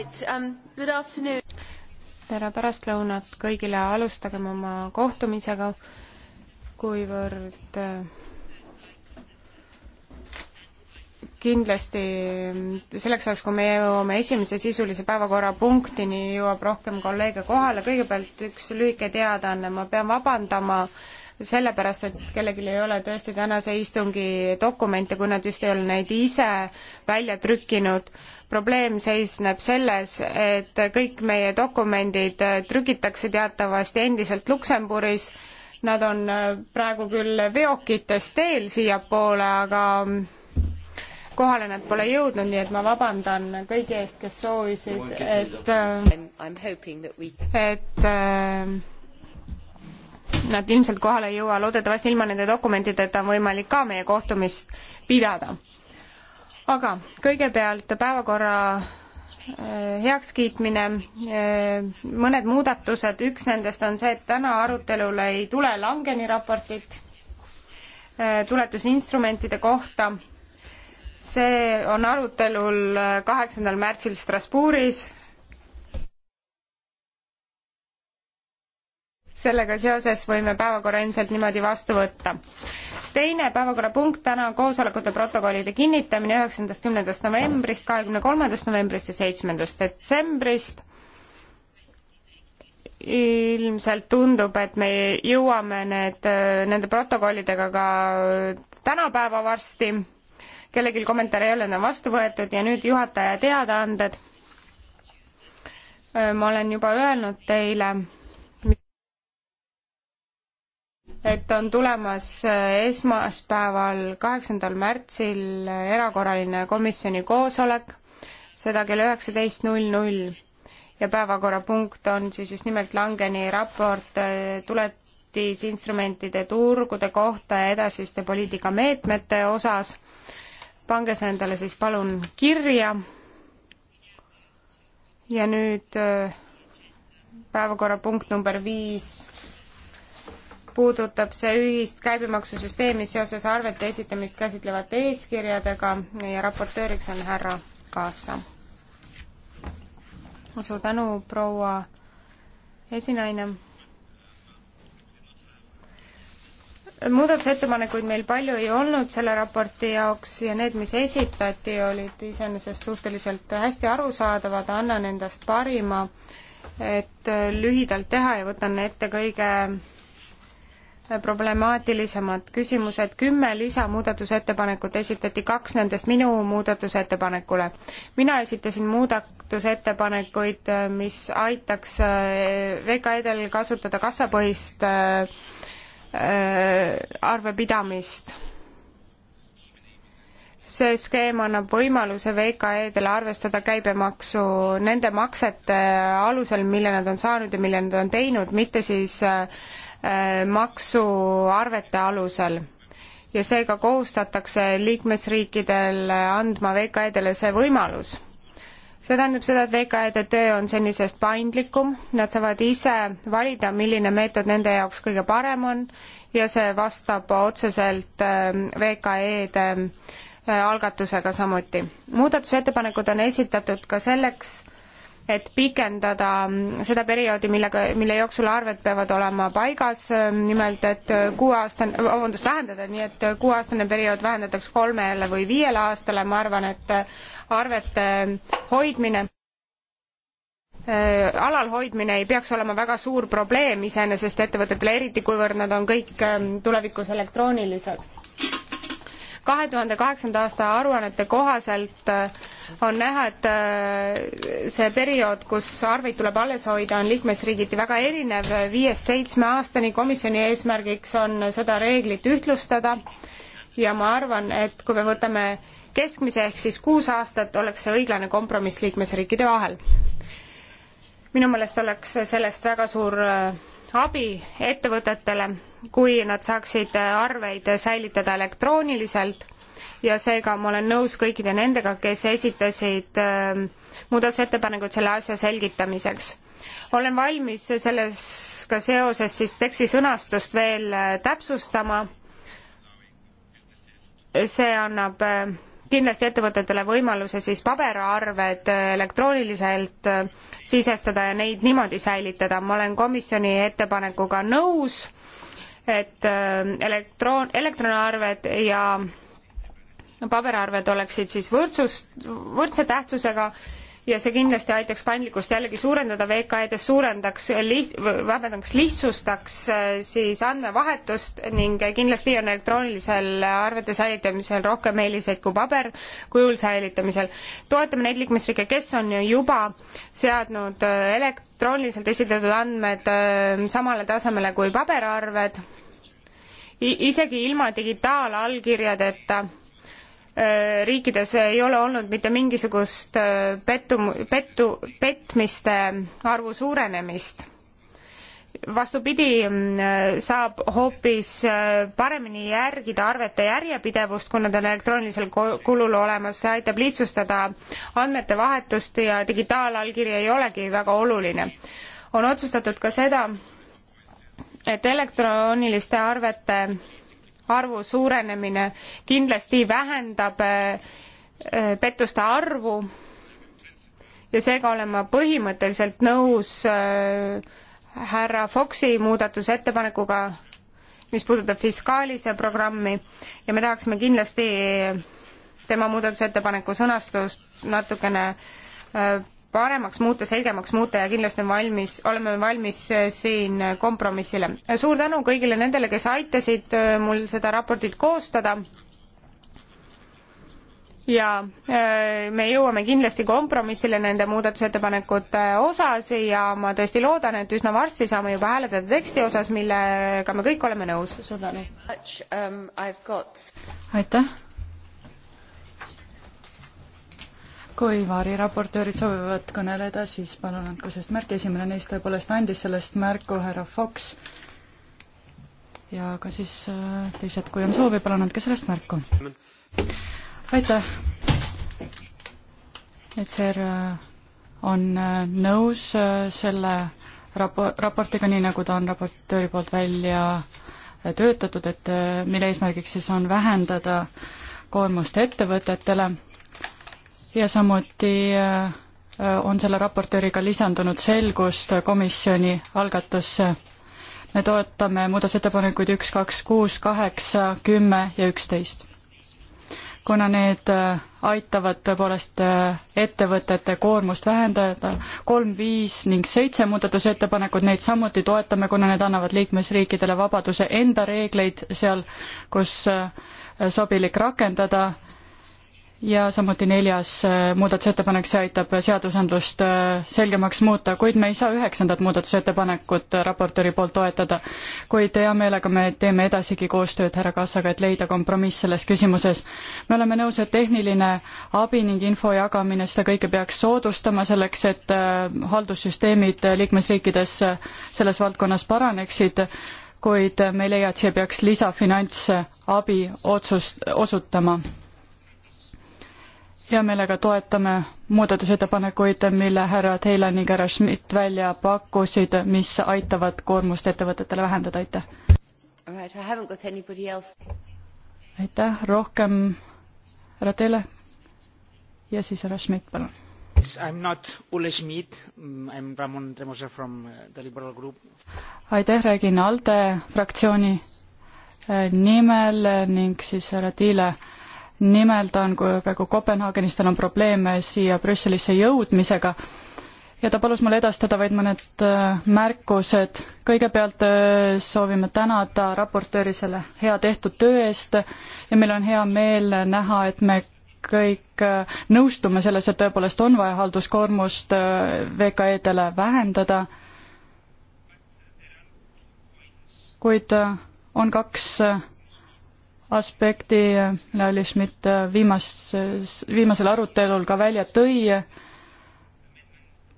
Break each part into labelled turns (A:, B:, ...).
A: Right, um, good afternoon. tere pärastlõunat kõigile, alustagem oma kohtumisega, kuivõrd äh, kindlasti selleks ajaks, kui me jõuame esimese sisulise päevakorrapunktini, jõuab rohkem kolleege kohale, kõigepealt üks lühike teadaanne, ma pean vabandama äh, sellepärast, et kellelgi ei ole tõesti tänase istungi dokumente, kui nad vist ei ole neid ise välja trükkinud. probleem seisneb selles, et kõik meie dokumendid trükitakse teatavasti endiselt Luksemburis. Nad on praegu küll veokites teel siiapoole, aga kohale nad pole jõudnud, nii et ma vabandan kõigi eest, kes soovisid, et, et äh, nad ilmselt kohale ei jõua, loodetavasti ilma nende dokumentideta on võimalik ka meie kohtumist pidada. aga kõigepealt päevakorra äh, heakskiitmine, äh, mõned muudatused, üks nendest on see, et täna arutelule ei tule Langeni raportit äh, tuletusinstrumentide kohta. see on arutelul kaheksandal märtsil Strasbourgis sellega seoses võime päevakorra ilmselt niimoodi vastu võtta. teine päevakorrapunkt täna koosolekute protokollide kinnitamine üheksandast, kümnendast novembrist, kahekümne kolmandast novembrist ja seitsmendast detsembrist. ilmselt tundub, et me jõuame need, nende protokollidega ka tänapäeva varsti. kellelgi kommentaare ei ole, need on vastu võetud ja nüüd juhataja teadaanded. ma olen juba öelnud teile et on tulemas äh, esmaspäeval, kaheksandal märtsil äh, erakorraline komisjoni koosolek, seda kell üheksateist null null ja päevakorrapunkt on siis just nimelt Langeni raport äh, tuletisinstrumentide turgude kohta ja edasiste poliitikameetmete osas. pange see endale siis palun kirja. ja nüüd päevakorrapunkt number viis puudutab see ühist käibemaksusüsteemi seoses arvete esitamist käsitlevate eeskirjadega ja raportööriks on härra Kaasa. suur tänu, proua esinaine. muudatusettepanekuid meil palju ei olnud selle raporti jaoks ja need, mis esitati, olid iseenesest suhteliselt hästi arusaadavad, annan endast parima, et lühidalt teha ja võtan ette kõige problemaatilisemad küsimused. kümme lisamuudatusettepanekut esitati, kaks nendest minu muudatusettepanekule. mina esitasin muudatusettepanekuid, mis aitaks äh, VKE-del kasutada kassapõhist äh, äh, arvepidamist. see skeem annab võimaluse VKE-dele arvestada käibemaksu nende maksete alusel, mille nad on saanud ja mille nad on teinud, mitte siis äh, Äh, maksuarvete alusel ja seega kohustatakse liikmesriikidel andma VKE-dele see võimalus. see tähendab seda, et VKE-de töö on senisest paindlikum, nad saavad ise valida, milline meetod nende jaoks kõige parem on ja see vastab otseselt äh, VKE-de äh, algatusega samuti. muudatusettepanekud on esitatud ka selleks, et pikendada seda perioodi, millega, mille jooksul arved peavad olema paigas, nimelt et kuueaastane, vabandust, vähendada, nii et kuueaastane periood vähendatakse kolmele või viiele aastale, ma arvan, et arvete hoidmine äh, alalhoidmine ei peaks olema väga suur probleem iseenesest ettevõtetele, eriti kuivõrd nad on kõik ähm, tulevikus elektroonilised kahe tuhande kaheksanda aasta aruannete kohaselt äh, on näha, et äh, see periood, kus arveid tuleb alles hoida, on liikmesriigiti väga erinev, viiest seitsme aastani komisjoni eesmärgiks on seda reeglit ühtlustada ja ma arvan, et kui me võtame keskmise ehk siis kuus aastat, oleks see õiglane kompromiss liikmesriikide vahel minu meelest oleks sellest väga suur äh, abi ettevõtetele, kui nad saaksid äh, arveid säilitada elektrooniliselt ja seega ma olen nõus kõikide nendega, kes esitasid äh, muudatusettepanekud selle asja selgitamiseks. olen valmis sellega seoses siis teksti sõnastust veel täpsustama. see annab kindlasti ettevõtetele võimaluse siis paberarved elektrooniliselt äh, sisestada ja neid niimoodi säilitada. ma olen komisjoni ettepanekuga nõus, et äh, elektroon, elektronarved ja paberarved oleksid siis võrdsus, võrdse tähtsusega ja see kindlasti aitaks paindlikkust jällegi suurendada VKE-des, suurendaks liht-, vabandust, lihtsustaks äh, siis andmevahetust ning kindlasti on elektroonilisel arvete säilitamisel rohkem eeliseid kui paberkujul säilitamisel. toetame neid liikmesriike, kes on juba seadnud äh, elektrooniliselt esitatud andmed äh, samale tasemele kui paberarved, isegi ilma digitaalallkirjadeta Äh, riikides ei ole olnud mitte mingisugust äh, pettum-, pettu, petmiste arvu suurenemist vastupidi, mm, äh, saab hoopis paremini järgida arvete järjepidevust, kui nad on elektroonilisel kulul olemas, see aitab lihtsustada andmete vahetust ja digitaalallkiri ei olegi väga oluline. on otsustatud ka seda, et elektrooniliste arvete arvu suurenemine kindlasti vähendab eh, eh, pettuste arvu ja seega olen ma põhimõtteliselt nõus eh, härra Foxi muudatusettepanekuga, mis puudutab fiskaalise programmi ja me tahaksime kindlasti tema muudatusettepaneku sõnastust natukene paremaks muuta, selgemaks muuta ja kindlasti on valmis, oleme valmis äh, siin äh, kompromissile. suur tänu kõigile nendele, kes aitasid äh, mul seda raportit koostada. ja me jõuame kindlasti kompromissile nende muudatusettepanekute osas ja ma tõesti loodan, et üsna varsti saame juba hääletada teksti osas, millega me kõik oleme nõus. suur tänu. Um, aitäh
B: kui variraportöörid soovivad kõneleda, siis palun andke sellest märki, esimene neist tõepoolest andis sellest märku, härra Fox. ja ka siis äh, teised, kui on soovi, palun andke sellest märku. aitäh. ECR äh, on äh, nõus selle rapo-, raportiga, nii nagu ta on raportööri poolt välja töötatud, et mille eesmärgiks siis on vähendada koormust ettevõtetele ja samuti äh, on selle raportööriga lisandunud selgust komisjoni algatusse. me toetame muudatusettepanekuid üks, kaks, kuus, kaheksa, kümme ja üksteist. kuna need äh, aitavad tõepoolest äh, ettevõtete koormust vähendada, kolm, viis ning seitse muudatusettepanekut, neid samuti toetame, kuna need annavad liikmesriikidele vabaduse enda reegleid seal, kus sobilik rakendada ja samuti neljas äh, muudatusettepanek, see aitab seadusandlust äh, selgemaks muuta, kuid me ei saa üheksandat muudatusettepanekut äh, raportööri poolt toetada. kuid hea meelega me teeme edasigi koostööd härra Kassaga, et leida kompromiss selles küsimuses. me oleme nõus, et tehniline abi ning info jagamine, seda kõike peaks soodustama selleks, et haldussüsteemid liikmesriikides selles valdkonnas paraneksid, kuid me ei leia, et siia peaks lisafinantsabi otsust, osutama hea meelega toetame muudatusettepanekuid, mille härra Teilan ning härra Schmidt välja pakkusid, mis aitavad koormust ettevõtetele vähendada, aitäh! aitäh, rohkem härra Teile ja siis härra Schmidt, palun.
A: I'm not Ulle Schmidt, I am mm, Ramon Tremosa from uh, the liberal group.
B: aitäh, räägin ALDE fraktsiooni äh, nimel ning siis härra Tiile äh, nimelt on praegu Kopenhaagenis, tal on probleeme siia Brüsselisse jõudmisega ja ta palus mul edastada vaid mõned äh, märkused. kõigepealt äh, soovime tänada raportööri selle hea tehtud töö eest ja meil on hea meel näha, et me kõik äh, nõustume selles, et tõepoolest on vaja halduskoormust VKE-dele vähendada. kuid on kaks aspekti, mille Olli Schmidt äh, viimases, viimasel arutelul ka välja tõi.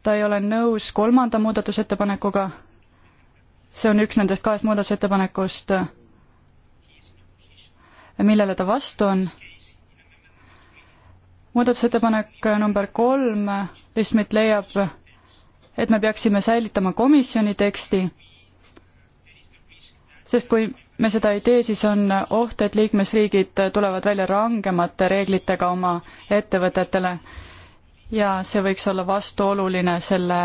B: ta ei ole nõus kolmanda muudatusettepanekuga. see on üks nendest kahest muudatusettepanekust, millele ta vastu on. muudatusettepanek number kolm, Olli Schmidt leiab, et me peaksime säilitama komisjoni teksti, sest kui me seda ei tee, siis on oht, et liikmesriigid tulevad välja rangemate reeglitega oma ettevõtetele ja see võiks olla vastuoluline selle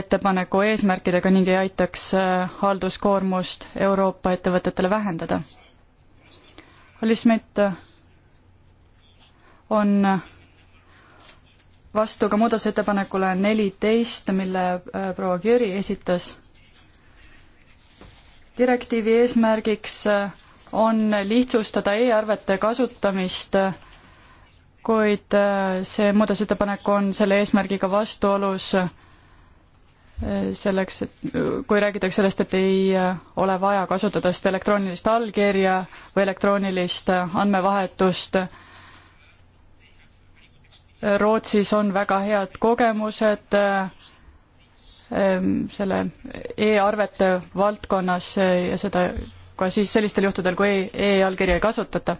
B: ettepaneku eesmärkidega ning ei aitaks äh, halduskoormust Euroopa ettevõtetele vähendada. Olli Schmidt äh, on äh, vastu ka muudatusettepanekule neliteist, mille proua Jüri esitas direktiivi eesmärgiks äh, on lihtsustada e-arvete kasutamist, kuid äh, see muudatusettepanek on selle eesmärgiga vastuolus äh, selleks, et kui räägitakse sellest, et ei ole vaja kasutada seda elektroonilist allkirja või elektroonilist andmevahetust. Rootsis on väga head kogemused äh, Ehm, selle e-arvete valdkonnas ja seda ka siis sellistel juhtudel, kui e- e-allkirja ei kasutata.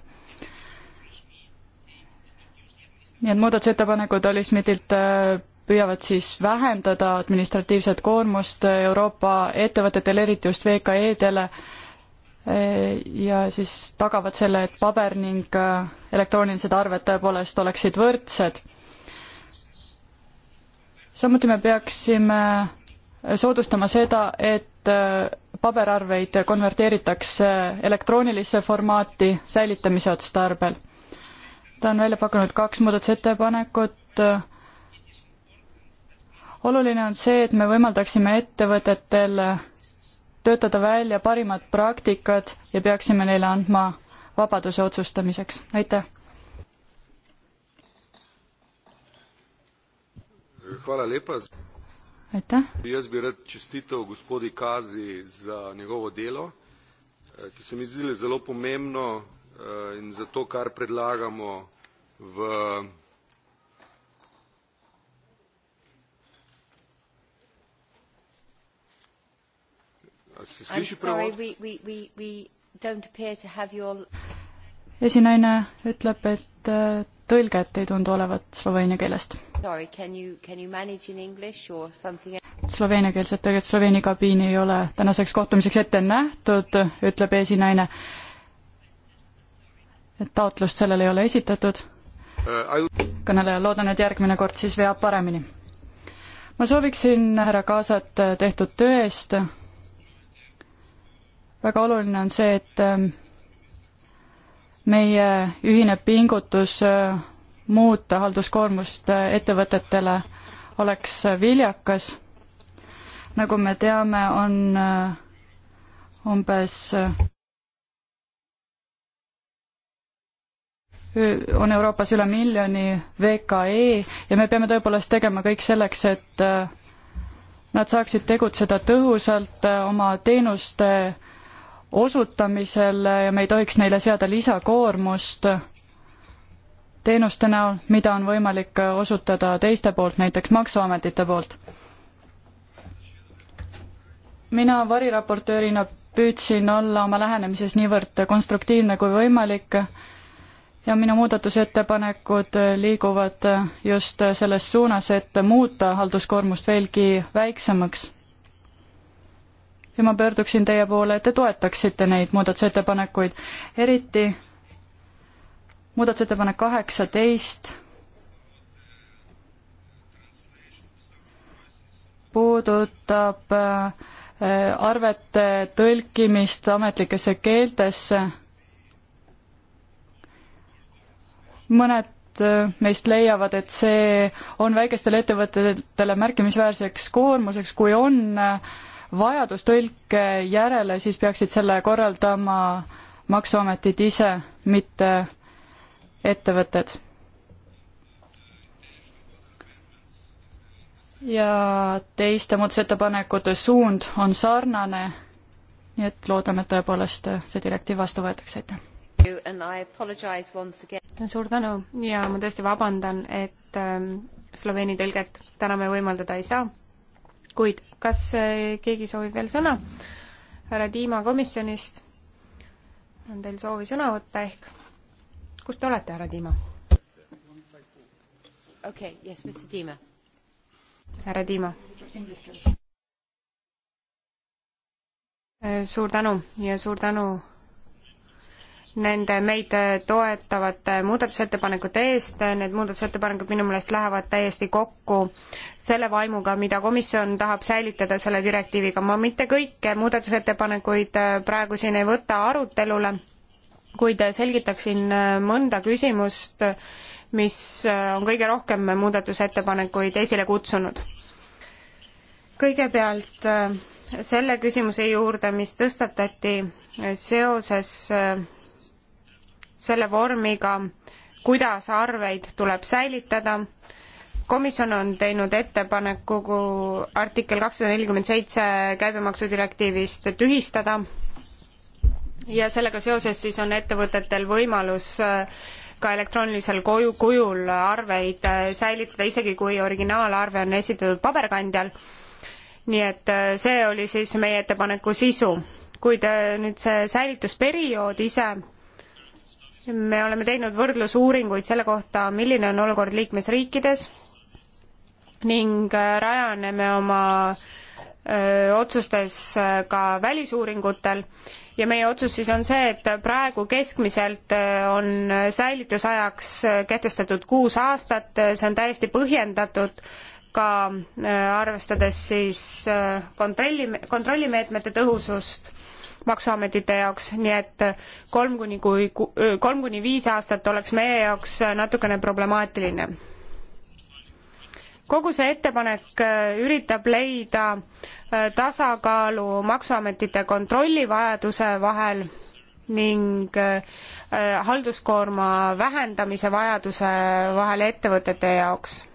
B: nii et muudatusettepanekud Olismitilt äh, püüavad siis vähendada administratiivset koormust Euroopa ettevõtetele, eriti just VKE-dele, äh, ja siis tagavad selle, et paber ning äh, elektroonilised arved tõepoolest oleksid võrdsed samuti me peaksime soodustama seda, et äh, paberarveid konverteeritakse elektroonilisse formaati säilitamise otstarbel. ta on välja pakkunud kaks muudatusettepanekut. oluline on see, et me võimaldaksime ettevõtetel töötada välja parimad praktikad ja peaksime neile andma vabaduse otsustamiseks. aitäh! Hvala lepa. Aitäh. jaz bi rad čestital gospodi Kazi za njegovo delo, eh, ki se mi zdi zelo pomembno eh, in za to, kar predlagamo v Sorry,
A: we, we, we, your...
B: esinaine ütleb, et eh, tõlget ei tundu olevat sloveenia keelest
A: Sorry, can you, can you manage in english or something?
B: sloveeniakeelset tõlget Sloveenia kabiini ei ole tänaseks kohtumiseks ette nähtud, ütleb esinaine. et taotlust sellele ei ole esitatud.
C: Äh,
B: kõneleja, loodan, et järgmine kord siis veab paremini. ma sooviksin härra Kaasat tehtud töö eest. väga oluline on see, et ähm, meie ühine pingutus äh, muuta halduskoormust ettevõtetele, oleks viljakas. nagu me teame, on äh, umbes äh, on Euroopas üle miljoni VKE ja me peame tõepoolest tegema kõik selleks, et äh, nad saaksid tegutseda tõhusalt oma teenuste osutamisel ja me ei tohiks neile seada lisakoormust teenuste näol, mida on võimalik äh, osutada teiste poolt, näiteks maksuametite poolt. mina variraportöörina püüdsin olla oma lähenemises niivõrd konstruktiivne kui võimalik ja minu muudatusettepanekud liiguvad just selles suunas, et muuta halduskoormust veelgi väiksemaks. ja ma pöörduksin teie poole, et te toetaksite neid muudatusettepanekuid, eriti muudatusettepanek kaheksateist puudutab äh, arvete tõlkimist ametlikesse keeltesse. mõned äh, meist leiavad, et see on väikestele ettevõtetele märkimisväärseks koormuseks, kui on äh, vajadus tõlke järele, siis peaksid selle korraldama maksuametid ise, mitte äh, ettevõtted. ja teiste muudatusettepanekute suund on sarnane, nii et loodame, et tõepoolest see direktiiv
A: vastu võetakse, aitäh! suur tänu ja ma tõesti vabandan, et ähm, Sloveeni tõlget täna me võimaldada ei saa, kuid kas äh, keegi soovib veel sõna? härra Dima komisjonist, on teil soovi sõna võtta ehk? kus te olete, härra Tiima? okei okay,, jess, mis Tiima? härra Tiima. Äh, suur tänu ja suur tänu nende meid toetavate muudatusettepanekute eest, need muudatusettepanekud minu meelest lähevad täiesti kokku selle vaimuga, mida komisjon tahab säilitada selle direktiiviga. ma mitte kõiki muudatusettepanekuid äh, praegu siin ei võta arutelule kuid selgitaksin äh, mõnda küsimust, mis äh, on kõige rohkem muudatusettepanekuid esile kutsunud. kõigepealt äh, selle küsimuse juurde, mis tõstatati seoses selle vormiga, kuidas arveid tuleb säilitada. komisjon on teinud ettepaneku artikkel kakssada nelikümmend seitse käibemaksudirektiivist tühistada ja sellega seoses siis on ettevõtetel võimalus äh, ka elektroonilisel koju, kujul arveid äh, säilitada, isegi kui originaalarve on esitatud paberkandjal. nii et äh, see oli siis meie ettepaneku sisu. kuid nüüd see säilitusperiood ise, me oleme teinud võrdlusuuringuid selle kohta, milline on olukord liikmesriikides ning rajaneme oma öö, otsustes ka välisuuringutel ja meie otsus siis on see, et praegu keskmiselt äh, on säilitusajaks äh, kehtestatud kuus aastat, äh, see on täiesti põhjendatud, ka arvestades siis kontrolli, kontrollimeetmete tõhusust maksuametite jaoks, nii et kolm kuni kui, kolm kuni viis aastat oleks meie jaoks natukene problemaatiline. kogu see ettepanek üritab leida äh, tasakaalu Maksuametite kontrollivajaduse vahel ning äh, halduskoorma vähendamise vajaduse vahel ettevõtete jaoks.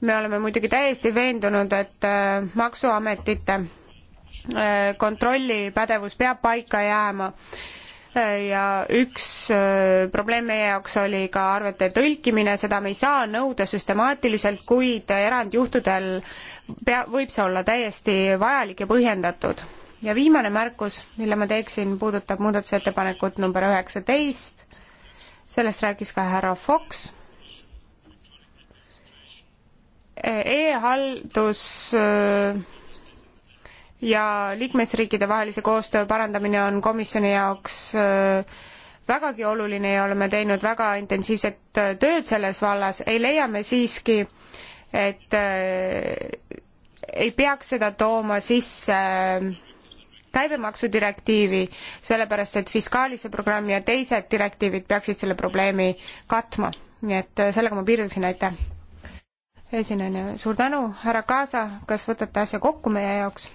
A: me oleme muidugi täiesti veendunud, et äh, Maksuametite äh, kontrollipädevus peab paika jääma ja üks äh, probleem meie jaoks oli ka arvete tõlkimine, seda me ei saa nõuda süstemaatiliselt, kuid erandjuhtudel pea, võib see olla täiesti vajalik ja põhjendatud. ja viimane märkus, mille ma teeksin, puudutab muudatusettepanekut number üheksateist, sellest rääkis ka härra Fox e. E-haldus äh, ja liikmesriikide vahelise koostöö parandamine on komisjoni jaoks äh, vägagi oluline ja oleme teinud väga intensiivset äh, tööd selles vallas, ei leia me siiski, et äh, ei peaks seda tooma sisse käibemaksudirektiivi, sellepärast et fiskaalise programmi ja teised direktiivid peaksid selle probleemi katma. nii et sellega ma piirduksin, aitäh! esinejana, suur tänu, härra Kaasa, kas võtate asja kokku meie jaoks?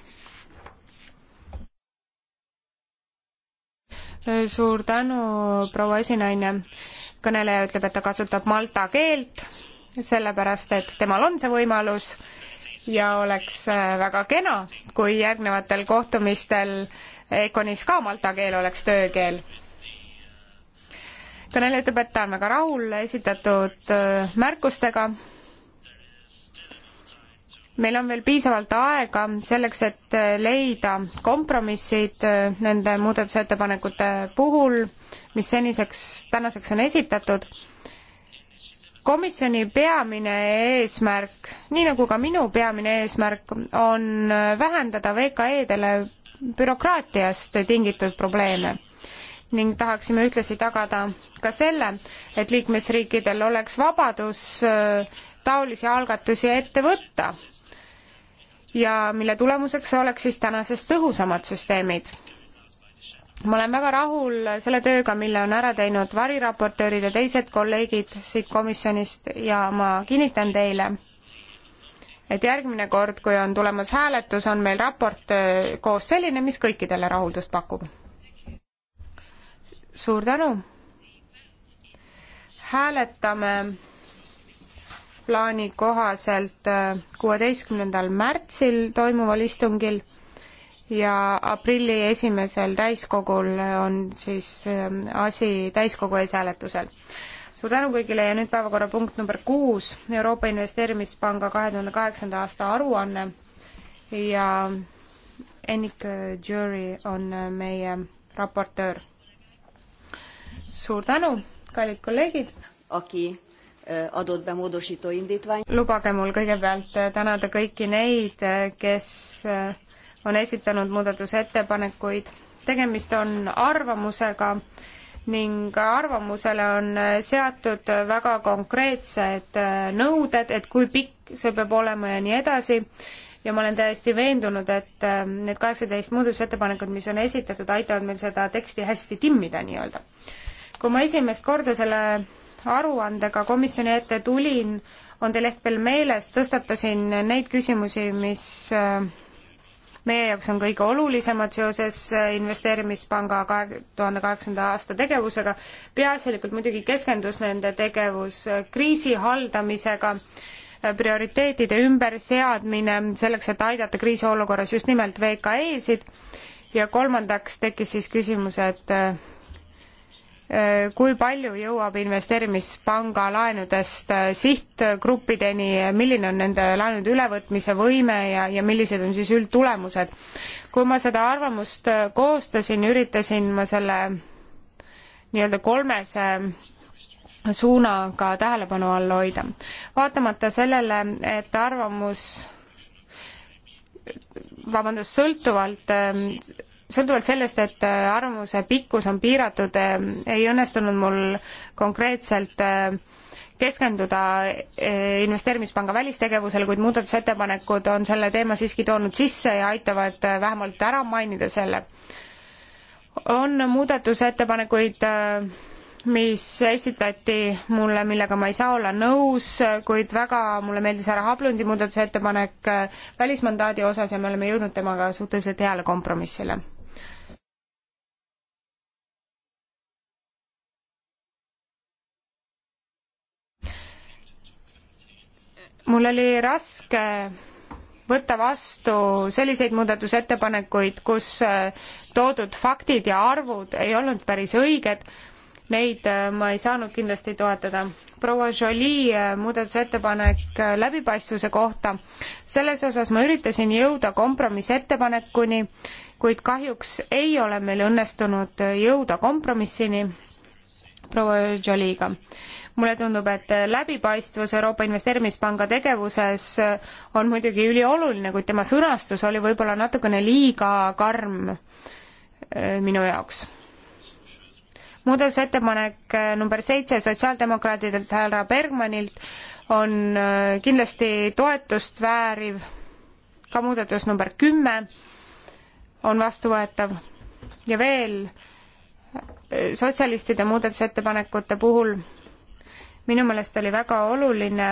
A: suur tänu, proua esinaine. kõneleja ütleb, et ta kasutab malta keelt, sellepärast et temal on see võimalus ja oleks äh, väga kena, kui järgnevatel kohtumistel Econis ka malta keel oleks töökeel. kõneleja ütleb, et ta on väga rahul esitatud äh, märkustega meil on veel piisavalt aega selleks, et äh, leida kompromissid äh, nende muudatusettepanekute puhul, mis seniseks, tänaseks on esitatud. komisjoni peamine eesmärk, nii nagu ka minu peamine eesmärk, on äh, vähendada VKE-dele bürokraatiast tingitud probleeme ning tahaksime ühtlasi tagada ka selle, et liikmesriikidel oleks vabadus taolisi algatusi ette võtta ja mille tulemuseks oleks siis tänasest tõhusamad süsteemid. ma olen väga rahul selle tööga, mille on ära teinud variraportöörid ja teised kolleegid siit komisjonist ja ma kinnitan teile, et järgmine kord, kui on tulemas hääletus, on meil raport äh, koos selline, mis kõikidele rahuldust pakub. suur tänu! hääletame plaani kohaselt äh, kuueteistkümnendal märtsil toimuval istungil ja aprilli esimesel täiskogul on siis äh, asi täiskogu ees hääletusel. suur tänu kõigile ja nüüd päevakorrapunkt number kuus, Euroopa Investeerimispanga kahe tuhande kaheksanda aasta aruanne ja Ennik Jury on äh, meie raportöör. suur tänu, kallid kolleegid! aki Eh, adott be módosító indítvány. lubage mul kõigepealt eh, tänada kõiki neid, eh, kes on esitanud muudatusettepanekuid. tegemist on arvamusega ning arvamusele on seatud väga konkreetsed nõuded, et kui pikk see peab olema ja nii edasi. ja ma olen täiesti veendunud, et need kaheksateist muudatusettepanekut, mis on esitatud, aitavad meil seda teksti hästi timmida nii-öelda. kui ma esimest korda selle aruandega komisjoni ette tulin, on teil ehk veel meeles, tõstatasin neid küsimusi, mis äh, meie jaoks on kõige olulisemad seoses äh, investeerimispanga kahe tuhande kaheksanda aasta tegevusega. peaasjalikult muidugi keskendus nende tegevus äh, kriisi haldamisega, prioriteetide ümberseadmine selleks, et aidata kriisiolukorras just nimelt VKE-sid ja kolmandaks tekkis siis küsimus, et Äh, kui palju jõuab investeerimispanga laenudest äh, sihtgruppideni, milline on nende laenude ülevõtmise võime ja, ja millised on siis üldtulemused. kui ma seda arvamust äh, koostasin, üritasin ma selle nii-öelda kolmese suunaga tähelepanu all hoida. vaatamata sellele, et arvamus vabandust, sõltuvalt sõltuvalt sellest, et äh, arvamuse pikkus on piiratud, äh, ei õnnestunud mul konkreetselt äh, keskenduda investeerimispanga välistegevusele, kuid muudatusettepanekud on selle teema siiski toonud sisse ja aitavad vähemalt ära mainida selle. on muudatusettepanekuid, mis esitati mulle, millega ma ei saa olla nõus, kuid väga mulle meeldis härra Hablundi muudatusettepanek välismandaadi osas ja me oleme jõudnud temaga suhteliselt heale kompromissile mul oli raske võtta vastu selliseid muudatusettepanekuid, kus äh, toodud faktid ja arvud ei olnud päris õiged. Neid äh, ma ei saanud kindlasti toetada. proua Jolie äh, muudatusettepanek läbipaistvuse kohta. selles osas ma üritasin jõuda kompromissettepanekuni, kuid kahjuks ei ole meil õnnestunud jõuda kompromissini proua Joliga mulle tundub, et läbipaistvus Euroopa Investeerimispanga tegevuses äh, on muidugi ülioluline, kuid tema sõnastus oli võib-olla natukene liiga karm äh, minu jaoks. muudatusettepanek äh, number seitse sotsiaaldemokraadidelt härra Bergmanilt on kindlasti toetust vääriv, ka muudatus number kümme on vastuvõetav ja veel sotsialistide muudatusettepanekute puhul minu meelest oli väga oluline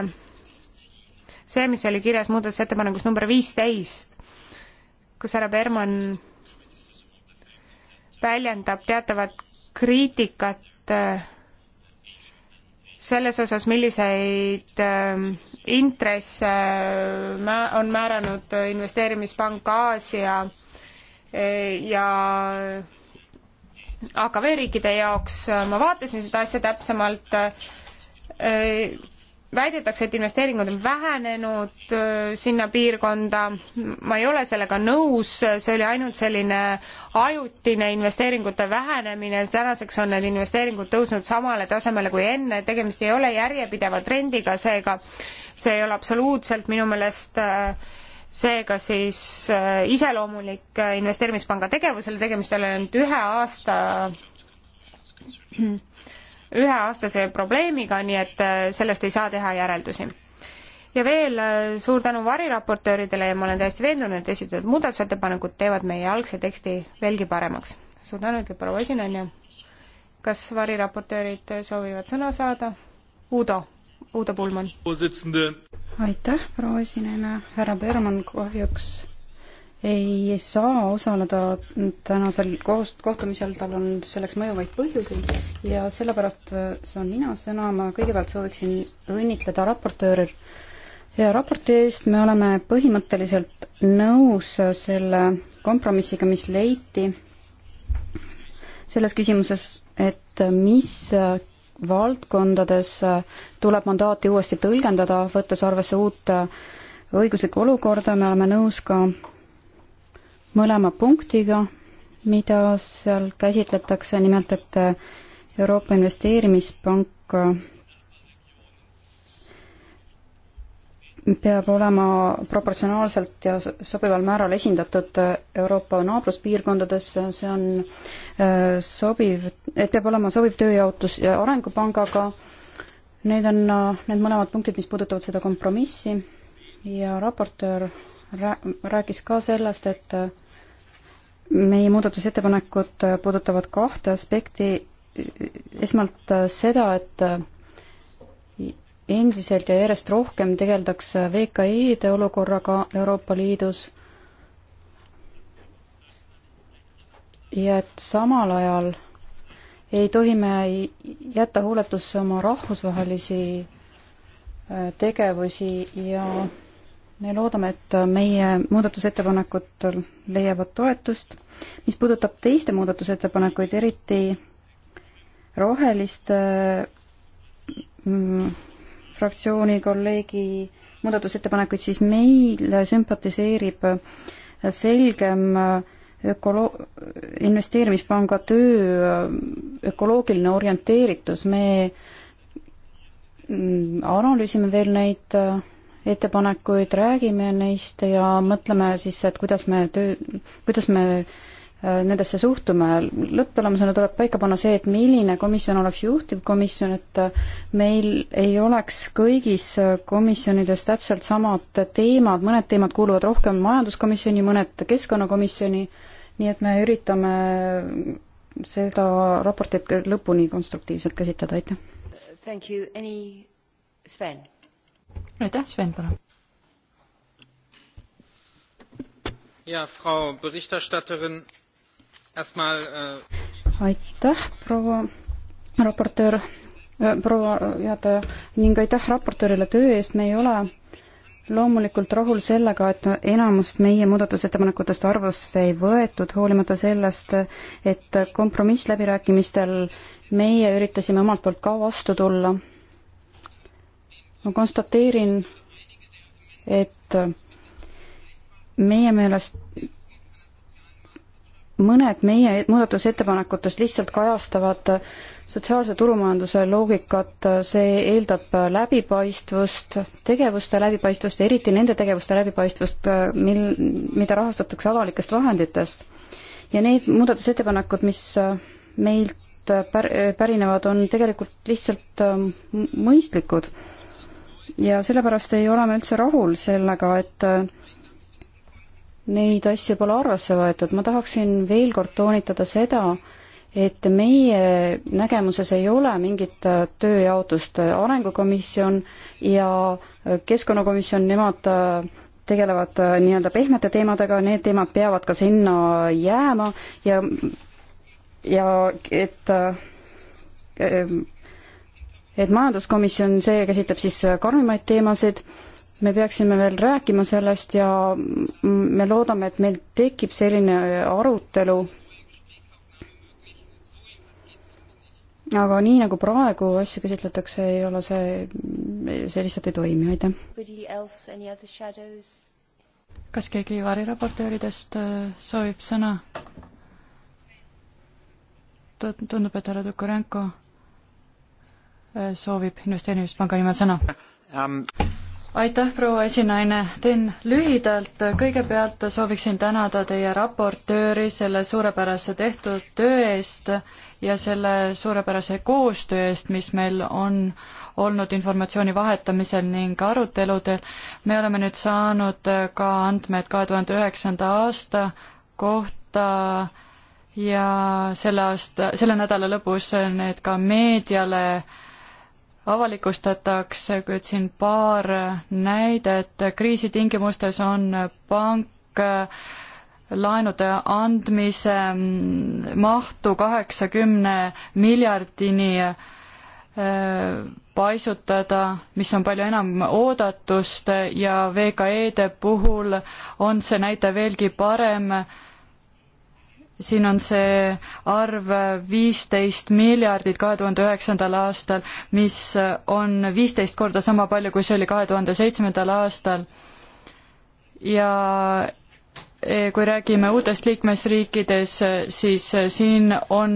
A: see, mis oli kirjas muudatusettepanekus number viisteist, kus härra Berman väljendab teatavat kriitikat äh, selles osas, milliseid ähm, intresse äh, on määranud investeerimispank Aasia äh, ja AKV riikide jaoks, ma vaatasin seda asja täpsemalt Äh, väidetakse, et investeeringud on vähenenud äh, sinna piirkonda, ma ei ole sellega nõus, see oli ainult selline ajutine investeeringute vähenemine, tänaseks on need investeeringud tõusnud samale tasemele kui enne, tegemist ei ole järjepideva trendiga, seega see ei ole absoluutselt minu meelest äh, seega siis iseloomulik investeerimispanga tegevusele, tegemist ei ole ainult ühe aasta üheaastase probleemiga, nii et äh, sellest ei saa teha järeldusi. ja veel äh, suur tänu variraportööridele ja ma olen täiesti veendunud, et esitatud muudatusettepanekud teevad meie algse teksti veelgi paremaks. suur tänu, ütleb proua esinaine. kas variraportöörid soovivad sõna saada? Uudo, Uudo Pulman. aitäh, proua esinaine,
C: härra Berman kahjuks ei saa osaleda tänasel koht-, kohtumisel, tal on selleks mõjuvaid põhjuseid ja sellepärast äh, saan mina sõna, ma kõigepealt sooviksin õnnitleda raportööri hea raporti eest, me oleme põhimõtteliselt nõus äh, selle kompromissiga, mis leiti selles küsimuses, et äh, mis valdkondades tuleb mandaati uuesti tõlgendada, võttes arvesse uut õiguslikku olukorda, me oleme nõus ka mõlema punktiga, mida seal käsitletakse, nimelt et Euroopa Investeerimispank peab olema proportsionaalselt ja sobival määral esindatud Euroopa naabruspiirkondades, see on äh, sobiv, et peab olema sobiv tööjaotus ja Arengupangaga, need on äh, need mõlemad punktid, mis puudutavad seda kompromissi ja raportöör rääkis ka sellest, et äh, meie muudatusettepanekud puudutavad kahte aspekti, esmalt seda, et endiselt ja järjest rohkem tegeldakse VKI-de olukorraga Euroopa Liidus ja et samal ajal ei tohi me jätta hooletusse oma rahvusvahelisi tegevusi ja me loodame, et meie muudatusettepanekud leiavad toetust. mis puudutab teiste muudatusettepanekuid, eriti roheliste mm, fraktsiooni kolleegi muudatusettepanekuid, siis meil sümpatiseerib selgem ökolo-, investeerimispanga töö ökoloogiline orienteeritus, me mm, analüüsime veel neid ettepanekuid, räägime neist ja mõtleme siis, et kuidas me töö, kuidas me äh, nendesse suhtume. lõpptulemusena tuleb paika panna see, et milline komisjon oleks juhtivkomisjon, et äh, meil ei oleks kõigis äh, komisjonides täpselt samad teemad, mõned teemad kuuluvad rohkem majanduskomisjoni, mõned keskkonnakomisjoni, nii et me üritame seda raportit lõpuni konstruktiivselt käsitleda, aitäh!
A: Thank you, any Sven?
B: aitäh, Sven, palun.
A: ja, Frau Berichterstatterin, erstmal äh....
C: aitäh, proua raportöör äh,, proua juhataja ning aitäh raportöörile töö eest, me ei ole loomulikult rahul sellega, et enamust meie muudatusettepanekutest arvusse ei võetud, hoolimata sellest, et kompromissläbirääkimistel meie üritasime omalt poolt ka vastu tulla ma konstateerin, et meie meelest mõned meie muudatusettepanekutest lihtsalt kajastavad sotsiaalse turumajanduse loogikat, see eeldab läbipaistvust, tegevuste läbipaistvust ja eriti nende tegevuste läbipaistvust, mil, mida rahastatakse avalikest vahenditest. ja need muudatusettepanekud, mis meilt pär-, pärinevad, on tegelikult lihtsalt mõistlikud ja sellepärast ei ole me üldse rahul sellega, et äh, neid asju pole arvesse võetud, ma tahaksin veel kord toonitada seda, et meie nägemuses ei ole mingit äh, tööjaotust, Arengukomisjon ja äh, Keskkonnakomisjon, nemad tegelevad nii-öelda pehmete teemadega, need teemad peavad ka sinna jääma ja, ja et äh, et majanduskomisjon, see käsitleb siis karmimaid teemasid, me peaksime veel rääkima sellest ja me loodame, et meil tekib selline arutelu. aga nii, nagu praegu asju käsitletakse, ei ole see, see lihtsalt ei toimi, aitäh.
B: kas keegi variraportööridest äh, soovib sõna? tundub, et härra Tukurenko soovib investeerimispanga nimel sõna um.... aitäh, proua esinaine, teen lühidalt, kõigepealt sooviksin tänada teie raportööri selle suurepärase tehtud töö eest ja selle suurepärase koostöö eest, mis meil on olnud informatsiooni vahetamisel ning aruteludel. me oleme nüüd saanud ka andmed kahe tuhande üheksanda aasta kohta ja selle aasta, selle nädala lõpus need ka meediale äh, avalikustatakse, kuid siin paar näidet, kriisitingimustes on pank laenude andmise mahtu kaheksakümne miljardini äh, paisutada, mis on palju enam oodatust ja VKE-de puhul on see näide veelgi parem, siin on see arv viisteist miljardit kahe tuhande üheksandal aastal, mis on viisteist korda sama palju, kui see oli kahe tuhande seitsmendal aastal. ja e, kui räägime uutest liikmesriikides, siis siin on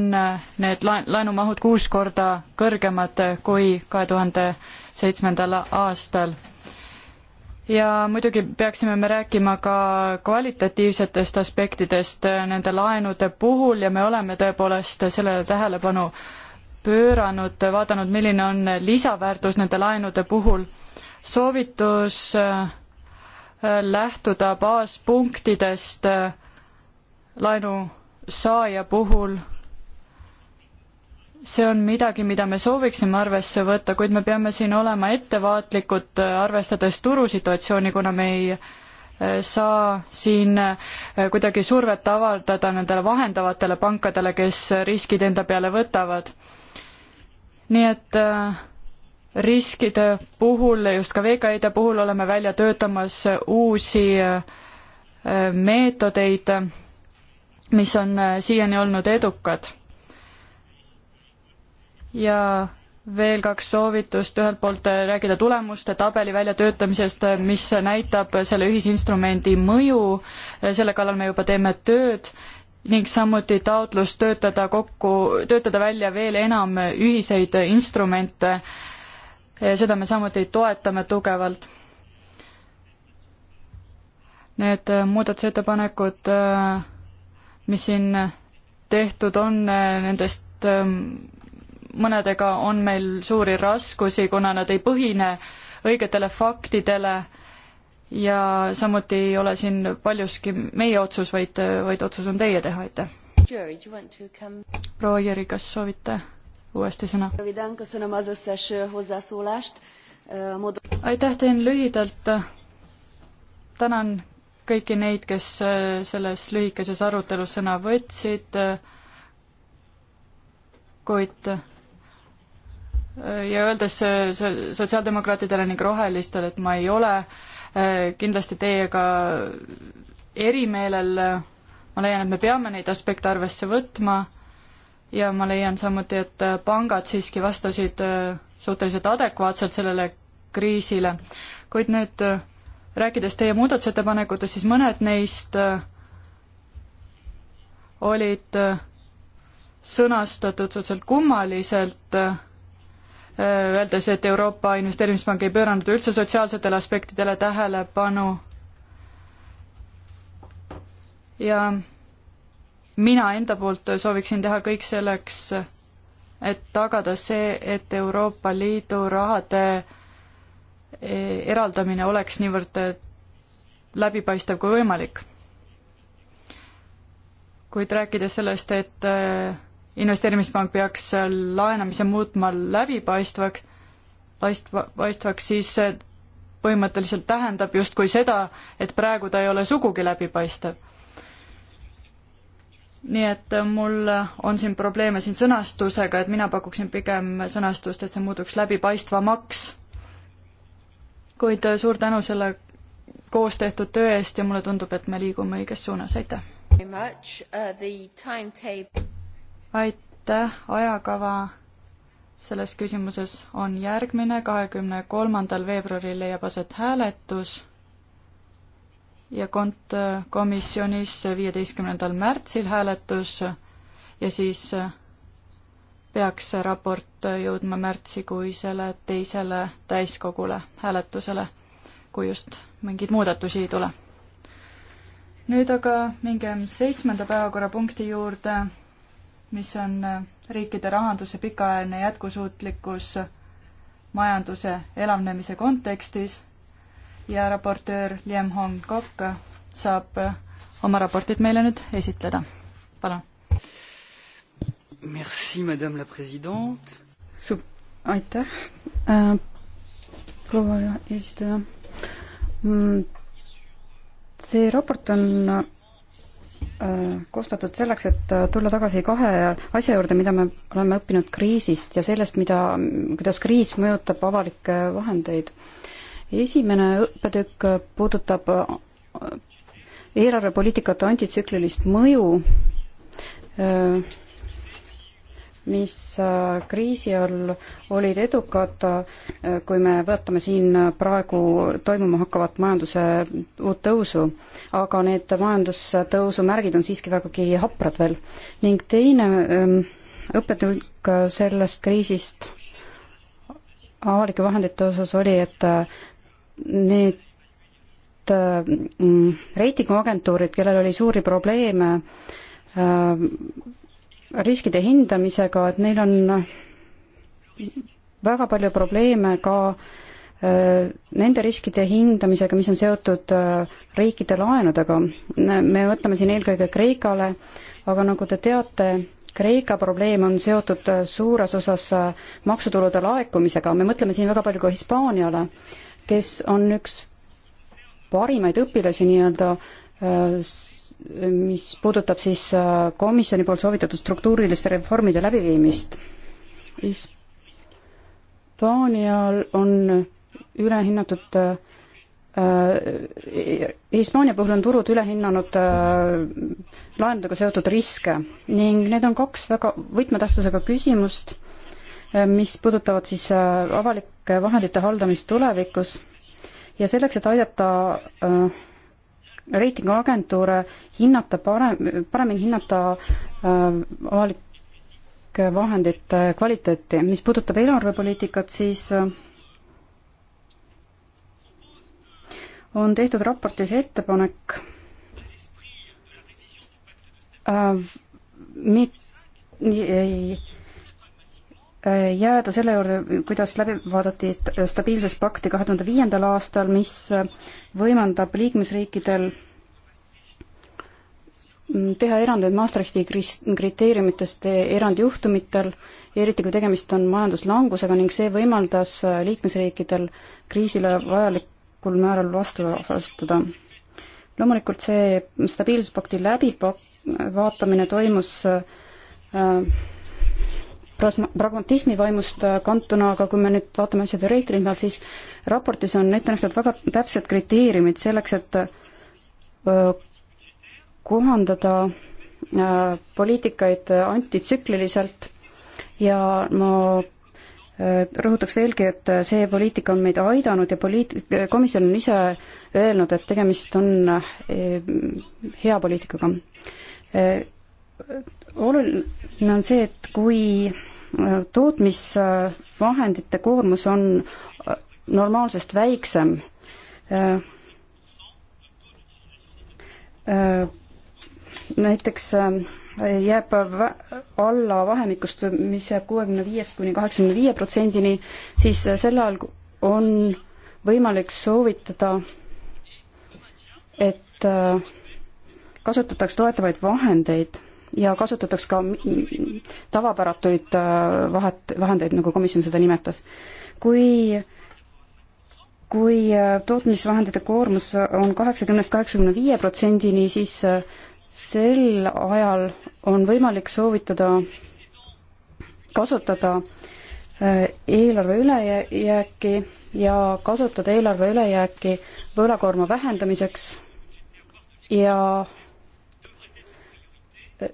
B: need laen, laenumahud kuus korda kõrgemad kui kahe tuhande seitsmendal aastal ja muidugi peaksime me rääkima ka kvalitatiivsetest aspektidest nende laenude puhul ja me oleme tõepoolest sellele tähelepanu pööranud, vaadanud, milline on lisaväärtus nende laenude puhul. soovitus äh, lähtuda baaspunktidest äh, laenu saaja puhul see on midagi, mida me sooviksime arvesse võtta, kuid me peame siin olema ettevaatlikud, äh, arvestades turusituatsiooni, kuna me ei äh, saa siin äh, kuidagi survet avaldada nendele vahendavatele pankadele, kes riskid enda peale võtavad. nii et riskide puhul, just ka VKI-de puhul oleme välja töötamas uusi meetodeid, mis on siiani olnud edukad ja veel kaks soovitust, ühelt poolt äh, rääkida tulemuste tabeli väljatöötamisest, äh, mis näitab selle ühisinstrumendi mõju, äh, selle kallal me juba teeme tööd, ning samuti taotlus töötada kokku, töötada välja veel enam ühiseid instrumente, seda me samuti toetame tugevalt. Need muudatusettepanekud, mis siin tehtud on, nendest ähm, mõnedega on meil suuri raskusi, kuna nad ei põhine õigetele faktidele ja samuti ei ole siin paljuski meie otsus, vaid, vaid otsus on teie teha, aitäh. proua Jüri, kas soovite uuesti sõna? aitäh, teen lühidalt. tänan kõiki neid, kes selles lühikeses arutelus sõna võtsid, kuid ja öeldes sotsiaaldemokraatidele ning rohelistele, et ma ei ole eh, kindlasti teiega erimeelel, ma leian, et me peame neid aspekte arvesse võtma ja ma leian samuti, et pangad siiski vastasid eh, suhteliselt adekvaatselt sellele kriisile. kuid nüüd eh, rääkides teie muudatusettepanekutest, siis mõned neist olid sõnastatud suhteliselt kummaliselt äh, öeldes, et Euroopa Investeerimispank ei pööranud üldse sotsiaalsetele aspektidele tähelepanu. ja mina enda poolt sooviksin teha kõik selleks, et tagada see, et Euroopa Liidu rahade e, eraldamine oleks niivõrd läbipaistev kui võimalik. kuid rääkides sellest, et investeerimispank peaks laenamise muutma läbipaistvaks, paistva, paistvaks, siis see põhimõtteliselt tähendab justkui seda, et praegu ta ei ole sugugi läbipaistev. nii et äh, mul on siin probleeme siin sõnastusega, et mina pakuksin pigem sõnastust, et see muutuks läbipaistvamaks. kuid äh, suur tänu selle koos tehtud töö eest ja mulle tundub, et me liigume õiges suunas, aitäh! aitäh, ajakava selles küsimuses on järgmine, kahekümne kolmandal veebruaril leiab aset hääletus ja kont-, komisjonis viieteistkümnendal märtsil hääletus ja siis peaks see raport jõudma märtsikuisele teisele täiskogule hääletusele, kui just mingeid muudatusi ei tule. nüüd aga mingem seitsmenda päevakorrapunkti juurde mis on äh, riikide rahanduse pikaajaline jätkusuutlikkus majanduse elavnemise kontekstis ja raportöör Liem Hong Kok saab äh, oma raportit meile nüüd esitleda. palun. Merci, madame la president. aitäh
C: äh,, proua eesistuja. Mm, see raport on Äh, koostatud selleks, et äh, tulla tagasi kahe asja juurde, mida me oleme õppinud kriisist ja sellest, mida, kuidas kriis mõjutab avalikke vahendeid. esimene õppetükk puudutab äh, eelarvepoliitikate antitsüklilist mõju äh, mis äh, kriisi all olid edukad, äh, kui me võtame siin praegu toimuma hakkavat majanduse uut tõusu. aga need majandustõusu märgid on siiski vägagi haprad veel. ning teine ähm, õppetükk äh, sellest kriisist avalike vahendite osas oli, et need mm, reitinguagentuurid, kellel oli suuri probleeme riskide hindamisega, et neil on väga palju probleeme ka äh, nende riskide hindamisega, mis on seotud äh, riikide laenudega. me mõtleme siin eelkõige Kreekale, aga nagu te teate, Kreeka probleem on seotud äh, suures osas maksutulude laekumisega, me mõtleme siin väga palju ka Hispaaniale, kes on üks parimaid õpilasi nii-öelda mis puudutab siis äh, komisjoni poolt soovitatud struktuuriliste reformide läbiviimist. Hispaanial on ülehinnatud äh, Hispaania puhul on turud üle hinnanud äh, laenudega seotud riske ning need on kaks väga võtmetähtsusega küsimust, mis puudutavad siis avalike vahendite haldamist tulevikus ja selleks, et aidata äh, reitinguagentuure hinnata parem, paremini hinnata äh, avalike vahendite kvaliteeti. mis puudutab eelarvepoliitikat, siis äh, on tehtud raportis ettepanek äh, mit-, ei, ei, jääda selle juurde, kuidas läbi vaadati stabiilsuspakti kahe tuhande viiendal aastal, mis võimaldab liikmesriikidel teha erandeid Maastrichti kriteeriumitest erandjuhtumitel, eriti kui tegemist on majanduslangusega ning see võimaldas liikmesriikidel kriisile vajalikul määral vastu astuda. loomulikult see stabiilsuspakti läbivaatamine toimus äh, pragmatismi vaimust äh, kantuna, aga kui me nüüd vaatame asja teoreetiliselt, siis raportis on ette nähtud väga täpsed kriteeriumid selleks, et äh, kohandada äh, poliitikaid antitsükliliselt ja ma rõhutaks veelgi, et see poliitika on meid aidanud ja poliit-, komisjon on ise öelnud, et tegemist on hea poliitikaga oluline on see, et kui äh, tootmisvahendite koormus on äh, normaalsest väiksem, äh, näiteks jääb alla vahemikust, mis jääb kuuekümne viiest kuni kaheksakümne viie protsendini, siis sel ajal on võimalik soovitada, et kasutataks toetavaid vahendeid ja kasutatakse ka tavapäratuid äh, vahet, vahendeid, nagu komisjon seda nimetas. kui kui äh, tootmisvahendite koormus on kaheksakümnest kaheksakümne viie protsendini, siis äh, sel ajal on võimalik soovitada kasutada eelarve ülejääki ja kasutada eelarve ülejääki võlakoorma vähendamiseks ja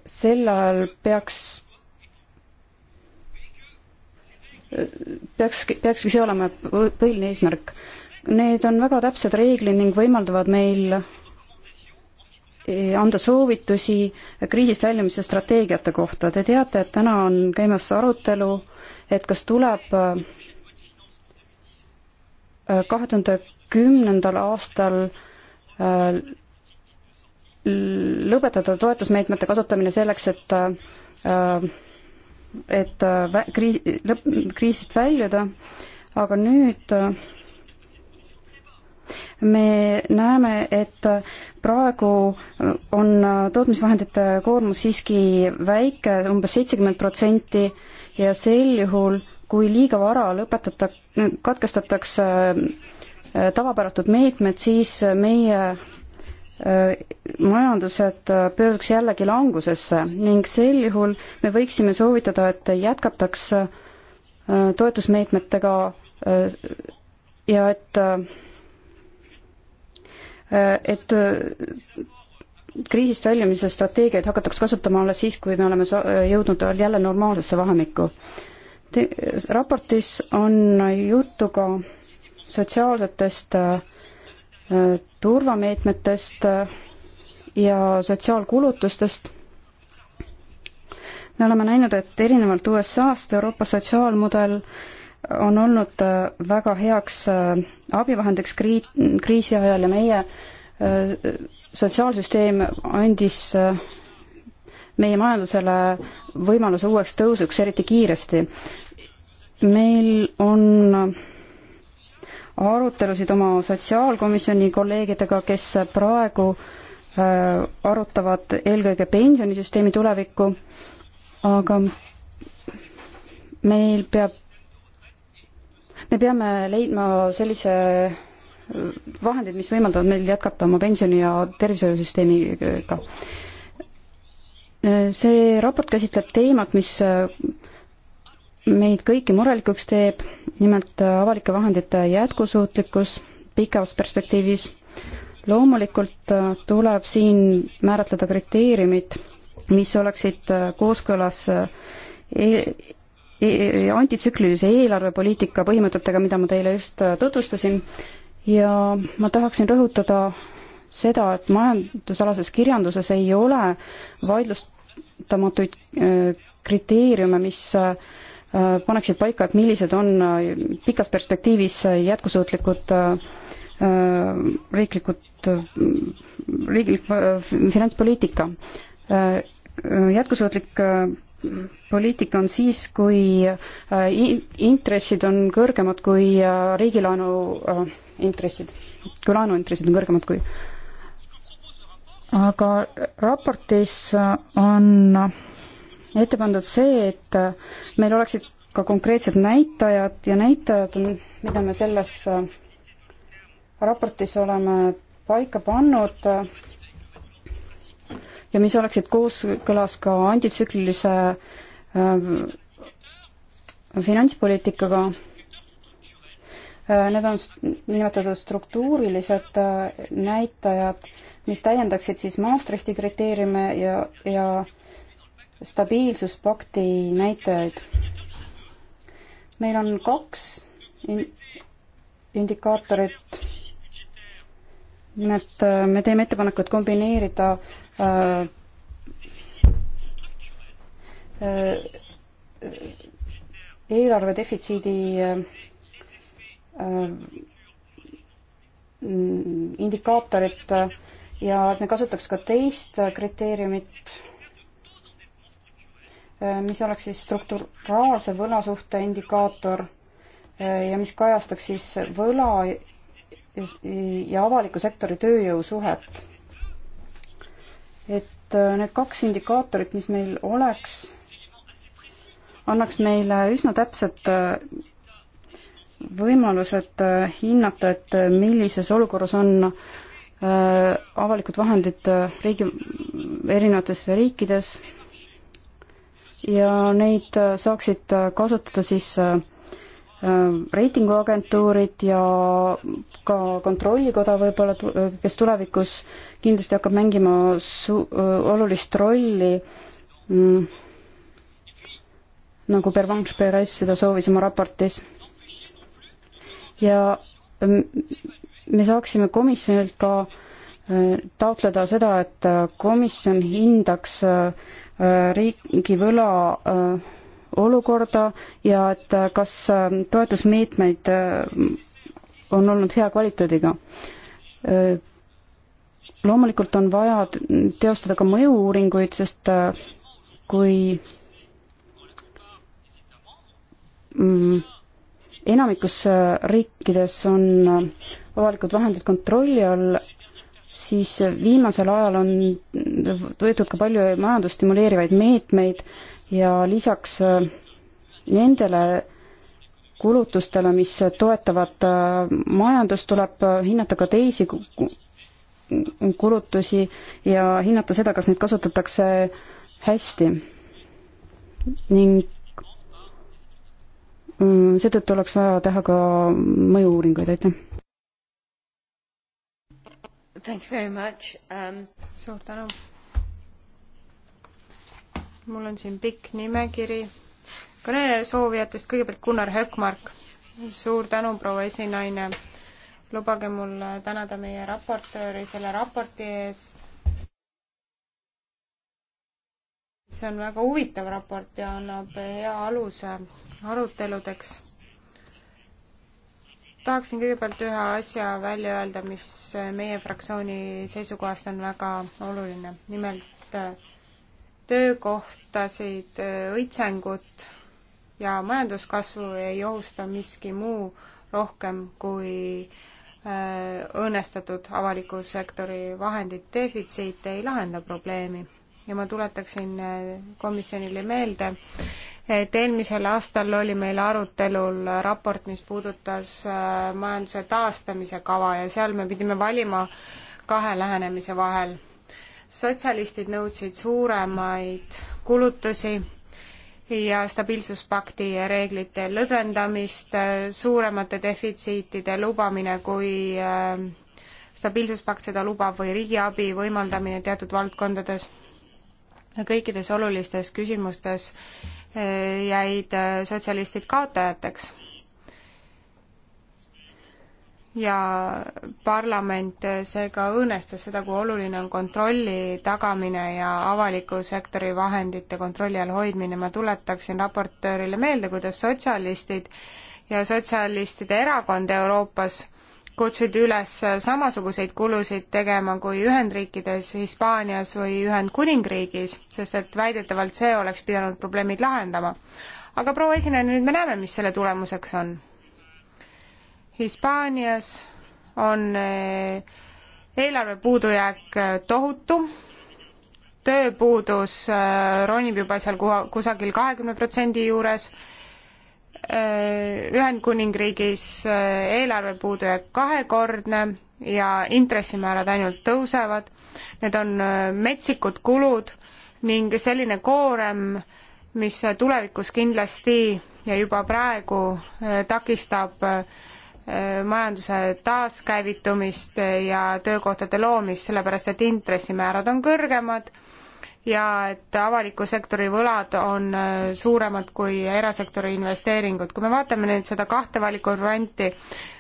C: sel ajal peaks peaks, peakski see olema põhiline eesmärk. Need on väga täpsed reeglid ning võimaldavad meil eh, anda soovitusi kriisist väljumise strateegiate kohta. Te teate, et täna on käimas arutelu, et kas tuleb eh, kahe tuhande kümnendal aastal eh, lõpetada toetusmeetmete kasutamine selleks, et äh, et äh, kriis, lõpp, kriisist väljuda, aga nüüd äh, me näeme, et praegu on tootmisvahendite koormus siiski väike umbes, umbes seitsekümmend protsenti ja sel juhul, kui liiga vara lõpetata, katkestatakse tavapäratud meetmed, siis meie Äh, majandused äh, pöörduks jällegi langusesse ning sel juhul me võiksime soovitada, et jätkataks äh, toetusmeetmetega ja et, et kriisist väljumise strateegiaid hakataks kasutama alles siis, kui me oleme jõudnud jälle normaalsesse vahemikku. raportis on juttu ka sotsiaalsetest äh, Äh, turvameetmetest äh, ja sotsiaalkulutustest. me oleme näinud, et erinevalt USA-st Euroopa sotsiaalmudel on olnud äh, väga heaks abivahendiks krii-, kriisi ajal ja meie sotsiaalsüsteem andis meie majandusele võimaluse uueks tõusuks eriti kiiresti. meil on arutelusid oma sotsiaalkomisjoni kolleegidega, kes praegu äh, arutavad eelkõige pensionisüsteemi tulevikku, aga meil peab, me peame leidma sellise äh, vahendid, mis võimaldavad meil jätkata oma pensioni ja tervishoiusüsteemiga. Äh, see raport käsitleb teemat, mis meid kõiki murelikuks teeb, nimelt avalike vahendite jätkusuutlikkus pikas perspektiivis. loomulikult äh, tuleb siin määratleda kriteeriumid, mis oleksid äh, kooskõlas äh, e e, e antitsüklilise eelarvepoliitika põhimõtetega, mida ma teile just tutvustasin ja ma tahaksin rõhutada seda, et majandusalases kirjanduses ei ole vaidlustamatuid kriteeriume, mis Äh, paneksid paika, et millised on äh, pikas perspektiivis äh, jätkusuutlikud riiklikud, riiklik finantspoliitika. jätkusuutlik poliitika on siis, kui intressid on kõrgemad kui riigilaenu intressid, kui laenuintressid on kõrgemad kui. aga raportis on ette pandud see, et meil oleksid ka konkreetsed näitajad ja näitajad, mida me selles äh, raportis oleme paika pannud ja mis oleksid kooskõlas ka antitsüklilise äh, finantspoliitikaga. Äh, need on nimetatud struktuurilised näitajad, mis täiendaksid siis Maastrichti kriteeriume ja, ja stabiilsuspakti näitajaid. meil on kaks in indikaatorit. nimelt äh, me teeme ettepaneku, et kombineerida äh, äh, eelarve defitsiidi äh, äh indikaatorit ja et me kasutaks ka teist kriteeriumit Äh, mis oleks siis strukturaalse võlasuhte indikaator äh, ja mis kajastaks siis võla ja avaliku sektori tööjõu suhet. et äh, need kaks indikaatorit, mis meil oleks, annaks meile üsna täpsed võimalused hinnata, et millises olukorras on avalikud vahendid riigi, erinevates riikides ja neid äh, saaksid äh, kasutada siis äh, reitinguagentuurid ja ka Kontrollikoda võib-olla, kes tulevikus kindlasti hakkab mängima su-, olulist rolli mm,, nagu Pervanche Perez seda soovis oma raportis. ja me saaksime komisjonilt ka taotleda seda, et komisjon hindaks äh, riigi võla äh, olukorda ja et äh, kas äh, toetusmeetmeid on olnud hea kvaliteediga. loomulikult on vaja teostada ka mõju-uuringuid, sest kui mm, enamikus riikides on avalikud vahendid kontrolli all, siis viimasel ajal on võetud ka palju majandust stimuleerivaid meetmeid ja lisaks äh, nendele kulutustele, mis toetavad äh, majandust, tuleb äh, hinnata ka teisi kulutusi ja hinnata seda, kas neid kasutatakse hästi. ning mm, seetõttu oleks vaja teha ka mõju-uuringuid, aitäh
A: Thank you very much um.... suur tänu. mul on siin pikk nimekiri kõnesoovijatest, kõigepealt Gunnar Hökmark. suur tänu, proua esinaine. lubage mul tänada meie raportööri selle raporti eest. see on väga huvitav raport ja annab hea aluse aruteludeks tahaksin kõigepealt ühe asja välja öelda, mis meie fraktsiooni seisukohast on väga oluline. nimelt äh, töökohtasid, äh, õitsengut ja majanduskasvu ei ohusta miski muu rohkem kui äh, õõnestatud avaliku sektori vahendid, defitsiit ei lahenda probleemi. ja ma tuletaksin komisjonile meelde, et eelmisel aastal oli meil arutelul raport, mis puudutas äh, majanduse taastamise kava ja seal me pidime valima kahe lähenemise vahel. sotsialistid nõudsid suuremaid kulutusi ja stabiilsuspakti reeglite lõdvendamist, äh, suuremate defitsiitide lubamine, kui äh, stabiilsuspakt seda lubab või riigiabi võimaldamine teatud valdkondades. kõikides olulistes küsimustes jäid äh, sotsialistid kaotajateks ja parlament äh, seega õõnestas seda, kui oluline on kontrolli tagamine ja avaliku sektori vahendite kontrolli all hoidmine. ma tuletaksin raportöörile meelde, kuidas sotsialistid ja sotsialistide erakond Euroopas kutsusid üles samasuguseid kulusid tegema kui Ühendriikides, Hispaanias või Ühendkuningriigis, sest et väidetavalt see oleks pidanud probleemid lahendama. aga proua esineja, nüüd me näeme, mis selle tulemuseks on. Hispaanias on eh, eelarve puudujääk eh, tohutu, tööpuudus eh, ronib juba seal kuha, kusagil kahekümne protsendi juures Äh, Ühendkuningriigis äh, eelarve puudujääk kahekordne ja intressimäärad ainult tõusevad, need on äh, metsikud kulud ning selline koorem, mis tulevikus kindlasti ja juba praegu takistab majanduse taaskäivitumist ja töökohtade loomist, sellepärast et intressimäärad on kõrgemad ja et avaliku sektori võlad on äh, suuremad kui erasektori investeeringud. kui me vaatame nüüd seda kahte valikuvarianti,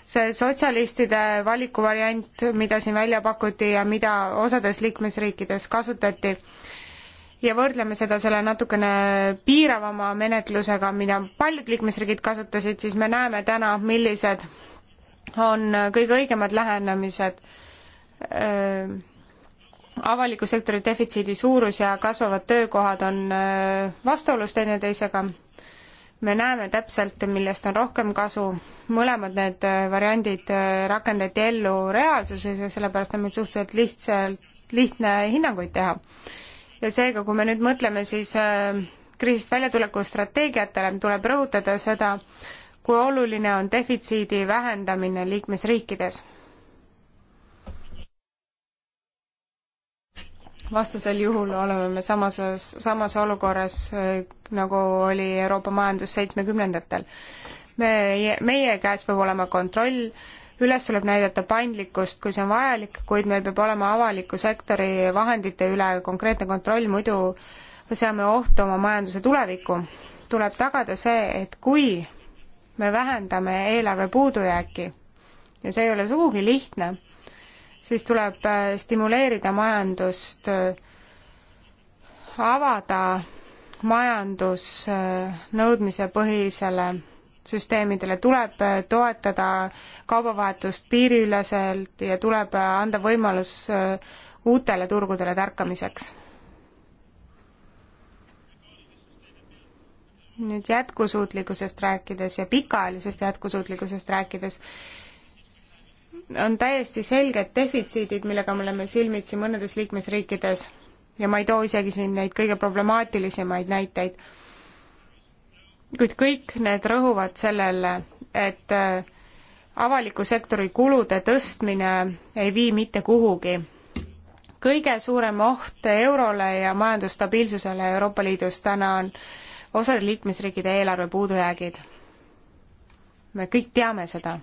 A: see sotsialistide valikuvariant, mida siin välja pakuti ja mida osades liikmesriikides kasutati, ja võrdleme seda selle natukene piiravama menetlusega, mida paljud liikmesriigid kasutasid, siis me näeme täna, millised on kõige õigemad lähenemised öö, äh, avaliku sektori defitsiidi suurus ja kasvavad töökohad on äh, vastuolus teineteisega. me näeme täpselt, millest on rohkem kasu. mõlemad need äh, variandid äh, rakendati ellu reaalsuses ja sellepärast on meil suhteliselt lihtsalt, lihtne hinnanguid teha. ja seega, kui me nüüd mõtleme siis kriisist väljatuleku strateegiatele, tuleb rõhutada seda, kui oluline on defitsiidi vähendamine liikmesriikides vastasel juhul oleme me samas, samas olukorras, äh, nagu oli Euroopa majandus seitsmekümnendatel. me, meie käes peab olema kontroll, üles tuleb näidata paindlikkust, kui see on vajalik, kuid meil peab olema avaliku sektori vahendite üle konkreetne kontroll, muidu seame ohtu oma majanduse tulevikku. tuleb tagada see, et kui me vähendame eelarve puudujääki ja see ei ole sugugi lihtne siis tuleb äh, stimuleerida majandust, äh, avada majandus äh, nõudmisepõhisele süsteemidele, tuleb toetada kaubavahetust piiriüleselt ja tuleb anda võimalus uutele turgudele tärkamiseks. nüüd jätkusuutlikkusest rääkides ja pikaajalisest jätkusuutlikkusest rääkides, on täiesti selged defitsiidid, millega me oleme silmitsi mõnedes liikmesriikides ja ma ei too isegi siin neid kõige problemaatilisemaid näiteid. kuid kõik need rõhuvad sellele, et äh, avaliku sektori kulude tõstmine ei vii mitte kuhugi. kõige suurem oht eurole ja majandusstabiilsusele Euroopa Liidus täna on osade liikmesriikide eelarve puudujäägid. me kõik teame seda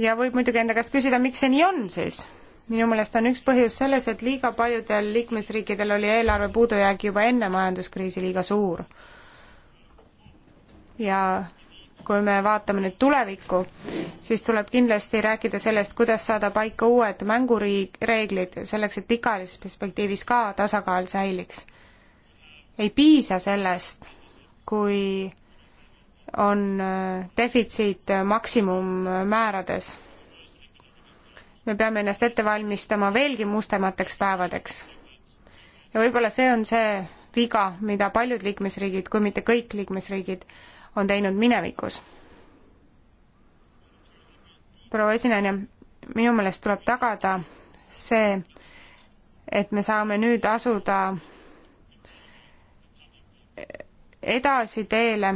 A: ja võib muidugi enda käest küsida, miks see nii on siis? minu meelest on üks põhjus selles, et liiga paljudel liikmesriikidel oli eelarve puudujääk juba enne majanduskriisi liiga suur. ja kui me vaatame nüüd tulevikku, siis tuleb kindlasti rääkida sellest, kuidas saada paika uued mängureeglid selleks, et pikaajalises perspektiivis ka tasakaal säiliks. ei piisa sellest, kui on äh, defitsiit äh, maksimummäärades. me peame ennast ette valmistama veelgi mustemateks päevadeks. ja võib-olla see on see viga, mida paljud liikmesriigid, kui mitte kõik liikmesriigid, on teinud minevikus. proua esinaine, minu meelest tuleb tagada see, et me saame nüüd asuda edasi teele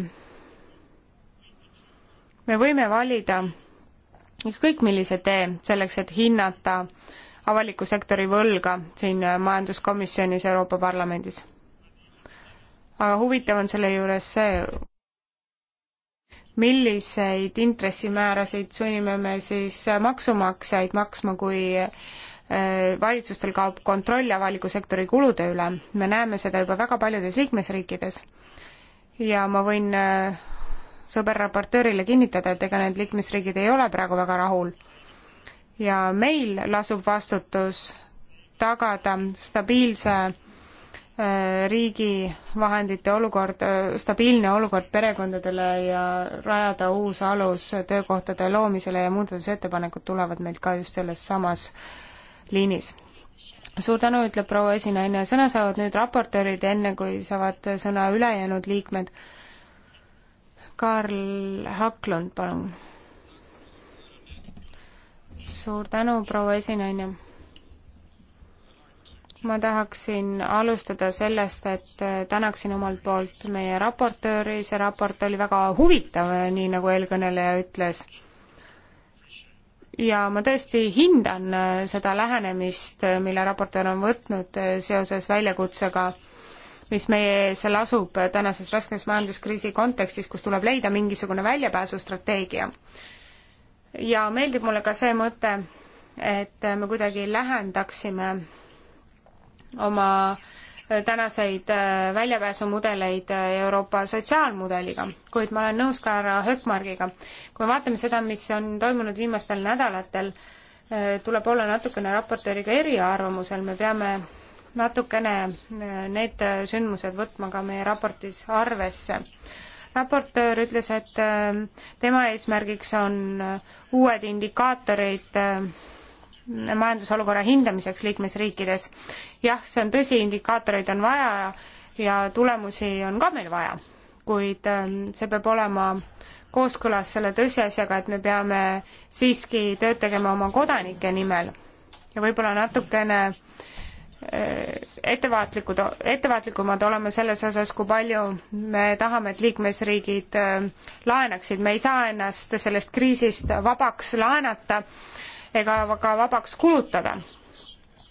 A: me võime valida ükskõik millise tee selleks, et hinnata avaliku sektori võlga siin majanduskomisjonis Euroopa Parlamendis. aga huvitav on selle juures see, milliseid intressimäärasid sunnime me siis maksumaksjaid maksma, kui äh, valitsustel kaob kontroll avaliku sektori kulude üle. me näeme seda juba väga paljudes liikmesriikides. ja ma võin äh, sõber raportöörile kinnitada, et ega need liikmesriigid ei ole praegu väga rahul. ja meil lasub vastutus tagada stabiilse äh, riigi vahendite olukord, äh, stabiilne olukord perekondadele ja rajada uus alus töökohtade loomisele ja muudatusettepanekud tulevad meilt ka just selles samas liinis. suur tänu, ütleb proua esinaine, sõna saavad nüüd raportöörid, enne kui saavad sõna ülejäänud liikmed Karl Haklund, palun. suur tänu, proua esinaine. ma tahaksin alustada sellest, et tänaksin omalt poolt meie raportööri, see raport oli väga huvitav, nii nagu eelkõneleja ütles. ja ma tõesti hindan seda lähenemist, mille raportöör on võtnud seoses väljakutsega mis meie ees lasub tänases raskes majanduskriisi kontekstis, kus tuleb leida mingisugune väljapääsustrateegia. ja meeldib mulle ka see mõte, et me kuidagi lähendaksime oma tänaseid äh, väljapääsumudeleid äh, Euroopa sotsiaalmudeliga, kuid ma olen nõus ka härra Hökmargiga. kui me vaatame seda, mis on toimunud viimastel nädalatel, äh, tuleb olla natukene raportööriga eriarvamusel, me peame natukene äh, need sündmused võtma ka meie raportis arvesse. raportöör ütles, et äh, tema eesmärgiks on äh, uued indikaatorid majandusolukorra hindamiseks liikmesriikides. jah, see on tõsi, indikaatoreid on vaja ja tulemusi on ka meil vaja, kuid see peab olema kooskõlas selle tõsiasjaga, et me peame siiski tööd tegema oma kodanike nimel ja võib-olla natukene äh, ettevaatlikud, ettevaatlikumad olema selles osas, kui palju me tahame, et liikmesriigid äh, laenaksid, me ei saa ennast sellest kriisist vabaks laenata ega ka vabaks kulutada.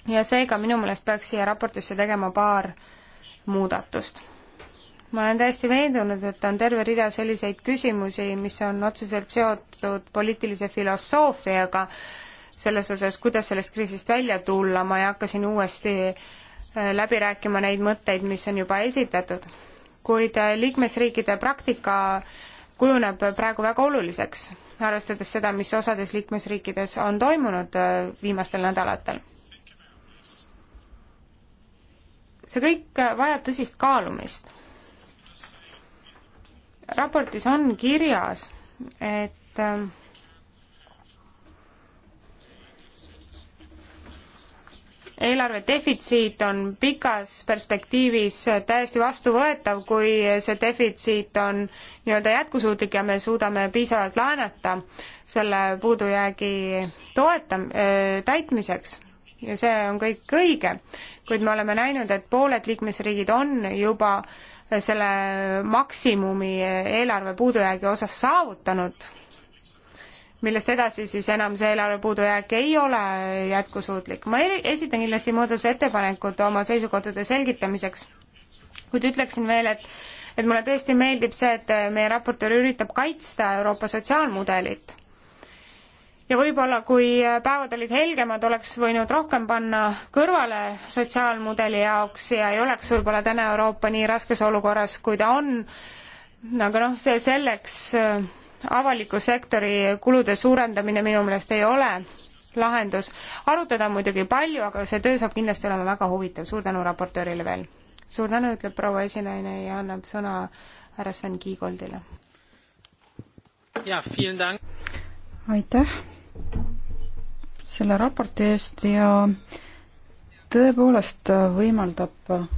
A: ja seega minu meelest peaks siia raportisse tegema paar muudatust. ma olen täiesti veendunud, et on terve rida selliseid küsimusi, mis on otseselt seotud poliitilise filosoofiaga, selles osas, kuidas sellest kriisist välja tulla, ma ei hakka siin uuesti äh, läbi rääkima neid mõtteid, mis on juba esitatud. kuid äh, liikmesriikide praktika kujuneb praegu väga oluliseks, arvestades seda, mis osades liikmesriikides on toimunud äh, viimastel nädalatel. see kõik vajab tõsist kaalumist. raportis on kirjas, et äh, eelarve defitsiit on pikas perspektiivis täiesti vastuvõetav, kui see defitsiit on nii-öelda jätkusuutlik ja me suudame piisavalt laenata selle puudujäägi toeta-, täitmiseks ja see on kõik õige, kuid me oleme näinud, et pooled liikmesriigid on juba selle maksimumi eelarve puudujäägi osas saavutanud millest edasi siis enam see eelarve puudujääk ei ole jätkusuutlik. ma esitan kindlasti muudatusettepanekud oma seisukohtade selgitamiseks, kuid ütleksin veel, et et mulle tõesti meeldib see, et meie raportöör üritab kaitsta Euroopa sotsiaalmudelit. ja võib-olla, kui päevad olid helgemad, oleks võinud rohkem panna kõrvale sotsiaalmudeli jaoks ja ei oleks võib-olla täna Euroopa nii raskes olukorras, kui ta on, aga noh, see selleks avaliku sektori kulude suurendamine minu meelest ei ole lahendus. arutada on muidugi palju, aga see töö saab kindlasti olema väga huvitav, suur tänu raportöörile veel. suur tänu, ütleb proua esinaine ja annab sõna härra Sven Kiigoldile. aitäh selle raporti eest ja
C: tõepoolest võimaldab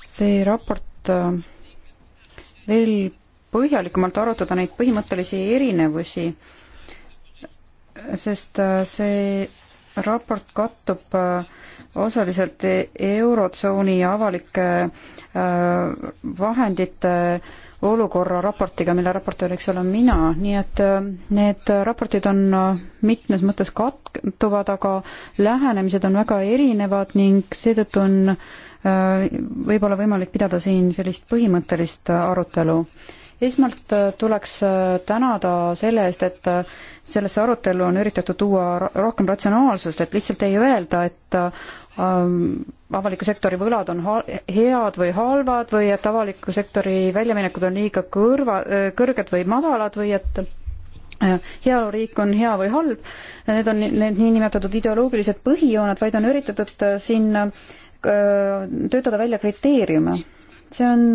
C: see raport äh, veel põhjalikumalt arutada neid põhimõttelisi erinevusi, sest äh, see raport kattub äh, osaliselt Eurotsooni avalike äh, vahendite olukorra raportiga, mille raportöör, eks ole, mina, nii et need raportid on mitmes mõttes kattuvad, aga lähenemised on väga erinevad ning seetõttu on võib-olla võimalik pidada siin sellist põhimõttelist arutelu esmalt äh, tuleks äh, tänada selle eest, et äh, sellesse arutellu on üritatud tuua rohkem ratsionaalsust, et lihtsalt ei öelda, et ähm, avaliku sektori võlad on head või halvad või et avaliku sektori väljaminekud on liiga kõrva, kõrged või madalad või et heaoluriik on hea või halb, need on need niinimetatud ideoloogilised põhijooned, vaid on üritatud siin töötada välja kriteeriume. see on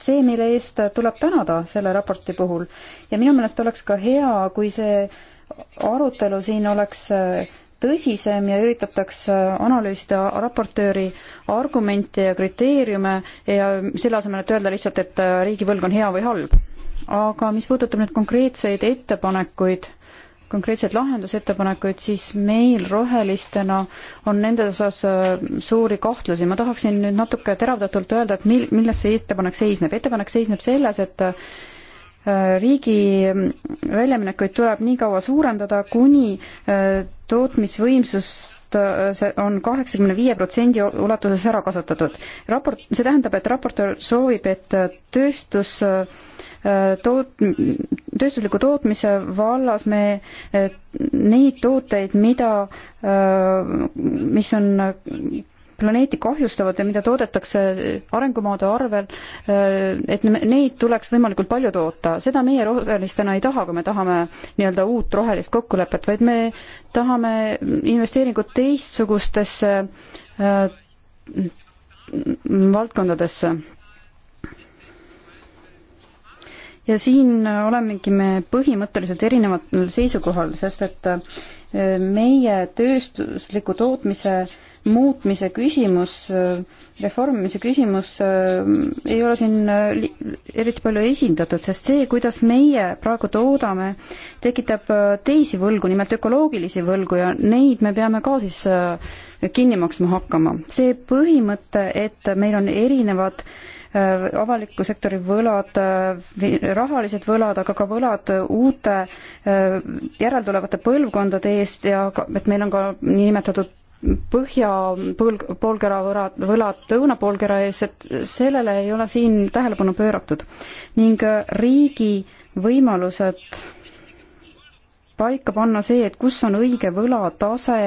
C: see, mille eest tuleb tänada selle raporti puhul ja minu meelest oleks ka hea, kui see arutelu siin oleks äh, tõsisem ja üritataks äh, analüüsida raportööri argumente ja kriteeriume ja selle asemel, et öelda lihtsalt, et äh, riigivõlg on hea või halb. aga mis puudutab nüüd konkreetseid ettepanekuid konkreetseid lahendusettepanekuid, siis meil rohelistena on nende osas äh, suuri kahtlusi. ma tahaksin nüüd natuke teravdatult öelda, et mil-, milles see ettepanek seisneb. ettepanek seisneb selles, et äh, riigi äh, väljaminekuid tuleb nii kaua suurendada, kuni tootmisvõimsust on kaheksakümne viie protsendi ulatuses ära kasutatud. raport, see tähendab, et raportöör soovib, et tööstus toot-, tööstusliku tootmise vallas me neid tooteid, mida, äh, mis on äh, planeeti kahjustavad ja mida toodetakse arengumaade arvel, äh, et neid tuleks võimalikult palju toota. seda meie rohelistena ei taha, kui me tahame nii-öelda uut rohelist kokkulepet, vaid me tahame investeeringut teistsugustesse valdkondadesse ja siin olemegi me põhimõtteliselt erinevatel seisukohal, sest et äh, meie tööstusliku tootmise muutmise küsimus, äh, reformimise küsimus äh, ei ole siin eriti palju esindatud, sest see, kuidas meie praegu toodame, tekitab teisi võlgu, nimelt ökoloogilisi võlgu ja neid me peame ka siis kinni maksma hakkama. see põhimõte, et meil on erinevad äh, Äh, avaliku sektori võlad, äh, rahalised võlad, aga ka võlad uute äh, järeltulevate põlvkondade eest ja et meil on ka niinimetatud põhja põlg, poolkera võlad, võlad lõunapoolkera ees, et sellele ei ole siin tähelepanu pööratud. ning riigi võimalused paika panna see, et kus on õige võlatase,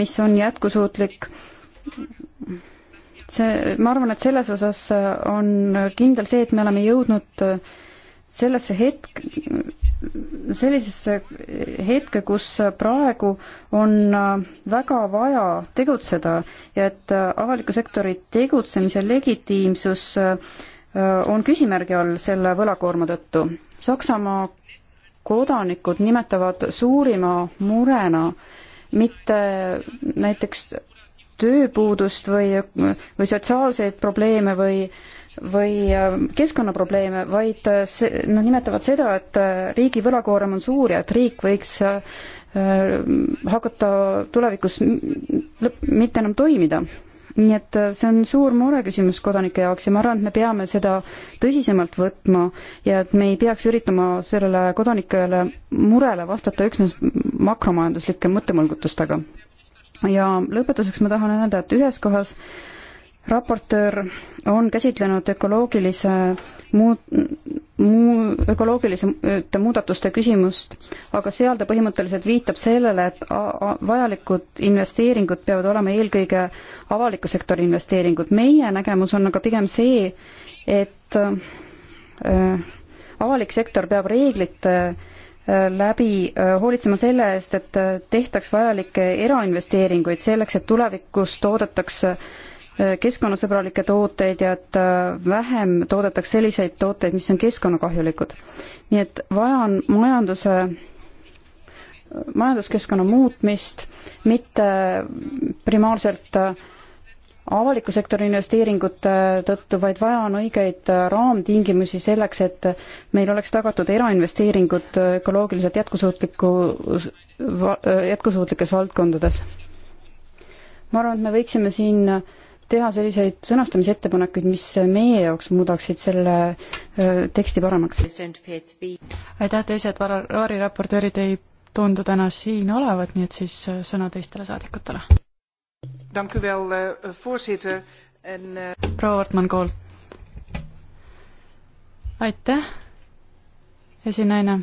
C: mis on jätkusuutlik, see, ma arvan, et selles osas äh, on kindel see, et me oleme jõudnud äh, sellesse hetk, sellisesse hetke, kus praegu on äh, väga vaja tegutseda ja et avaliku sektori tegutsemise legitiimsus on küsimärgi all selle võlakoorma tõttu. Saksamaa kodanikud nimetavad suurima murena mitte näiteks tööpuudust või, või sotsiaalseid probleeme või või äh, keskkonnaprobleeme, vaid äh, see, nad nimetavad seda, et äh, riigi võlakoorem on suur ja et riik võiks hakata tulevikus mitte enam toimida. nii et see on suur mureküsimus kodanike jaoks ja ma arvan, et me peame seda tõsisemalt võtma ja et me ei peaks üritama sellele kodanikele murele vastata üksnes makromajanduslike mõttemõlgutustega ja lõpetuseks ma tahan öelda, et ühes kohas raportöör on käsitlenud ökoloogilise muu-, muu-, ökoloogiliste muudatuste küsimust, aga seal ta põhimõtteliselt viitab sellele, et vajalikud investeeringud peavad olema eelkõige avaliku sektori investeeringud. meie nägemus on aga pigem see, et äh, avalik sektor peab reeglite äh, läbi äh, hoolitsema selle eest, et äh, tehtaks vajalikke erainvesteeringuid selleks, et tulevikus toodetaks äh, keskkonnasõbralikke tooteid ja et vähem toodetaks selliseid tooteid, mis on keskkonnakahjulikud. nii et vaja on majanduse majanduskeskkonna muutmist, mitte primaarselt äh, avaliku sektori investeeringute tõttu, vaid vaja on õigeid äh, raamtingimusi selleks, et meil oleks tagatud erainvesteeringud äh, ökoloogiliselt jätkusuutliku, äh, jätkusuutlikes valdkondades. ma arvan, et me võiksime siin teha selliseid sõnastamisettepanekuid, mis meie jaoks muudaksid selle teksti paremaks.
B: aitäh, teised vara, variraportöörid ei tundu täna siin olevat, nii et siis sõna teistele saadikutele.
A: Eh, eh, eh,
B: proua Wortmann-Kool. aitäh, esinaine.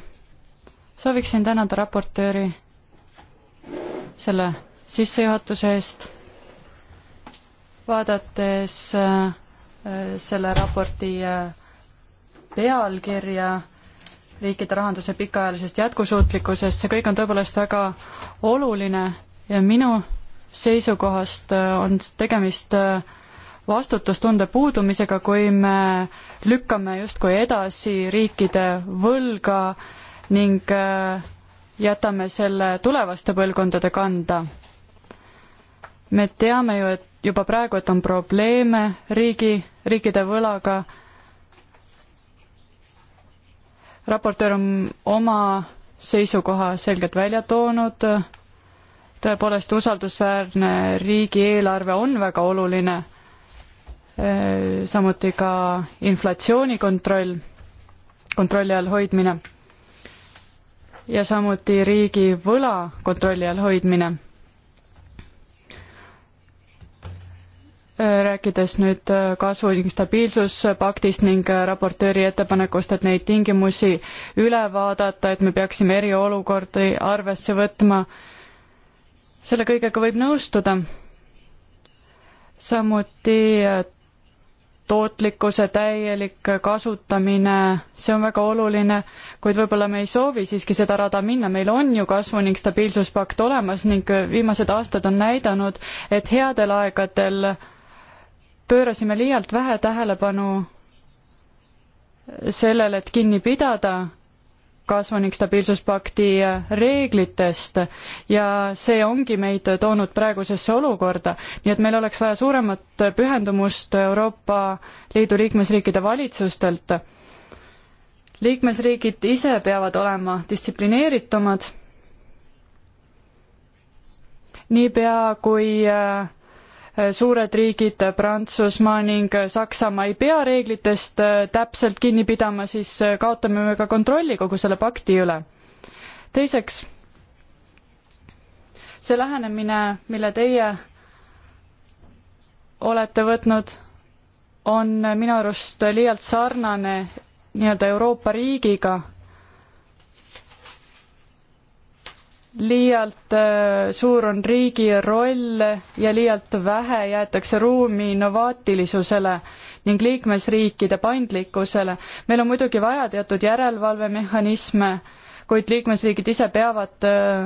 B: sooviksin tänada raportööri selle sissejuhatuse eest. vaadates selle raporti pealkirja riikide rahanduse pikaajalisest jätkusuutlikkusest, see kõik on tõepoolest väga oluline ja minu seisukohast äh, on tegemist äh, vastutustunde puudumisega, kui me lükkame justkui edasi riikide võlga ning äh, jätame selle tulevaste põlvkondade kanda. me teame ju, et juba praegu, et on probleeme riigi, riikide võlaga. raportöör on oma seisukoha selgelt välja toonud tõepoolest usaldusväärne riigieelarve on väga oluline, eh, samuti ka inflatsiooni kontroll, kontrolli all hoidmine ja samuti riigi võla kontrolli all hoidmine. Eh, rääkides nüüd eh, kasvu- ning stabiilsuspaktist ning raportööri ettepanekust, et neid tingimusi üle vaadata, et me peaksime eriolukordi arvesse võtma, selle kõigega võib nõustuda. samuti äh, tootlikkuse täielik kasutamine, see on väga oluline, kuid võib-olla me ei soovi siiski seda rada minna, meil on ju kasvu- ning stabiilsuspakt olemas ning äh, viimased aastad on näidanud, et headel aegadel pöörasime liialt vähe tähelepanu sellele, et kinni pidada kasvu ning stabiilsuspakti reeglitest ja see ongi meid toonud praegusesse olukorda. nii et meil oleks vaja suuremat pühendumust Euroopa Liidu liikmesriikide valitsustelt. liikmesriigid ise peavad olema distsiplineeritumad, niipea kui äh, suured riigid Prantsusmaa ning Saksamaa ei pea reeglitest äh, täpselt kinni pidama, siis äh, kaotame me ka kontrolli kogu selle pakti üle. teiseks, see lähenemine, mille teie olete võtnud, on minu arust liialt sarnane nii-öelda Euroopa riigiga liialt äh, suur on riigi roll ja liialt vähe jäetakse ruumi innovaatilisusele ning liikmesriikide paindlikkusele. meil on muidugi vaja teatud järelevalvemehhanisme, kuid liikmesriigid ise peavad äh,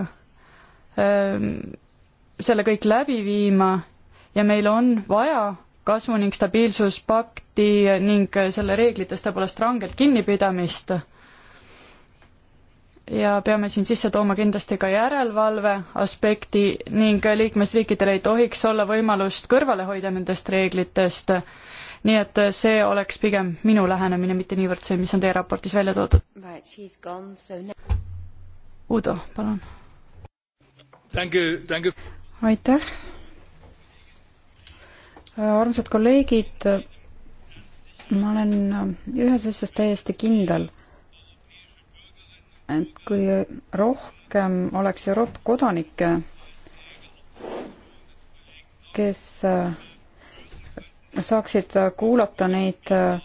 B: äh, selle kõik läbi viima ja meil on vaja kasvu ning stabiilsuspakti ning selle reeglitest tõepoolest rangelt kinnipidamist ja peame siin sisse tooma kindlasti ka järelevalve aspekti ning liikmesriikidel ei tohiks olla võimalust kõrvale hoida nendest reeglitest. nii et see oleks pigem minu lähenemine, mitte niivõrd see, mis on teie raportis välja toodud. Udo, palun. aitäh.
C: armsad kolleegid, ma olen ühes asjas täiesti kindel et kui rohkem oleks Euroopa kodanikke, kes äh, saaksid kuulata neid äh,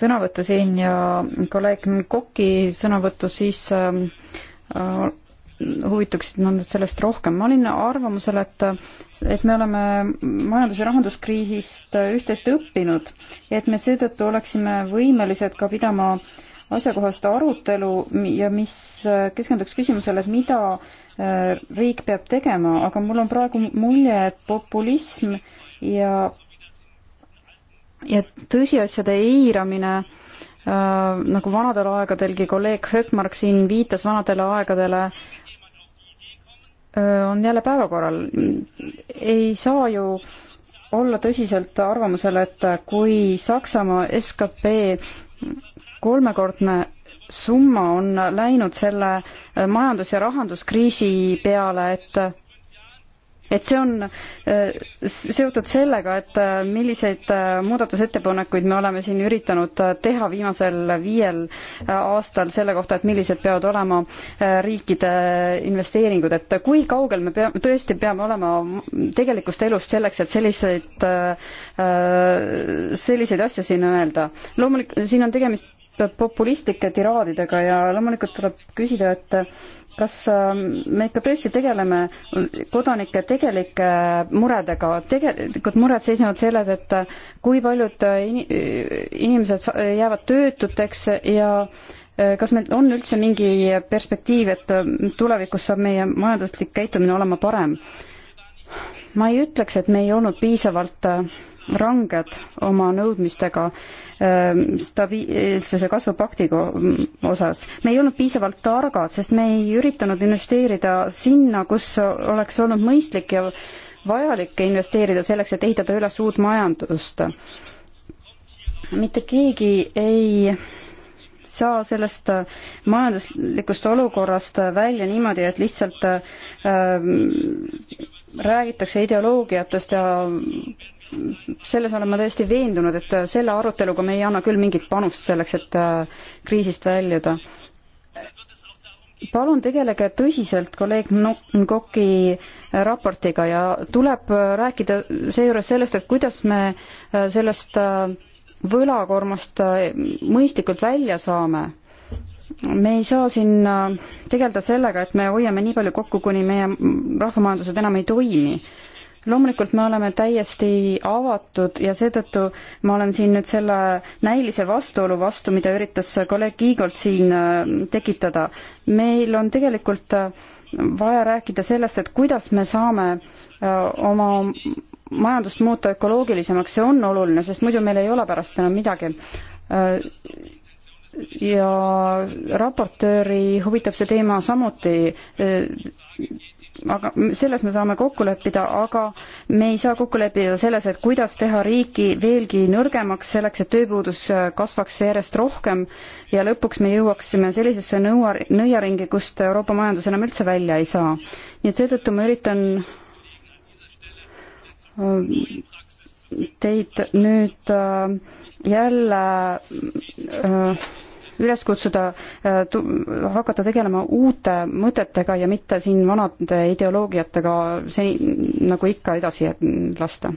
C: sõnavõtte siin ja kolleeg Koki sõnavõttu, siis äh, huvituksid nad sellest rohkem. ma olin arvamusel, et, et me oleme majandus- ja rahanduskriisist üht-teist õppinud ja et me seetõttu oleksime võimelised ka pidama äh, asjakohast arutelu ja mis äh, keskenduks küsimusele, et mida äh, riik peab tegema, aga mul on praegu mulje, et populism ja ja tõsiasjade eiramine äh, nagu vanadel aegadelgi kolleeg Höökmark siin viitas vanadele aegadele äh,, on jälle päevakorral. ei saa ju olla tõsiselt arvamusel, et kui Saksamaa skp kolmekordne summa on läinud selle äh, majandus- ja rahanduskriisi peale, et et see on äh, seotud sellega, et äh, milliseid muudatusettepanekuid me oleme siin üritanud teha viimasel viiel aastal selle kohta, et millised peavad olema riikide investeeringud, et kui kaugel me pea-, tõesti peame olema tegelikust elust selleks, et selliseid, selliseid asju siin öelda. loomulikult siin on tegemist populistlike tiraadidega ja loomulikult tuleb küsida, et äh, kas äh, me ikka tõesti tegeleme äh, kodanike tegelike muredega, tegelikult mured seisnevad selles, et kui paljud in-, inimesed jäävad töötuteks ja kas meil on üldse mingi perspektiiv, et tulevikus saab meie majanduslik käitumine olema parem? ma ei ütleks, et me ei olnud piisavalt ranged oma nõudmistega ähm, stabiilsuse kasvupaktiga osas. me ei olnud piisavalt targad, sest me ei üritanud investeerida sinna, kus oleks olnud mõistlik ja vajalik investeerida selleks, et ehitada üles uut majandust. mitte keegi ei saa sellest majanduslikust olukorrast välja niimoodi, et lihtsalt äh, räägitakse ideoloogiatest ja selles olen ma tõesti veendunud, et äh, selle aruteluga me ei anna küll mingit panust selleks, et äh, kriisist väljuda. palun tegelege tõsiselt kolleeg Nkoki äh, raportiga ja tuleb rääkida seejuures sellest, et kuidas me sellest võlakoormast mõistlikult välja saame me ei saa siin tegeleda sellega, et me hoiame nii palju kokku, kuni meie rahvamajandused enam ei toimi loomulikult me oleme täiesti avatud ja seetõttu ma olen siin nüüd selle näilise vastuolu vastu, mida üritas kolleeg Igor siin äh, tekitada. meil on tegelikult äh, vaja rääkida sellest, et kuidas me saame äh, oma majandust muuta ökoloogilisemaks, see on oluline, sest muidu meil ei ole pärast enam midagi ja raportööri huvitab see teema samuti aga selles me saame kokku leppida, aga me ei saa kokku leppida selles, et kuidas teha riiki veelgi nõrgemaks, selleks et tööpuudus äh, kasvaks järjest rohkem ja lõpuks me jõuaksime sellisesse nõua, nõiaringi, kust Euroopa majandus enam üldse välja ei saa. nii et seetõttu ma üritan äh, teid nüüd äh, jälle üles kutsuda äh, hakata tegelema uute mõtetega ja mitte siin vanade ideoloogiatega seni nagu ikka edasi lasta.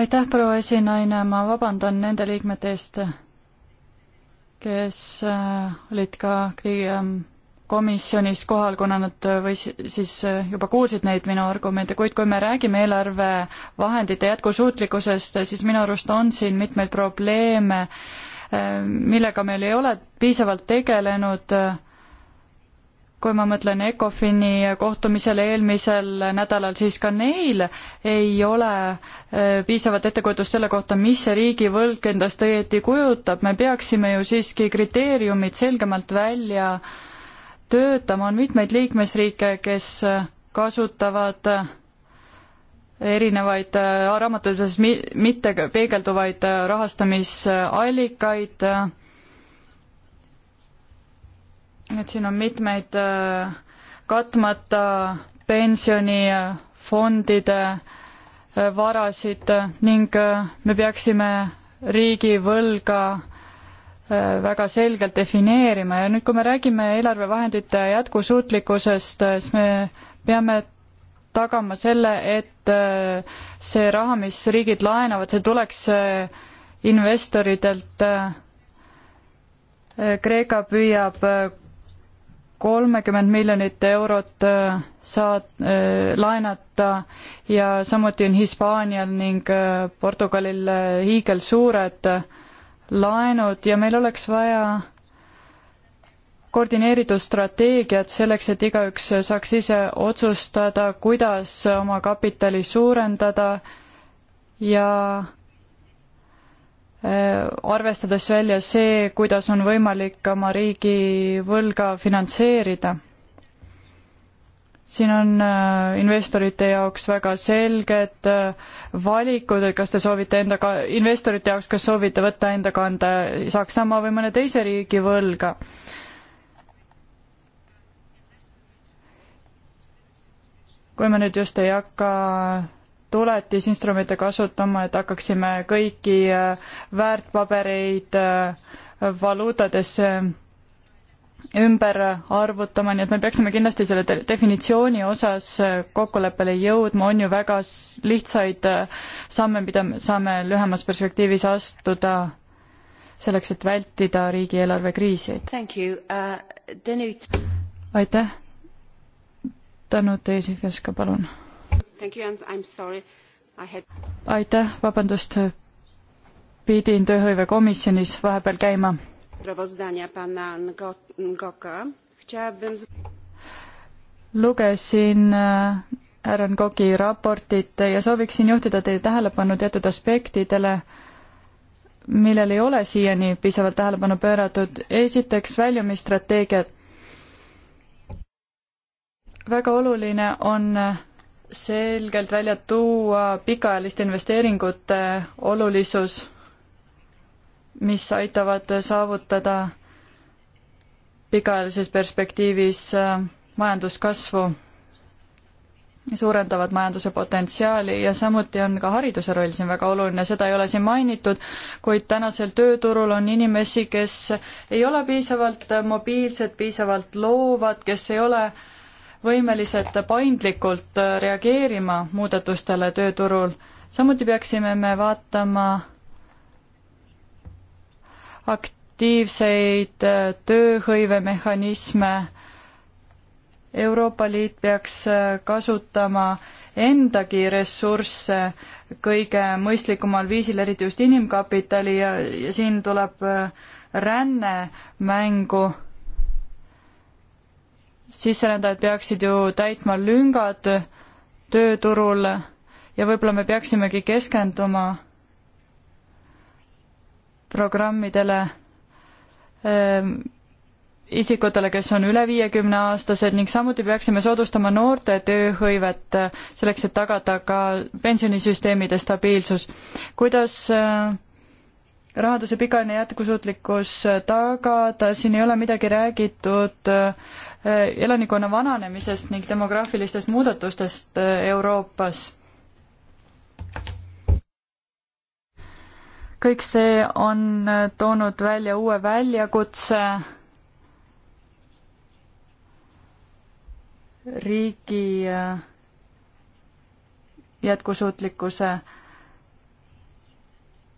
B: aitäh, proua esinaine, ma vabandan nende liikmete eest, kes äh, olid ka kõige ähm, komisjonis kohal, kuna nad või siis juba kuulsid neid minu argumente, kuid kui me räägime eelarvevahendite jätkusuutlikkusest, siis minu arust on siin mitmeid probleeme, millega meil ei ole piisavalt tegelenud. kui ma mõtlen ECOFIN-i kohtumisele eelmisel nädalal, siis ka neil ei ole eh, piisavat ettekujutust selle kohta, mis see riigivõlg endast õieti kujutab, me peaksime ju siiski kriteeriumid selgemalt välja äh, töötama, on mitmeid liikmesriike, kes kasutavad erinevaid äh, raamatupidases mitte peegelduvaid äh, rahastamisallikaid. et siin on mitmeid äh, katmata pensionifondide varasid ning me peaksime riigivõlga Äh, väga selgelt defineerima ja nüüd, kui me räägime eelarvevahendite jätkusuutlikkusest, äh, siis me peame tagama selle, et äh, see raha, mis riigid laenavad, see tuleks investoritelt. Kreeka püüab kolmekümmend miljonit eurot saad äh,, laenata ja samuti on Hispaanial ning äh, Portugalil äh, hiigelsuured äh, laenud ja meil oleks vaja koordineeritud strateegiat selleks, et igaüks saaks ise otsustada, kuidas oma kapitali suurendada ja äh, arvestades välja see, kuidas on võimalik oma riigi võlga finantseerida siin on äh, investorite jaoks väga selged äh, valikud, et kas te soovite enda ka-, investorite jaoks, kas soovite võtta enda kanda Saksamaa või mõne teise riigi võlga. kui me nüüd just ei hakka tuletisinstrumente kasutama, et hakkaksime kõiki äh, väärtpabereid valuutadesse ümber arvutama, nii et me peaksime kindlasti selle definitsiooni osas äh, kokkuleppele jõudma, on ju väga lihtsaid äh, samme, mida me saame lühemas perspektiivis astuda selleks, et vältida riigieelarve kriisi.
A: Uh,
B: aitäh. Tanut Eesifjaska, palun. Had... aitäh, vabandust, pidin tööhõivekomisjonis vahepeal käima
C: sprawozdania pana Ngoka. Chciałabym...
B: Lugesin äh, härra Ngoki raportit ja sooviksin juhtida teie tähelepanu teatud aspektidele, millel ei ole siiani piisavalt tähelepanu pööratud. esiteks väljumisstrateegiad. väga oluline on selgelt välja tuua pikaajaliste investeeringute olulisus mis aitavad saavutada pikaajalises perspektiivis äh, majanduskasvu, suurendavad majanduse potentsiaali ja samuti on ka hariduse roll siin väga oluline, seda ei ole siin mainitud, kuid tänasel tööturul on inimesi, kes ei ole piisavalt äh, mobiilsed, piisavalt loovad, kes ei ole võimelised paindlikult äh, reageerima muudatustele tööturul. samuti peaksime me vaatama aktiivseid äh, tööhõivemehhanisme. Euroopa Liit peaks äh, kasutama endagi ressursse kõige mõistlikumal viisil, eriti just inimkapitali ja, ja siin tuleb äh, ränne mängu. sisserändajad peaksid ju täitma lüngad tööturul ja võib-olla me peaksimegi keskenduma programmidele ehm, isikutele, kes on üle viiekümne aastased ning samuti peaksime soodustama noorte tööhõivet eh, selleks, et tagada ka pensionisüsteemide stabiilsus. kuidas eh, rahanduse pikaajaline jätkusuutlikkus eh, tagada, siin ei ole midagi räägitud elanikkonna vananemisest ning demograafilistest muudatustest Euroopas kõik see on äh, toonud välja uue väljakutse riigi äh, jätkusuutlikkuse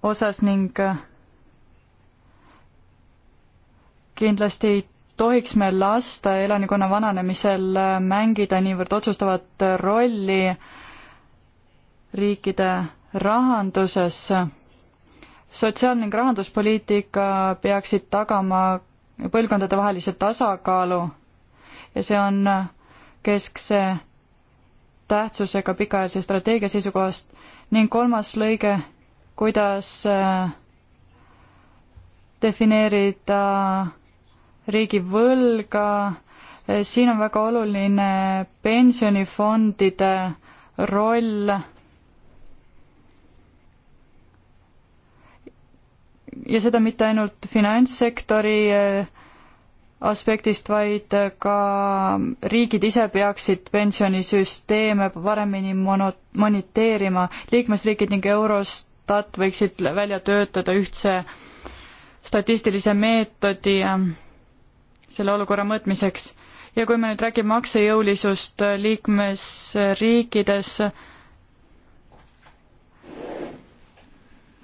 B: osas ning äh, kindlasti ei tohiks me lasta elanikkonna vananemisel mängida niivõrd otsustavat rolli riikide rahanduses sotsiaal- ning rahanduspoliitika peaksid tagama põlvkondadevahelise tasakaalu ja see on keskse tähtsusega pikaajalise strateegia seisukohast ning kolmas lõige, kuidas äh, defineerida riigivõlga, äh, siin on väga oluline pensionifondide roll ja seda mitte ainult finantssektori eh, aspektist, vaid eh, ka riigid ise peaksid pensionisüsteeme paremini mono-, moniteerima, liikmesriigid ning Eurostat võiksid välja töötada ühtse statistilise meetodi eh, selle olukorra mõõtmiseks. ja kui me nüüd räägime maksejõulisust liikmesriikides,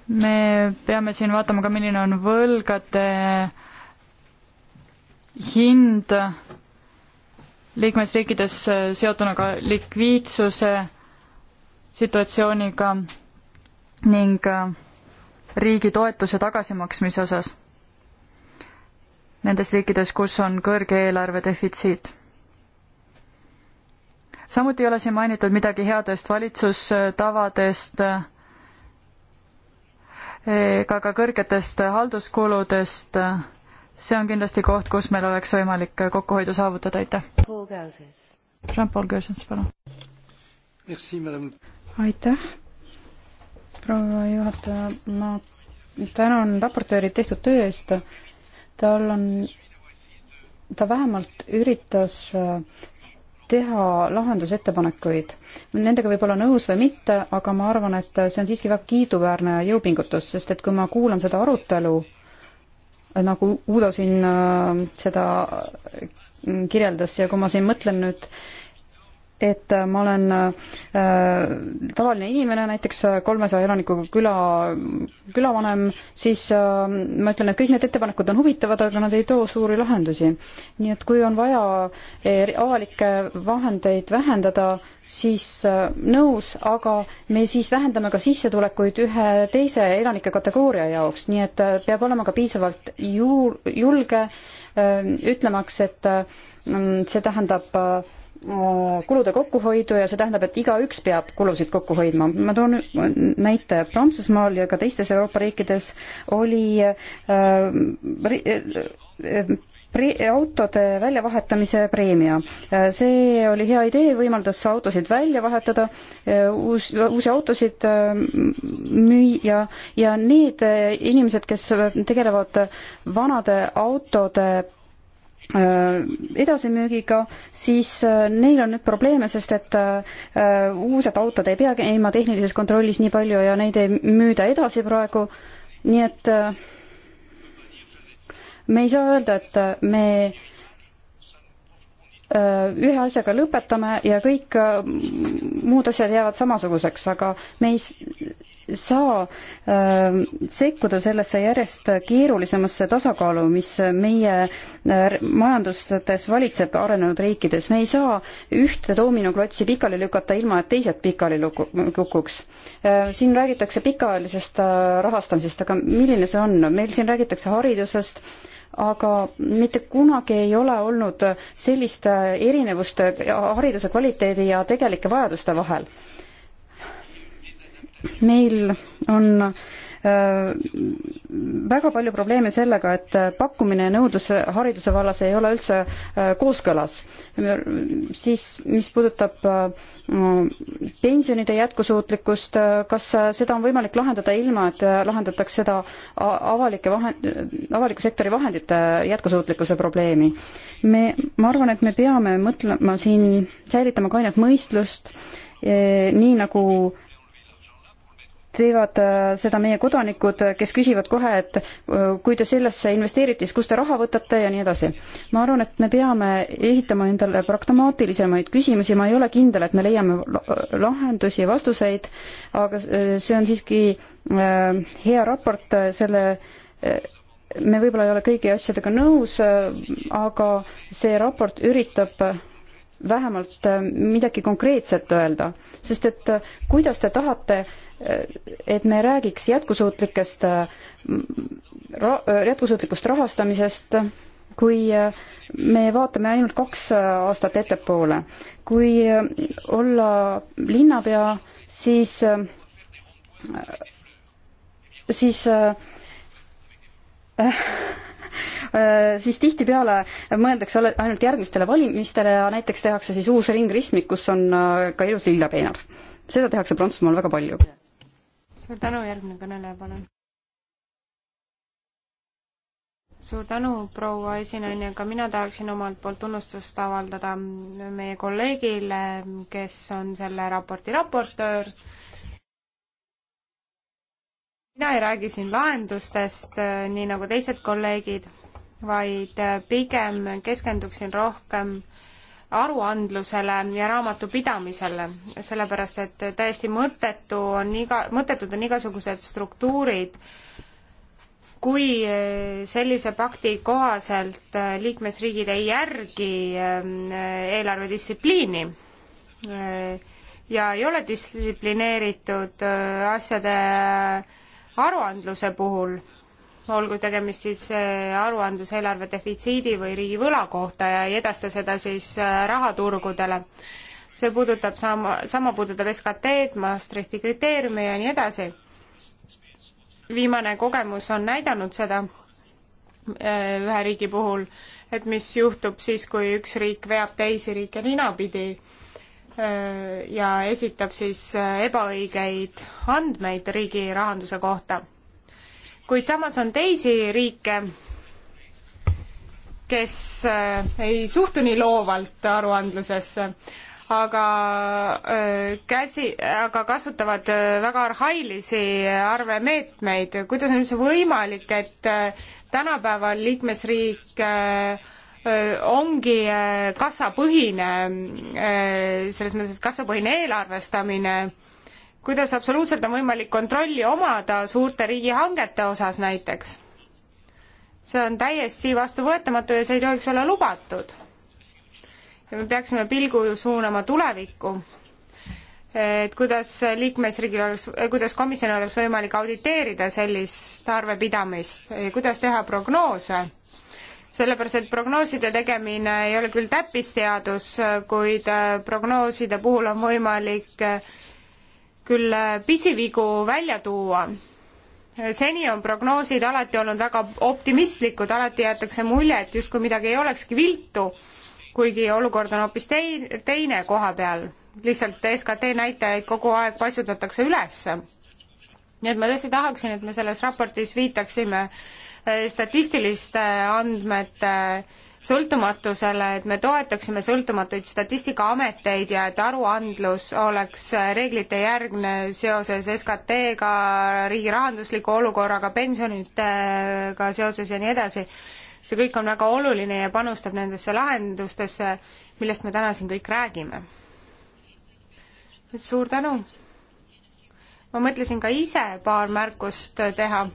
B: me peame siin vaatama ka, milline on võlgade hind liikmesriikides seotuna ka likviidsuse situatsiooniga ning riigi toetuse tagasimaksmise osas nendes riikides, kus on kõrge eelarve defitsiit. samuti ei ole siin mainitud midagi headest valitsustavadest, ega ka kõrgetest halduskuludest. see on kindlasti koht, kus meil oleks võimalik kokkuhoidu saavutada, aitäh. Jean-Paul Gösens, palun. aitäh,
C: proua juhataja, ma tänan raportööri tehtud töö eest. tal on, ta vähemalt üritas äh, teha lahendusettepanekuid. Nendega võib olla nõus või mitte, aga ma arvan, et see on siiski väga kiiduväärne jõupingutus, sest et kui ma kuulan seda arutelu, nagu Uudo siin äh, seda kirjeldas ja kui ma siin mõtlen nüüd äh, et ma olen äh, tavaline inimene, näiteks kolmesaja elanikuga küla, külavanem, siis äh, ma ütlen, et kõik need ettepanekud on huvitavad, aga nad ei too suuri lahendusi. nii et kui on vaja eh, avalikke vahendeid vähendada, siis äh, nõus, aga me siis vähendame ka sissetulekuid ühe teise elanike kategooria jaoks, nii et äh, peab olema ka piisavalt juur, julge äh, ütlemaks, et äh, mm, see tähendab äh, kulude kokkuhoidu ja see tähendab, et igaüks peab kulusid kokku hoidma. ma toon näite, Prantsusmaal ja ka teistes Euroopa riikides oli äh, äh pre-, autode väljavahetamise preemia. Äh, see oli hea idee, võimaldas autosid välja vahetada, äh, uus, uusi autosid müüa ja need inimesed, kes tegelevad vanade autode Äh, edasimüügiga, siis äh, neil on nüüd probleeme, sest et äh, uused autod ei pea käima tehnilises kontrollis nii palju ja neid ei müüda edasi praegu, nii et me ei saa öelda, et me ühe asjaga lõpetame ja kõik muud asjad jäävad samasuguseks, aga me ei saa äh, sekkuda sellesse järjest keerulisemasse tasakaalu, mis meie äh, majandustes valitseb arenenud riikides. me ei saa ühte doominoklotsi pikali lükata, ilma et teised pikali luku-, kukuks äh,. siin räägitakse pikaajalisest äh, rahastamisest, aga milline see on? meil siin räägitakse haridusest, aga mitte kunagi ei ole olnud äh, sellist äh, erinevust äh, hariduse kvaliteedi ja tegelike vajaduste vahel äh, meil on äh, väga palju probleeme sellega, et pakkumine ja nõudlus hariduse vallas ei ole üldse äh, kooskõlas. siis, mis puudutab äh, pensionide jätkusuutlikkust, kas seda on võimalik lahendada ilma, et lahendataks seda avalike vahend, avaliku sektori vahendite jätkusuutlikkuse probleemi? me, ma arvan, et me peame mõtlema siin, säilitama kainet mõistlust, nii nagu teevad äh, seda meie kodanikud, äh, kes küsivad kohe, et äh, kui te sellesse investeerite, siis kust te raha võtate ja nii edasi. ma arvan, et me peame esitama endale pragmaatilisemaid küsimusi, ma ei ole kindel, et me leiame lahendusi ja vastuseid, aga see on siiski hea raport, selle me võib-olla ei ole kõigi asjadega nõus, aga see raport üritab vähemalt midagi konkreetset öelda, sest et kuidas te tahate äh, et me räägiks jätkusuutlikest, jätkusuutlikust rahastamisest, kui me vaatame ainult kaks aastat ettepoole. kui olla linnapea, siis, siis äh, siis tihtipeale mõeldakse ainult järgmistele valimistele ja näiteks tehakse siis uus ringristmik, kus on ka ilus lillapeenar. seda tehakse Prantsusmaal väga palju
A: suur tänu, järgmine kõneleja, palun. suur tänu, proua esinaine, ka mina tahaksin omalt poolt tunnustust avaldada meie kolleegile, kes on selle raporti raportöör mina ei räägi siin lahendustest, nii nagu teised kolleegid, vaid pigem keskenduksin rohkem aruandlusele ja raamatupidamisele, sellepärast et täiesti mõttetu on iga, mõttetud on igasugused struktuurid, kui eh, sellise pakti kohaselt eh, liikmesriigid ei järgi eh, eelarvedistsipliini ja ei ole distsiplineeritud asjade aruandluse puhul olgu tegemist siis äh, aruandluse eelarve defitsiidi või riigivõla kohta ja ei edasta seda siis äh, rahaturgudele. see puudutab sama, sama puudutab SKT-d, Maastrichti kriteeriume ja nii edasi. viimane kogemus on näidanud seda äh, ühe riigi puhul, et mis juhtub siis, kui üks riik veab teisi riike ninapidi ja esitab siis ebaõigeid andmeid riigi rahanduse kohta kuid samas on teisi riike, kes äh, ei suhtu nii loovalt aruandlusesse, aga äh, käsi, aga kasutavad äh, väga arhailisi arvemeetmeid. kuidas on üldse võimalik, et tänapäeval liikmesriik ongi kassapõhine, selles mõttes kassapõhine eelarvestamine kuidas absoluutselt on võimalik kontrolli omada suurte riigihangete osas näiteks. see on täiesti vastuvõetamatu ja see ei tohiks olla lubatud. ja me peaksime pilgu ju suunama tulevikku, et kuidas liikmesriigil oleks, kuidas komisjonil oleks võimalik auditeerida sellist arvepidamist, kuidas teha prognoose sellepärast, et prognooside tegemine ei ole küll täppisteadus, kuid prognooside puhul on võimalik küll äh, pisivigu välja tuua. seni on prognoosid alati olnud väga optimistlikud, alati jäetakse mulje, et justkui midagi ei olekski viltu, kuigi olukord on hoopis tei-, teine koha peal. lihtsalt SKT näitajaid kogu aeg paisutatakse üles. nii et ma tõesti tahaksin, et me selles raportis viitaksime äh, statistiliste andmete äh, sõltumatusele, et me toetaksime sõltumatuid statistikaameteid ja et aruandlus oleks reeglite järgne seoses SKT-ga, riigi rahandusliku olukorraga, pensionitega seoses ja nii edasi. see kõik on väga oluline ja panustab nendesse lahendustesse, millest me täna siin kõik räägime. suur tänu! ma mõtlesin ka ise paar märkust teha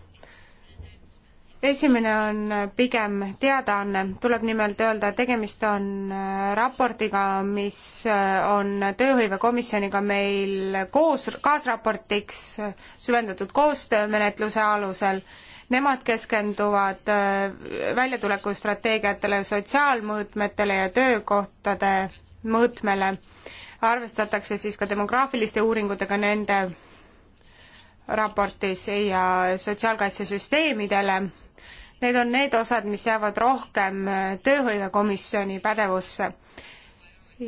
A: esimene on äh, pigem teadaanne, tuleb nimelt öelda, et tegemist on äh, raportiga, mis äh, on tööhõivekomisjoniga meil koos, kaasraportiks süvendatud koostöömenetluse alusel. Nemad keskenduvad väljatulekustrateegiatele, sotsiaalmõõtmetele ja töökohtade mõõtmele. arvestatakse siis ka demograafiliste uuringutega nende raportis ja sotsiaalkaitsesüsteemidele Need on need osad, mis jäävad rohkem äh, tööhõivekomisjoni pädevusse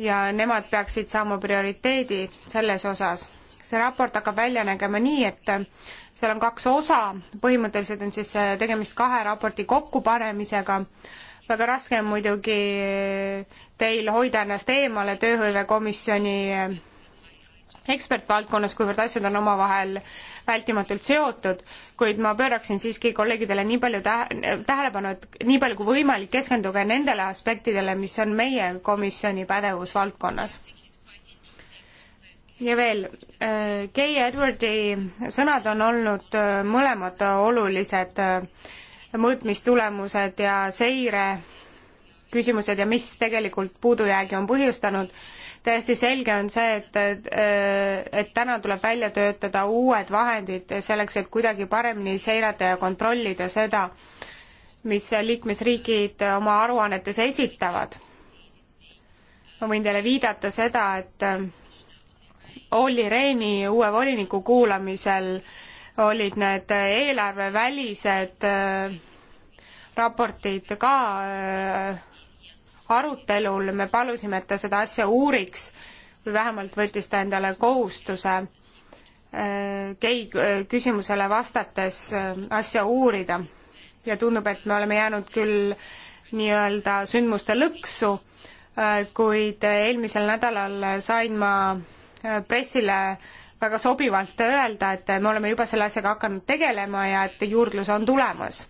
A: ja nemad peaksid saama prioriteedi selles osas. see raport hakkab välja nägema nii, et äh, seal on kaks osa, põhimõtteliselt on siis äh, tegemist kahe raporti kokkupanemisega väga raske on muidugi teil hoida ennast eemale tööhõivekomisjoni ekspertvaldkonnas, kuivõrd asjad on omavahel vältimatult seotud, kuid ma pööraksin siiski kolleegidele nii palju tähe-, tähelepanu, et nii palju kui võimalik, keskenduge nendele aspektidele, mis on meie komisjoni pädevusvaldkonnas. ja veel, äh, Kay Edwardi sõnad on olnud äh, mõlemad olulised äh, mõõtmistulemused ja seire küsimused ja mis tegelikult puudujäägi on põhjustanud täiesti selge on see, et, äh, et täna tuleb välja töötada uued vahendid selleks, et kuidagi paremini seirata ja kontrollida seda, mis liikmesriigid oma aruannetes esitavad. ma võin teile viidata seda, et äh, Olli Rehni uue voliniku kuulamisel olid need eelarvevälised äh, raportid ka arutelul me palusime, et ta seda asja uuriks või vähemalt võttis ta endale kohustuse gei äh, küsimusele vastates äh, asja uurida. ja tundub, et me oleme jäänud küll nii-öelda sündmuste lõksu, äh, kuid eelmisel nädalal sain ma pressile väga sobivalt öelda, et me oleme juba selle asjaga hakanud tegelema ja et juurdlus on tulemas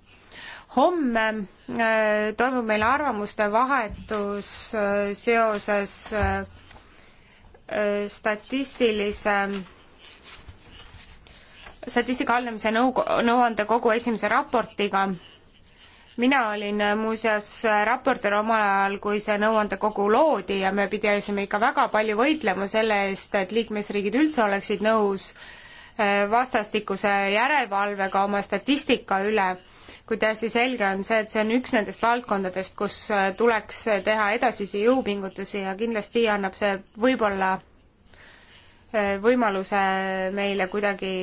A: homme äh, toimub meil arvamuste vahetus äh, seoses äh, statistilise statistika haldamise nõu-, nõuandekogu esimese raportiga. mina olin muuseas raportöör omal ajal, kui see nõuandekogu loodi ja me pidasime ikka väga palju võitlema selle eest, et liikmesriigid üldse oleksid nõus vastastikuse järelevalvega oma statistika üle kuid täiesti selge on see, et see on üks nendest valdkondadest, kus äh, tuleks äh, teha edasisi jõupingutusi ja kindlasti annab see võib-olla äh, võimaluse meile kuidagi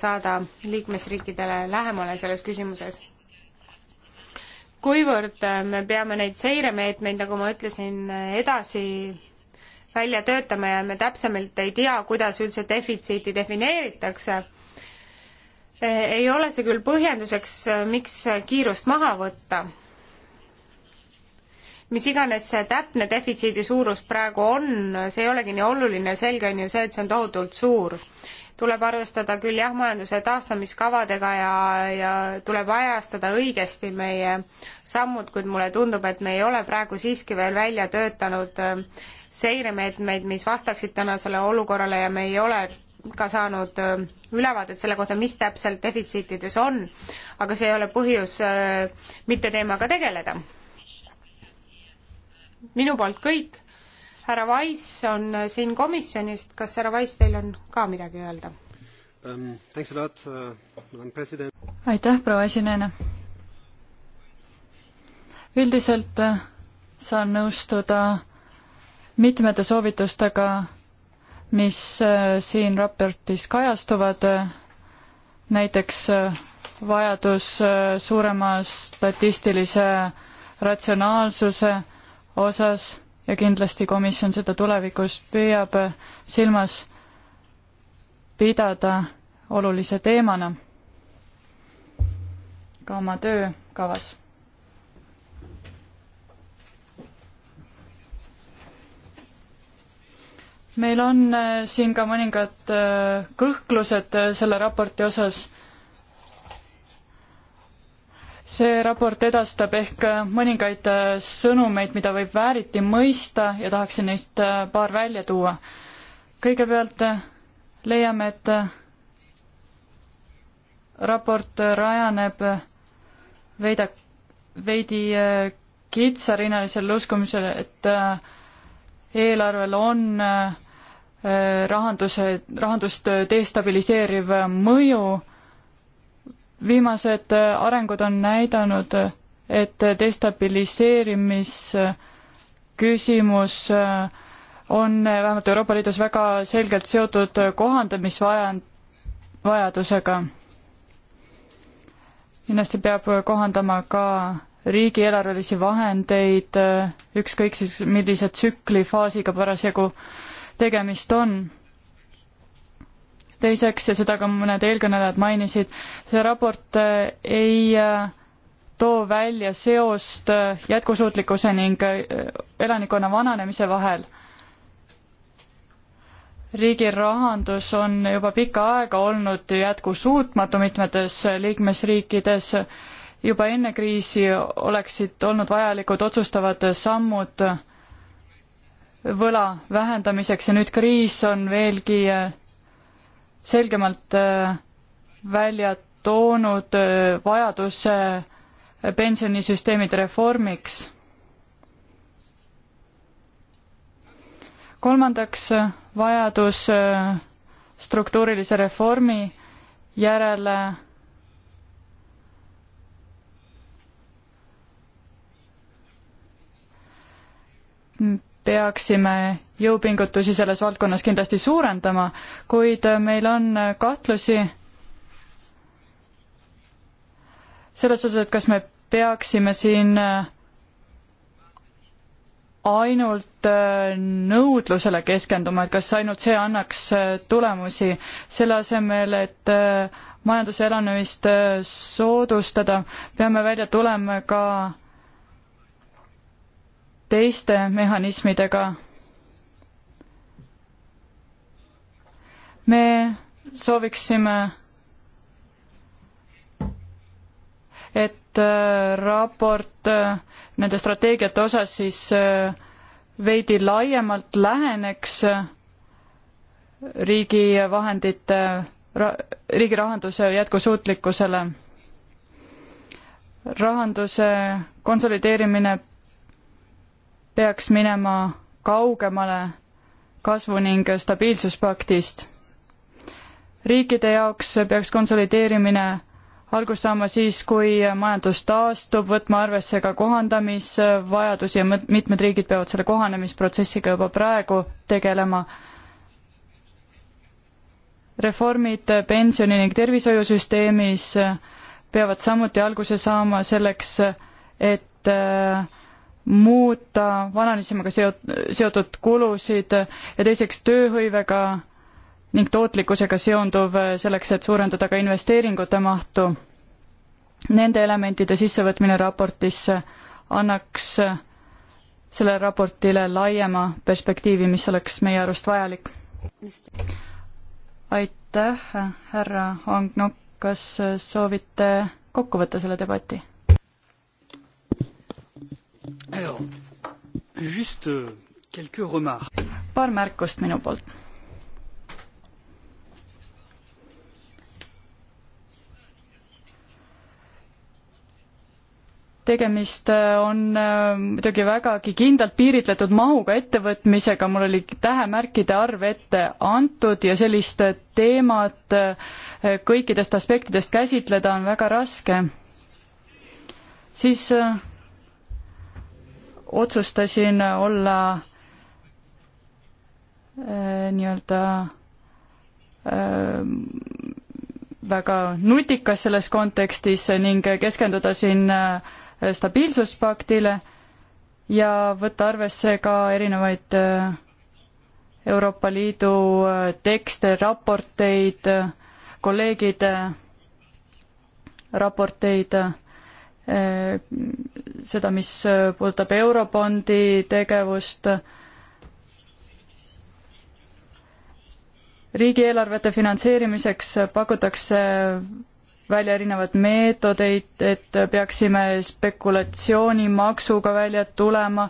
A: saada liikmesriikidele lähemale selles küsimuses. kuivõrd me peame neid seiremeetmeid, nagu ma ütlesin, edasi välja töötama ja me täpsemalt ei tea, kuidas üldse defitsiiti defineeritakse ei ole see küll põhjenduseks, miks kiirust maha võtta. mis iganes see täpne defitsiidi suurus praegu on, see ei olegi nii oluline, selge on ju see, et see on tohutult suur. tuleb arvestada küll jah, majanduse taastamiskavadega ja, ja tuleb ajastada õigesti meie sammud, kuid mulle tundub, et me ei ole praegu siiski veel välja töötanud äh, seiremeetmeid, mis vastaksid tänasele olukorrale ja me ei ole ka saanud äh, ülevaadet selle kohta, mis täpselt defitsiitides on, aga see ei ole põhjus äh, mitte teemaga tegeleda. minu poolt kõik. härra Wise on äh, siin komisjonist, kas härra Wise, teil on ka midagi öelda um,? aitäh,
B: proua esinejana. üldiselt saan nõustuda mitmete soovitustega mis äh, siin raportis kajastuvad, äh, näiteks äh, vajadus suurema statistilise ratsionaalsuse osas ja kindlasti komisjon seda tulevikus püüab silmas pidada olulise teemana ka oma töökavas meil on äh, siin ka mõningad äh, kõhklused äh, selle raporti osas. see raport edastab ehk mõningaid sõnumeid, mida võib vääriti mõista ja tahaksin neist paar välja tuua. kõigepealt leiame, et raport rajaneb veida, veidi kitsarinnalisel uskumisel, et eelarvel on äh, rahanduse, rahandust destabiliseeriv mõju. viimased äh, arengud on näidanud, et destabiliseerimisküsimus äh, on vähemalt Euroopa Liidus väga selgelt seotud kohandamisvaja, vajadusega. kindlasti peab kohandama ka riigieelarvelisi vahendeid, ükskõik siis millise tsükli faasiga parasjagu tegemist on. teiseks, ja seda ka mõned eelkõnelejad mainisid, see raport äh, ei äh, too välja seost äh, jätkusuutlikkuse ning elanikkonna vananemise vahel. riigi rahandus on juba pikka aega olnud jätkusuutmatu mitmetes liikmesriikides juba enne kriisi oleksid olnud vajalikud otsustavad sammud võla vähendamiseks ja nüüd kriis on veelgi äh, selgemalt äh, välja toonud äh, vajaduse pensionisüsteemide reformiks. kolmandaks vajadus struktuurilise reformi järele peaksime jõupingutusi selles valdkonnas kindlasti suurendama, kuid meil on kahtlusi selles osas, et kas me peaksime siin ainult nõudlusele keskenduma, et kas ainult see annaks tulemusi, selle asemel, et majanduse elavnemist soodustada, peame välja tulema ka teiste mehhanismidega. me sooviksime, et äh, raport äh, nende strateegiate osas siis äh, veidi laiemalt läheneks riigi vahendite, riigi rahanduse jätkusuutlikkusele rahanduse konsolideerimine peaks minema kaugemale kasvu ning stabiilsuspaktist. riikide jaoks peaks konsolideerimine algust saama siis, kui majandus taastub, võtma arvesse ka kohandamisvajadusi ja mitmed riigid peavad selle kohanemisprotsessiga juba praegu tegelema. reformid pensioni ning tervishoiusüsteemis peavad samuti alguse saama selleks, et äh, muuta vananemisega seot-, seotud kulusid ja teiseks tööhõivega ning tootlikkusega seonduv selleks, et suurendada ka investeeringute mahtu. Nende elementide sissevõtmine raportisse annaks sellele raportile laiema perspektiivi, mis oleks meie arust vajalik. aitäh, härra Angnok, kas soovite kokku võtta selle debati?
A: Alors, just euh,
B: quelques remarques. paar märkust minu poolt. tegemist äh, on äh, muidugi vägagi kindlalt piiritletud mahuga ettevõtmisega, mul oli tähemärkide arv ette antud ja sellist äh, teemat kõikidest aspektidest käsitleda on väga raske. siis otsustasin olla äh, nii-öelda äh, väga nutikas selles kontekstis ning keskenduda siin äh, stabiilsuspaktile ja võtta arvesse ka erinevaid Euroopa Liidu tekste, raporteid, kolleegide raporteid Äh, seda, mis äh, puudutab Eurofondi tegevust, riigieelarvete finantseerimiseks pakutakse välja erinevaid meetodeid, et peaksime spekulatsioonimaksuga välja tulema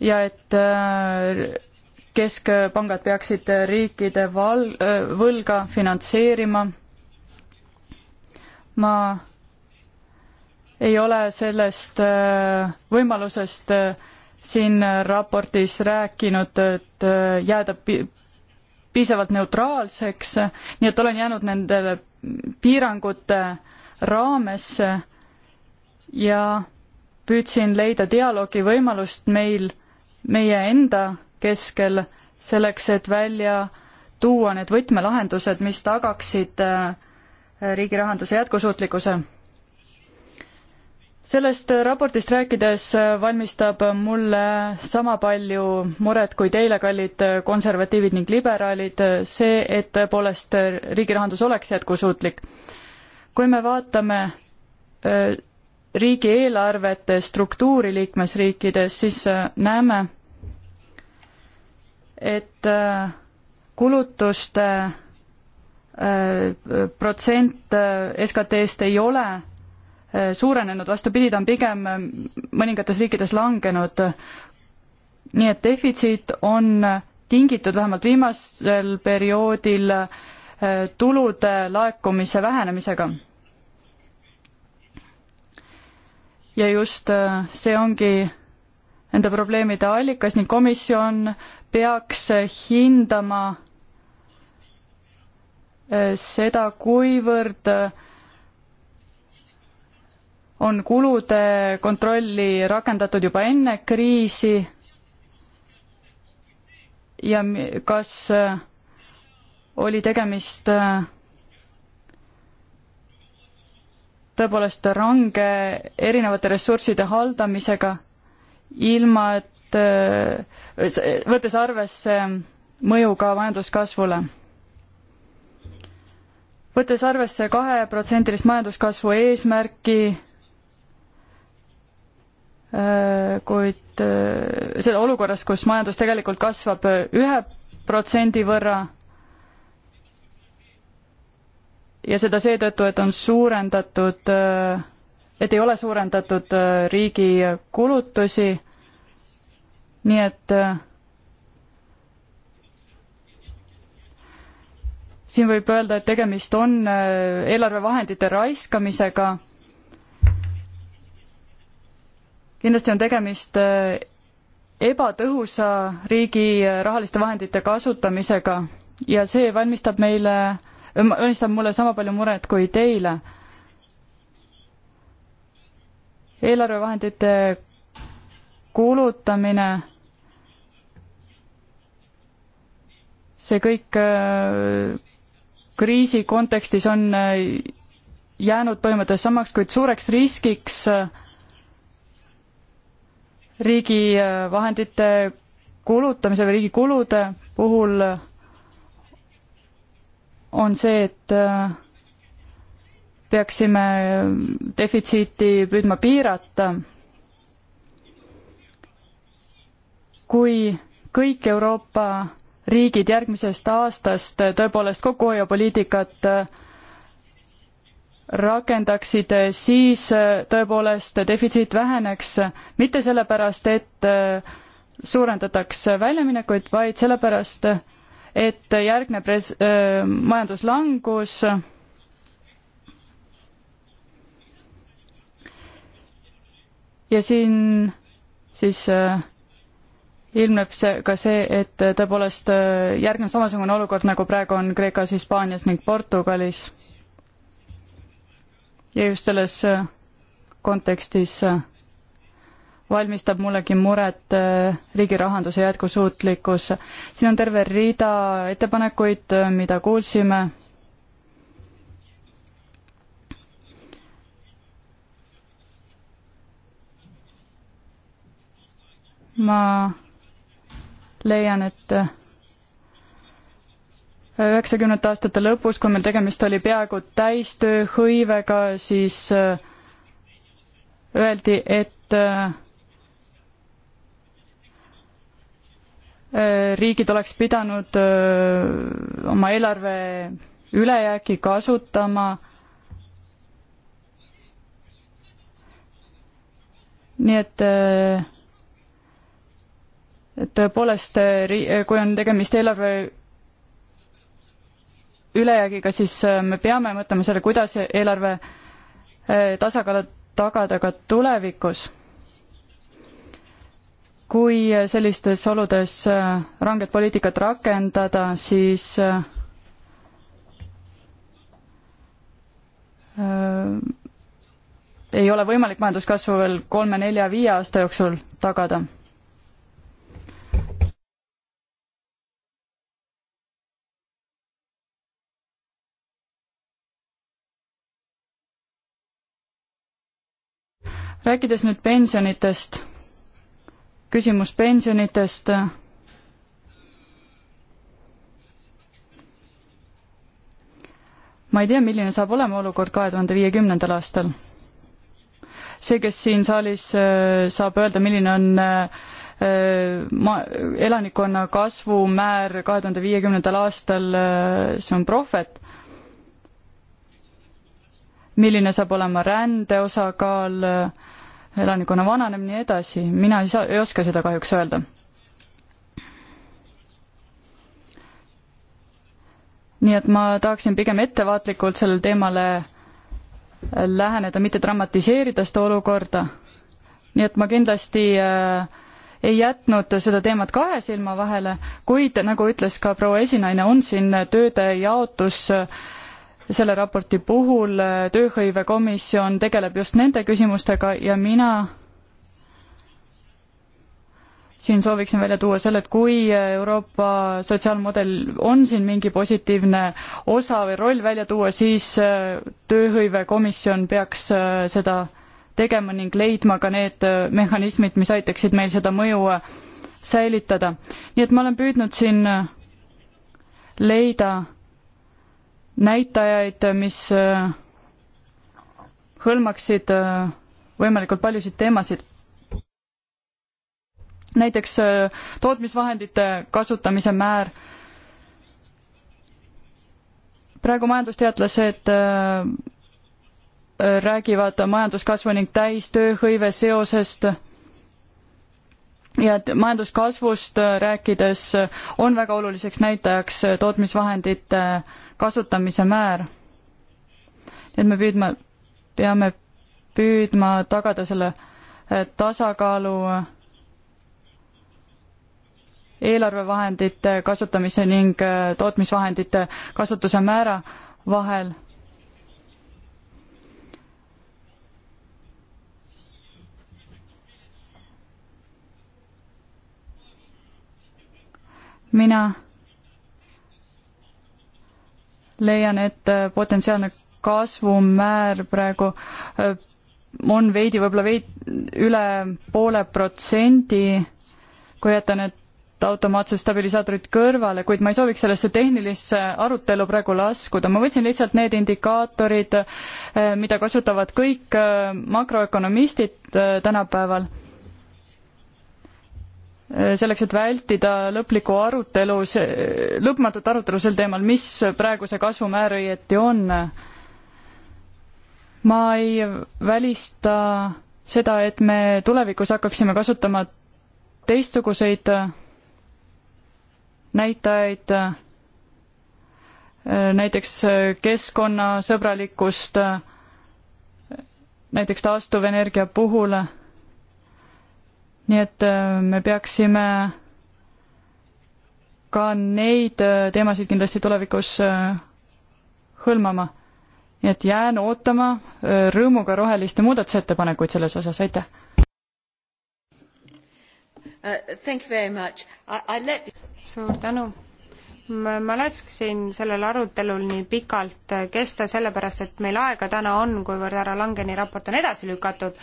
B: ja et äh, keskpangad peaksid riikide val-, võlga finantseerima. ma ei ole sellest äh, võimalusest äh, siin äh, raportis rääkinud, et jääda piisavalt neutraalseks, nii et olen jäänud nendele piirangute raamesse ja püüdsin leida dialoogi võimalust meil, meie enda keskel, selleks et välja tuua need võtmelahendused, mis tagaksid riigi rahanduse jätkusuutlikkuse sellest raportist rääkides valmistab mulle sama palju muret kui teile, kallid konservatiivid ning liberaalid, see, et tõepoolest riigi rahandus oleks jätkusuutlik. kui me vaatame äh, riigieelarvete struktuuri liikmesriikides, siis äh, näeme, et äh, kulutuste protsent SKT-st ei ole Äh, suurenenud, vastupidi, ta on pigem äh, mõningates riikides langenud. nii et defitsiit on tingitud vähemalt viimasel perioodil äh, tulude laekumise vähenemisega. ja just see ongi nende probleemide allikas ning komisjon peaks hindama seda, kuivõrd äh, on kulude kontrolli rakendatud juba enne kriisi ja kas äh, oli tegemist äh, tõepoolest range erinevate ressursside haldamisega, ilma et, äh, võttes arvesse mõju ka majanduskasvule võttes arvesse kaheprotsendilist majanduskasvu eesmärki Äh, kuid äh, selle olukorras, kus majandus tegelikult kasvab äh, ühe protsendi võrra ja seda seetõttu, et on suurendatud, et ei ole suurendatud riigi kulutusi, nii et siin võib öelda, et tegemist on eelarvevahendite raiskamisega kindlasti on tegemist äh, ebatõhusa riigi äh, rahaliste vahendite kasutamisega ja see valmistab meile, valmistab mulle sama palju muret kui teile. eelarvevahendite kulutamine, see kõik äh, kriisi kontekstis on jäänud põhimõtteliselt samaks, kuid suureks riskiks äh, riigi äh, vahendite kulutamise või riigi kulude puhul on see, et äh, peaksime defitsiiti püüdma piirata. kui kõik Euroopa riigid järgmisest aastast tõepoolest kokkuhoiupoliitikat äh, rakendaksid, eh, siis eh, tõepoolest defitsiit väheneks mitte sellepärast, et eh, suurendataks väljaminekuid, vaid sellepärast, et järgneb res-, majanduslangus ja siin siis ilmneb see ka see, et tõepoolest järgneb samasugune olukord, nagu praegu on Kreekas, Hispaanias ning Portugalis ja just selles äh, kontekstis äh, valmistab mullegi muret äh, riigi rahanduse jätkusuutlikkus. siin on terve rida ettepanekuid, mida kuulsime. ma leian, et üheksakümnendate aastate lõpus, kui meil tegemist oli peaaegu täistööhõivega, siis äh, öeldi, et äh, äh, riigid oleks pidanud oma eelarve ülejääki kasutama nii et et tõepoolest, kui on tegemist eelarve ülejäägiga, siis äh, me peame mõtlema selle, kuidas eelarve äh, tasakaalu tagada ka tulevikus. kui äh, sellistes oludes ranget poliitikat rakendada, siis ei ole võimalik majanduskasvu veel kolme, nelja, viie aasta jooksul tagada rääkides nüüd pensionitest, küsimus pensionitest. ma ei tea, milline saab olema olukord kahe tuhande viiekümnendal aastal. see, kes siin saalis äh, saab öelda, milline on äh, äh, ma-, elanikkonna kasvumäär kahe tuhande viiekümnendal aastal, see on prohvet milline saab olema rände osakaal, elanikkonna vananemine ja nii edasi, mina ei saa, ei oska seda kahjuks öelda. nii et ma tahaksin pigem ettevaatlikult sellele teemale läheneda, mitte dramatiseerida seda olukorda. nii et ma kindlasti äh, ei jätnud seda teemat kahe silma vahele, kuid nagu ütles ka proua esinaine, on siin tööde jaotus äh, selle raporti puhul äh, tööhõivekomisjon tegeleb just nende küsimustega ja mina siin sooviksin välja tuua selle, et kui äh, Euroopa sotsiaalmudel on siin mingi positiivne osa või roll välja tuua, siis äh, tööhõivekomisjon peaks seda tegema ning leidma ka need mehhanismid, mis aitaksid meil seda mõju säilitada. nii et ma olen püüdnud siin leida näitajaid, mis äh, hõlmaksid äh, võimalikult paljusid teemasid. näiteks äh, tootmisvahendite kasutamise määr. praegu majandusteadlased räägivad majanduskasvu ning täistööhõive seosest ja et majanduskasvust rääkides on väga oluliseks näitajaks tootmisvahendite äh, kasutamise määr. et me püüdma, peame püüdma tagada selle eh, tasakaalu eh, eelarvevahendite kasutamise ning eh, tootmisvahendite kasutuse määra vahel mina leian, et äh, potentsiaalne kasvumäär praegu äh, on veidi võib-olla veid-, üle poole protsendi, kui jätta need automaatsed stabilisaatorid kõrvale, kuid ma ei sooviks sellesse tehnilisse arutellu praegu laskuda, ma võtsin lihtsalt need indikaatorid, äh, mida kasutavad kõik makroökonomistid tänapäeval Äh, selleks, et vältida lõplikku arutelu, lõpmatut arutelu sel teemal, mis praegu see kasvumäär õieti on. ma ei välista seda, et me tulevikus hakkaksime kasutama teistsuguseid äh, näitajaid, äh, näiteks keskkonnasõbralikkust, näiteks taastuvenergia puhul nii et äh, me peaksime ka neid äh, teemasid kindlasti tulevikus äh, hõlmama. nii et jään ootama rõõmuga roheliste muudatusettepanekuid selles osas, aitäh!
A: Uh, let... suur tänu! ma lasksin sellel arutelul nii pikalt kesta, sellepärast et meil aega täna on, kuivõrd härra Langeni raport on edasi lükatud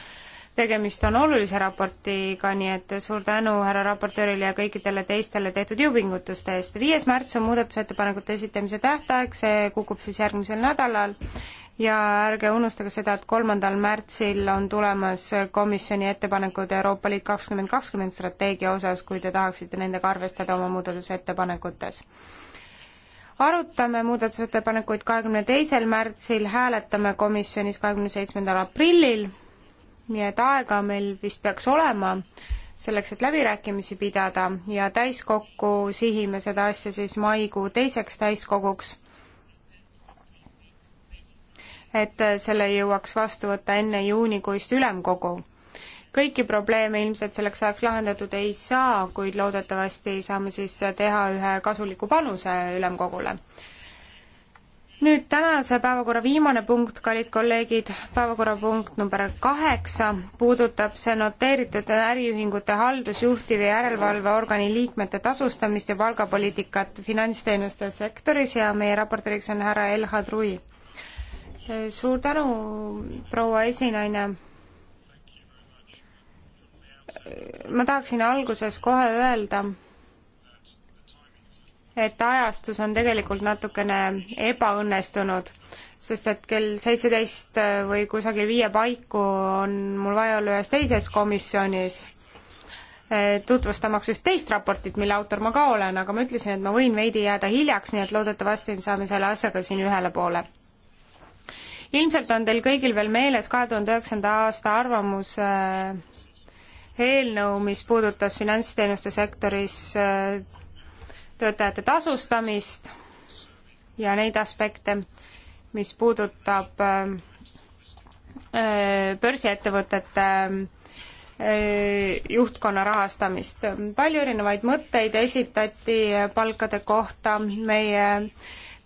A: tegemist on olulise raportiga, nii et suur tänu härra raportöörile ja kõikidele teistele tehtud jõupingutuste eest. viies märts on muudatusettepanekute esitamise tähtaeg, see kukub siis järgmisel nädalal ja ärge unustage seda, et kolmandal märtsil on tulemas komisjoni ettepanekud Euroopa Liit kakskümmend kakskümmend strateegia osas, kui te tahaksite nendega arvestada oma muudatusettepanekutes. arutame muudatusettepanekuid kahekümne teisel märtsil, hääletame komisjonis kahekümne seitsmendal aprillil nii et aega meil vist peaks olema selleks, et läbirääkimisi pidada ja täiskokku sihime seda asja siis maikuu teiseks täiskoguks. et selle jõuaks vastu võtta enne juunikuist ülemkogu. kõiki probleeme ilmselt selleks ajaks lahendatud ei saa, kuid loodetavasti saame siis teha ühe kasuliku panuse ülemkogule nüüd tänase päevakorra viimane punkt, kallid kolleegid, päevakorrapunkt number kaheksa puudutab see noteeritud äriühingute haldusjuhtiv ja järelevalveorgani liikmete tasustamist ja palgapoliitikat finantsteenuste sektoris ja meie raportööriks on härra El Hadrui. suur tänu, proua esinaine. ma tahaksin alguses kohe öelda et ajastus on tegelikult natukene ebaõnnestunud, sest et kell seitseteist äh, või kusagil viie paiku on mul vaja olla ühes teises komisjonis äh, tutvustamaks üht teist raportit, mille autor ma ka olen, aga ma ütlesin, et ma võin veidi jääda hiljaks, nii et loodetavasti me saame selle asjaga siin ühele poole. ilmselt on teil kõigil veel meeles kahe tuhande üheksanda aasta arvamus äh, eelnõu, mis puudutas finantsteenuste sektoris töötajate tasustamist ja neid aspekte, mis puudutab äh, börsiettevõtete äh, juhtkonna rahastamist. palju erinevaid mõtteid esitati palkade kohta, meie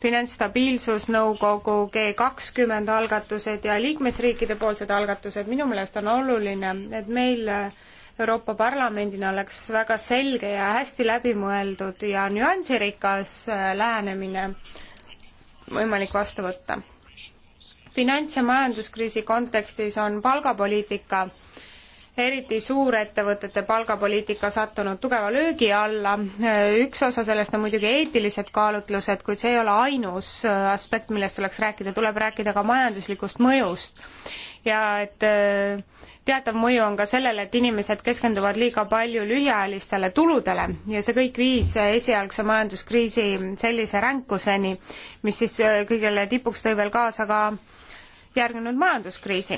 A: finantsstabiilsusnõukogu G kakskümmend algatused ja liikmesriikide poolsed algatused, minu meelest on oluline, et meil äh, Euroopa Parlamendina oleks väga selge ja hästi läbimõeldud ja nüansirikas äh, lähenemine võimalik vastu võtta. finants- ja majanduskriisi kontekstis on palgapoliitika eriti suurettevõtete palgapoliitika sattunud tugeva löögi alla. Äh, üks osa sellest on muidugi eetilised kaalutlused, kuid see ei ole ainus äh, aspekt, millest tuleks rääkida, tuleb rääkida ka majanduslikust mõjust ja et äh, teatav mõju on ka sellele, et inimesed keskenduvad liiga palju lühiajalistele tuludele ja see kõik viis esialgse majanduskriisi sellise ränkuseni, mis siis äh, kõigele tipuks tõi veel kaasa ka järgnenud majanduskriisi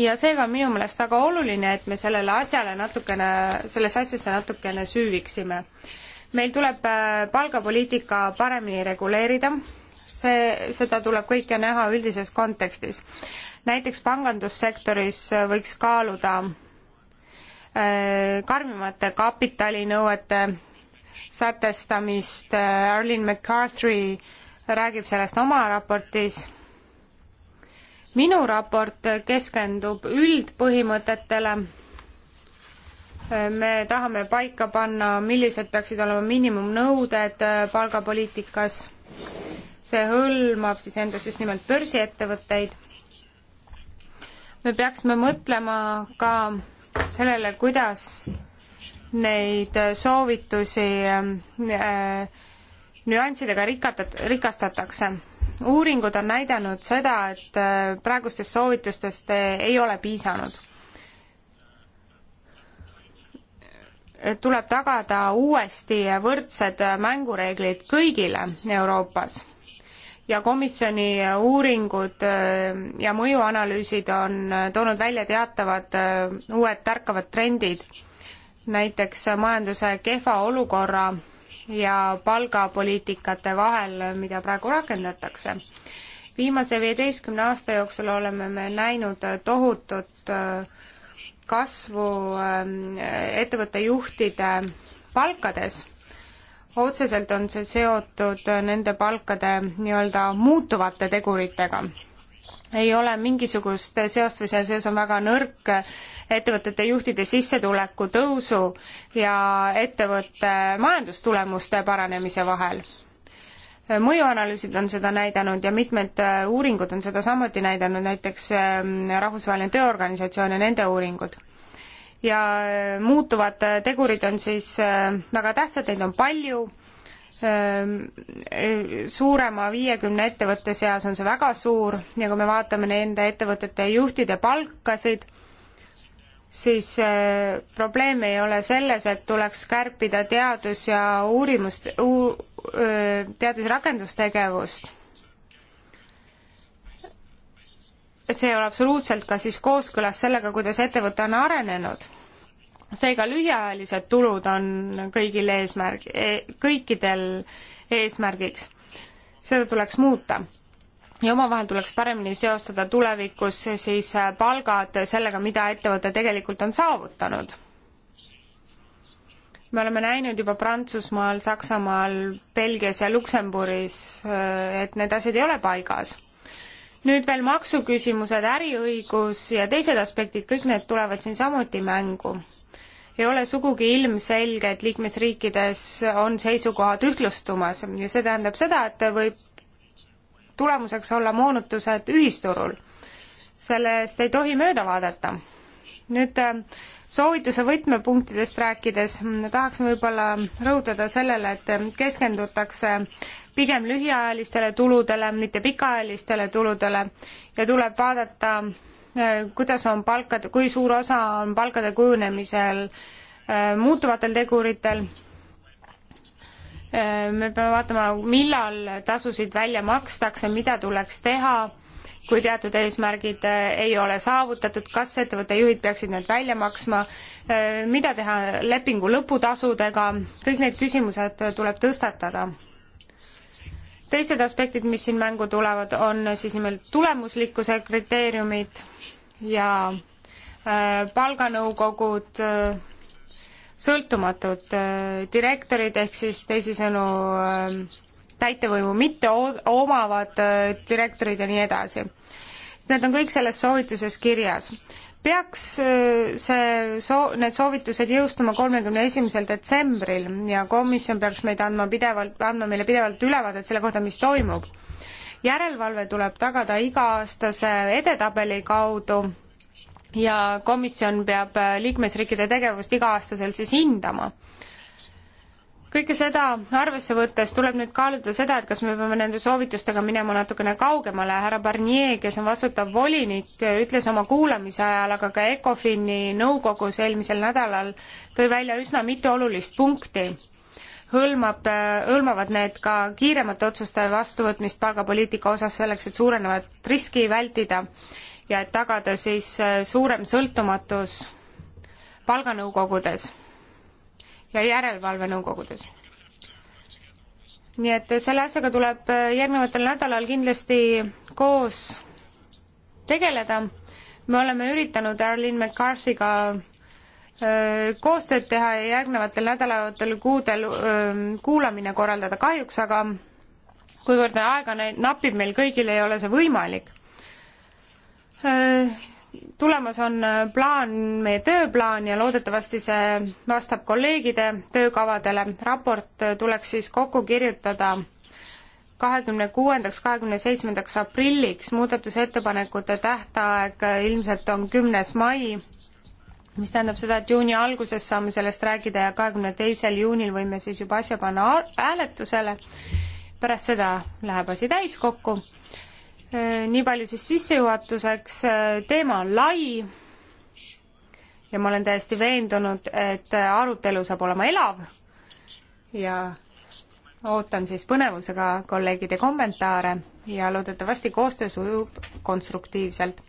A: ja seega on minu meelest väga oluline, et me sellele asjale natukene, sellesse asjasse natukene süüviksime. meil tuleb äh, palgapoliitika paremini reguleerida, see, seda tuleb kõike näha üldises kontekstis. näiteks pangandussektoris võiks kaaluda äh, karmimate kapitalinõuete sätestamist, Arlene McCarthy räägib sellest oma raportis minu raport keskendub üldpõhimõtetele. me tahame paika panna, millised peaksid olema miinimumnõuded äh, palgapoliitikas see hõlmab siis endas just nimelt börsiettevõtteid. me peaksime mõtlema ka sellele, kuidas neid soovitusi äh, nüanssidega rikatat-, rikastatakse. uuringud on näidanud seda, et äh, praegustest soovitustest äh, ei ole piisanud. tuleb tagada uuesti võrdsed mängureeglid kõigile Euroopas ja komisjoni uuringud äh, ja mõjuanalüüsid on äh, toonud välja teatavad äh, uued tärkavad trendid, näiteks majanduse kehva olukorra ja palgapoliitikate vahel, mida praegu rakendatakse. viimase viieteistkümne aasta jooksul oleme me näinud tohutut kasvu ettevõtte juhtide palkades otseselt on see seotud nende palkade nii-öelda muutuvate teguritega. ei ole mingisugust seost või seal seos on väga nõrk ettevõtete juhtide sissetuleku tõusu ja ettevõtte majandustulemuste paranemise vahel mõjuanalüüsid on seda näidanud ja mitmed uuringud on seda samuti näidanud, näiteks ehm, Rahvusvaheline Tööorganisatsioon ja nende uuringud ja äh, muutuvad äh, tegurid on siis äh, väga tähtsad, neid on palju, ähm, suurema viiekümne ettevõtte seas on see väga suur ja kui me vaatame nende ettevõtete juhtide palkasid, siis probleem ei ole selles, et tuleks kärpida teadus- ja uurimust, teadus- ja rakendustegevust et see ei ole absoluutselt ka siis kooskõlas sellega, kuidas ettevõte on arenenud. seega lühiajalised tulud on kõigil eesmärg, e-, kõikidel eesmärgiks. seda tuleks muuta ja omavahel tuleks paremini seostada tulevikus siis palgad sellega, mida ettevõte tegelikult on saavutanud. me oleme näinud juba Prantsusmaal, Saksamaal, Belgias ja Luksemburis, et need asjad ei ole paigas nüüd veel maksuküsimused, äriõigus ja teised aspektid, kõik need tulevad siin samuti mängu. ei ole sugugi ilmselge, et liikmesriikides on seisukohad ühtlustumas ja see tähendab seda, et võib tulemuseks olla moonutused ühisturul. sellest ei tohi mööda vaadata. nüüd äh, soovituse võtmepunktidest rääkides tahaksin võib-olla rõhutada sellele, et keskendutakse pigem lühiajalistele tuludele, mitte pikaajalistele tuludele ja tuleb vaadata, äh, kuidas on palkade, kui suur osa on palkade kujunemisel äh, muutuvatel teguritel. Äh, me peame vaatama, millal tasusid välja makstakse, mida tuleks teha kui teatud eesmärgid ei ole saavutatud, kas ettevõtte juhid peaksid need välja maksma, mida teha lepingu lõputasudega, kõik need küsimused tuleb tõstatada teised aspektid, mis siin mängu tulevad, on siis nimelt tulemuslikkuse kriteeriumid ja äh, palganõukogud, äh, sõltumatud äh, direktorid ehk siis teisisõnu täitevvõimu mitte omavad direktorid ja nii edasi. Need on kõik selles soovituses kirjas peaks äh, see soo-, need soovitused jõustuma kolmekümne esimesel detsembril ja komisjon peaks meid andma pidevalt, andma meile pidevalt ülevaadet selle kohta, mis toimub. järelevalve tuleb tagada iga-aastase edetabeli kaudu ja komisjon peab äh, liikmesriikide tegevust iga-aastaselt siis hindama kõike seda arvesse võttes tuleb nüüd kaaluda seda, et kas me peame nende soovitustega minema natukene kaugemale. härra Barnier, kes on vastutav volinik, ütles oma kuulamise ajal, aga ka ECOFIN-i nõukogus eelmisel nädalal tõi välja üsna mitu olulist punkti. hõlmab, hõlmavad need ka kiiremate otsuste vastuvõtmist palgapoliitika osas selleks, et suurenevat riski vältida ja et tagada siis suurem sõltumatus palganõukogudes ja järelevalvenõukogudes. nii et selle asjaga tuleb äh, järgnevatel nädalal kindlasti koos tegeleda. me oleme üritanud Arlene McCarthy'ga äh, koostööd teha ja järgnevatel nädalatel, kuudel äh, kuulamine korraldada kahjuks, aga kuivõrd aega napib meil kõigil, ei ole see võimalik tulemas on äh, plaan, meie tööplaan ja loodetavasti see vastab kolleegide töökavadele. raport äh, tuleks siis kokku kirjutada kahekümne kuuendaks, kahekümne seitsmendaks aprilliks, muudatusettepanekute tähtaeg äh, ilmselt on kümnes mai, mis tähendab seda, et juuni alguses saame sellest rääkida ja kahekümne teisel juunil võime siis juba asja panna hääletusele. pärast seda läheb asi täiskokku Eh, nii palju siis sissejuhatuseks, eh, teema on lai ja ma olen täiesti veendunud, et arutelu saab olema elav ja ootan siis põnevusega kolleegide kommentaare ja loodetavasti koostöö sujub konstruktiivselt.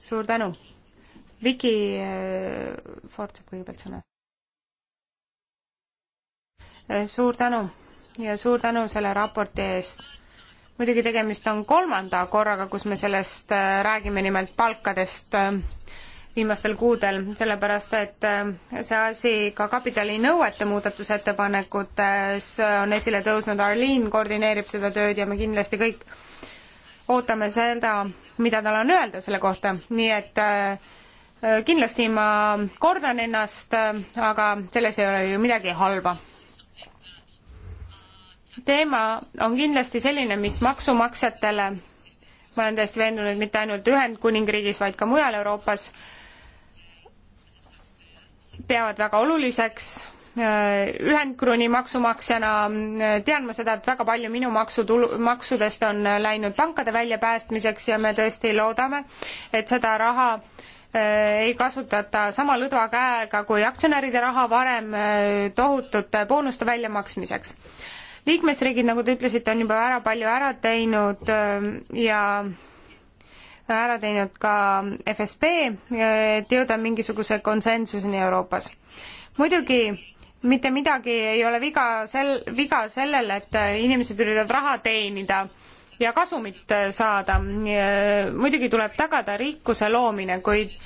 A: suur tänu! Viki eh, Ford saab kõigepealt sõna. suur tänu ja suur tänu selle raporti eest muidugi tegemist on kolmanda korraga, kus me sellest äh, räägime, nimelt palkadest äh, viimastel kuudel, sellepärast et äh, see asi ka kapitalinõuete muudatusettepanekutes on esile tõusnud, Arliin koordineerib seda tööd ja me kindlasti kõik ootame seda, mida tal on öelda selle kohta, nii et kindlasti ma kordan ennast, aga selles ei ole ju midagi halba teema on kindlasti selline, mis maksumaksjatele, ma olen täiesti veendunud, mitte ainult Ühendkuningriigis, vaid ka mujal Euroopas, peavad väga oluliseks. Ühendkruuni maksumaksjana tean ma seda, et väga palju minu maksutulu, maksudest on läinud pankade väljapäästmiseks ja me tõesti loodame, et seda raha eh, ei kasutata sama lõdva käega kui aktsionäride raha varem eh, tohutute boonuste väljamaksmiseks liikmesriigid, nagu te ütlesite, on juba väga palju ära teinud ähm, ja ära teinud ka FSB, äh, et jõuda mingisuguse konsensuseni Euroopas. muidugi mitte midagi ei ole viga sel-, viga sellel, et äh, inimesed üritavad raha teenida ja kasumit äh, saada. muidugi tuleb tagada rikkuse loomine, kuid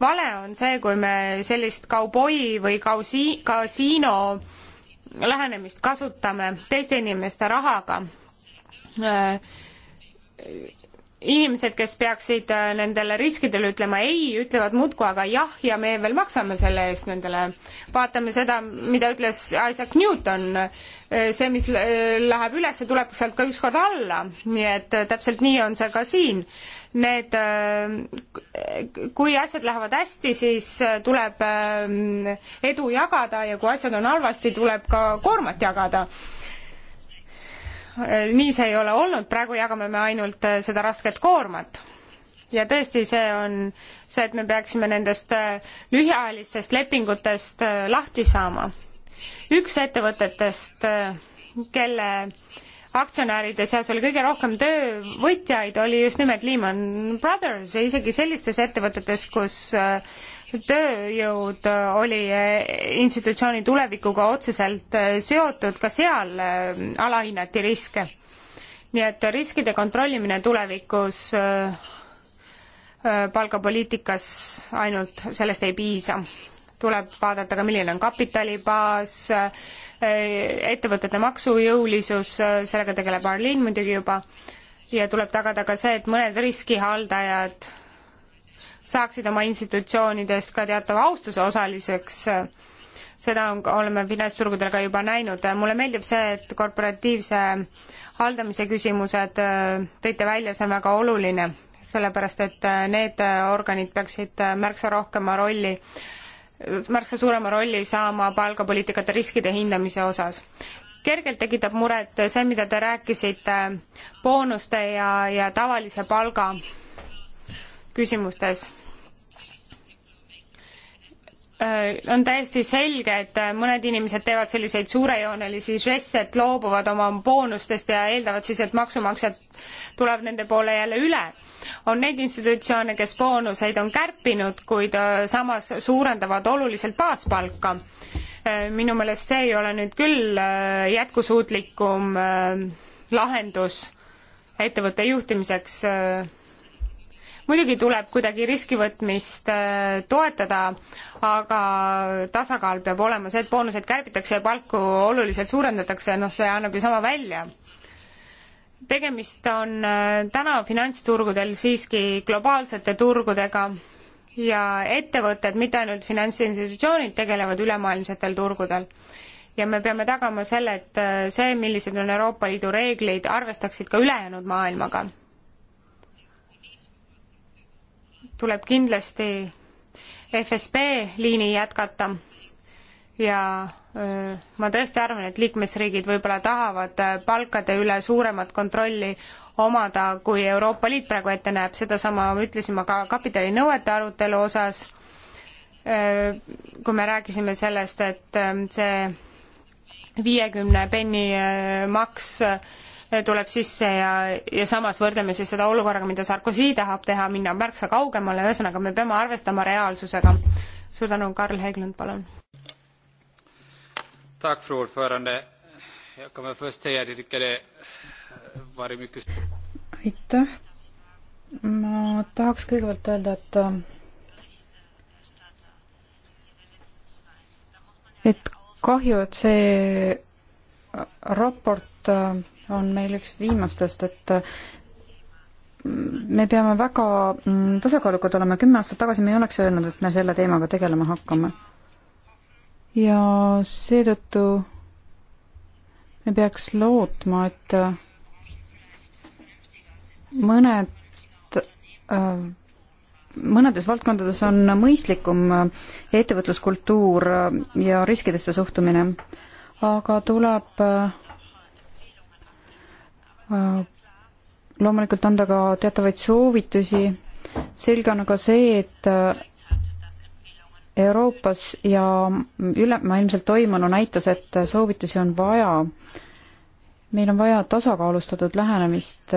A: vale on see, kui me sellist kauboi või kausi-, kasiino äh, lähenemist kasutame teiste inimeste rahaga inimesed, kes peaksid äh, nendele riskidele ütlema ei, ütlevad muudkui aga jah ja me veel maksame selle eest nendele. vaatame seda, mida ütles Isaac Newton, äh, see, mis äh, läheb üles, tuleb sealt ka ükskord alla, nii et täpselt nii on see ka siin. Need, kui asjad lähevad hästi, siis tuleb ähm, edu jagada ja kui asjad on halvasti, tuleb ka koormat jagada Eh, nii see ei ole olnud, praegu jagame me ainult eh, seda rasket koormat. ja tõesti, see on see, et me peaksime nendest eh, lühiajalistest lepingutest lahti saama. üks ettevõtetest, kelle aktsionäride seas oli kõige rohkem töövõtjaid, oli just nimelt Lehman Brothers ja isegi sellistes ettevõtetes, kus tööjõud äh, oli äh, institutsiooni tulevikuga otseselt äh, seotud, ka seal alahinnati riske. nii et riskide kontrollimine tulevikus palgapoliitikas ainult sellest ei piisa tuleb vaadata ka, milline on kapitalibaas, ettevõtete maksujõulisus, sellega tegeleb Arlin muidugi juba, ja tuleb tagada ka see, et mõned riskihaldajad saaksid oma institutsioonides ka teatava austuse osaliseks seda on, oleme finantsturgudel ka juba näinud. mulle meeldib see, et korporatiivse haldamise küsimused äh, tõite välja, see on väga oluline, sellepärast et äh, need äh, organid peaksid märksa rohkema rolli märksa suurema rolli saama palgapoliitikate riskide hindamise osas. kergelt tekitab muret see, mida te rääkisite boonuste ja, ja tavalise palga küsimustes äh, on täiesti selge, et äh, mõned inimesed teevad selliseid suurejoonelisi žeste, et loobuvad oma boonustest ja eeldavad siis, et maksumaksjad tuleb nende poole jälle üle. on neid institutsioone, kes boonuseid on kärpinud, kuid äh, samas suurendavad oluliselt baaspalka. minu meelest see ei ole nüüd küll jätkusuutlikum lahendus ettevõtte juhtimiseks muidugi tuleb kuidagi riskivõtmist äh, toetada, aga tasakaal peab olema see, et boonuseid kärbitakse ja palku oluliselt suurendatakse, noh, see annab ju sama välja. tegemist on äh, täna finantsturgudel siiski globaalsete turgudega ja ettevõtted, mitte ainult finantsinstitutsioonid, tegelevad ülemaailmsetel turgudel ja me peame tagama selle, et äh, see, millised on Euroopa Liidu reeglid, arvestaksid ka ülejäänud maailmaga. tuleb kindlasti FSB liini jätkata ja öö, ma tõesti arvan, et liikmesriigid võib-olla tahavad äh, palkade üle suuremat kontrolli omada, kui Euroopa Liit praegu ette näeb, sedasama ütlesin ma ka kapitalinõuete arutelu osas, kui me rääkisime sellest, et ähm, see viiekümne penni äh, maks tuleb sisse ja, ja samas võrdleme siis seda olukorraga, mida Sarkozy tahab teha, minna märksa kaugemale, ühesõnaga me peame arvestama reaalsusega. suur tänu, Karl Hägglund, palun.
C: aitäh, ma tahaks kõigepealt öelda, et et kahju, et see raport äh, on meil üks viimastest, et mm, me peame väga mm, tasakaalukad olema, kümme aastat tagasi me ei oleks öelnud, et me selle teemaga tegelema hakkame. ja seetõttu me peaks lootma, et äh, mõned äh, mõnedes valdkondades on mõistlikum äh, ettevõtluskultuur ja riskidesse suhtumine, aga tuleb äh, Äh, loomulikult anda ka teatavaid soovitusi. selge on aga see, et äh, Euroopas ja ülemaailmselt toimunu näitas, et soovitusi on vaja. meil on vaja tasakaalustatud lähenemist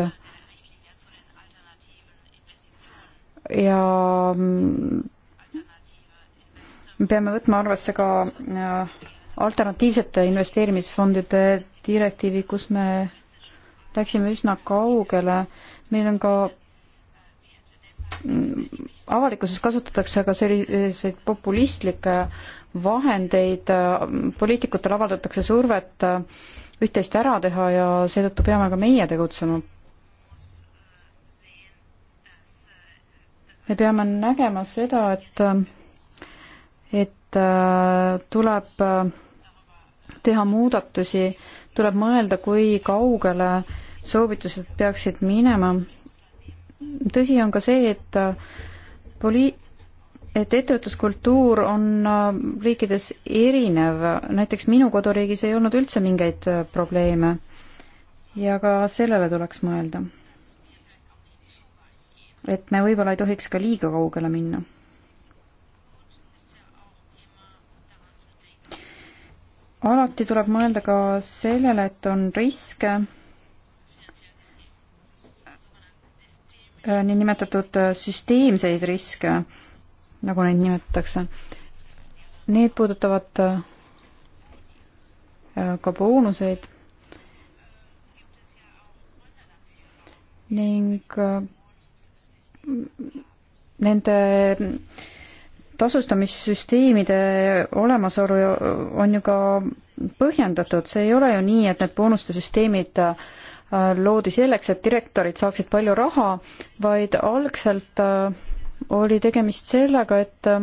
C: ja mm, me peame võtma arvesse ka äh, alternatiivsete investeerimisfondide direktiivi, kus me läksime üsna kaugele. meil on ka mm, avalikkuses kasutatakse ka selliseid populistlikke vahendeid, poliitikutel avaldatakse survet üht-teist ära teha ja seetõttu peame ka meie tegutsema. me peame nägema seda, et, et äh, tuleb äh, teha muudatusi, tuleb mõelda, kui kaugele äh, soovitused peaksid minema. tõsi on ka see, et äh, poli-, et ettevõtluskultuur on äh, riikides erinev, näiteks minu koduriigis ei olnud üldse mingeid äh, probleeme ja ka sellele tuleks mõelda. et me võib-olla ei tohiks ka liiga kaugele minna. alati tuleb mõelda ka sellele, et on riske Äh, niinimetatud äh, süsteemseid riske, nagu neid nimetatakse. Need puudutavad äh, ka boonuseid ning nende tasustamissüsteemide olemasolu on ju ka põhjendatud, see ei ole ju nii, et need boonuste süsteemid äh, Äh, loodi selleks, et direktorid saaksid palju raha, vaid algselt äh, oli tegemist sellega, et äh,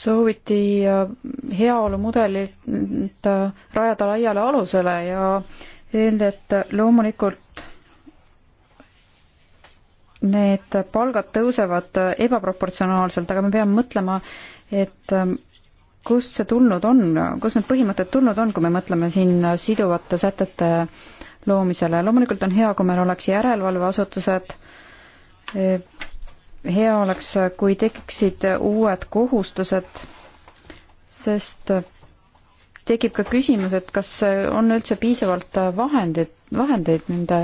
C: sooviti heaolumudelit rajada laiale alusele ja öeldi, et loomulikult need palgad tõusevad ebaproportsionaalselt, aga me peame mõtlema, et kust see tulnud on, kust need põhimõtted tulnud on, kui me mõtleme siin siduvate sätete loomisele, loomulikult on hea, kui meil oleks järelevalveasutused, hea oleks, kui tekiksid uued kohustused, sest tekib ka küsimus, et kas on üldse piisavalt vahendeid, vahendeid nende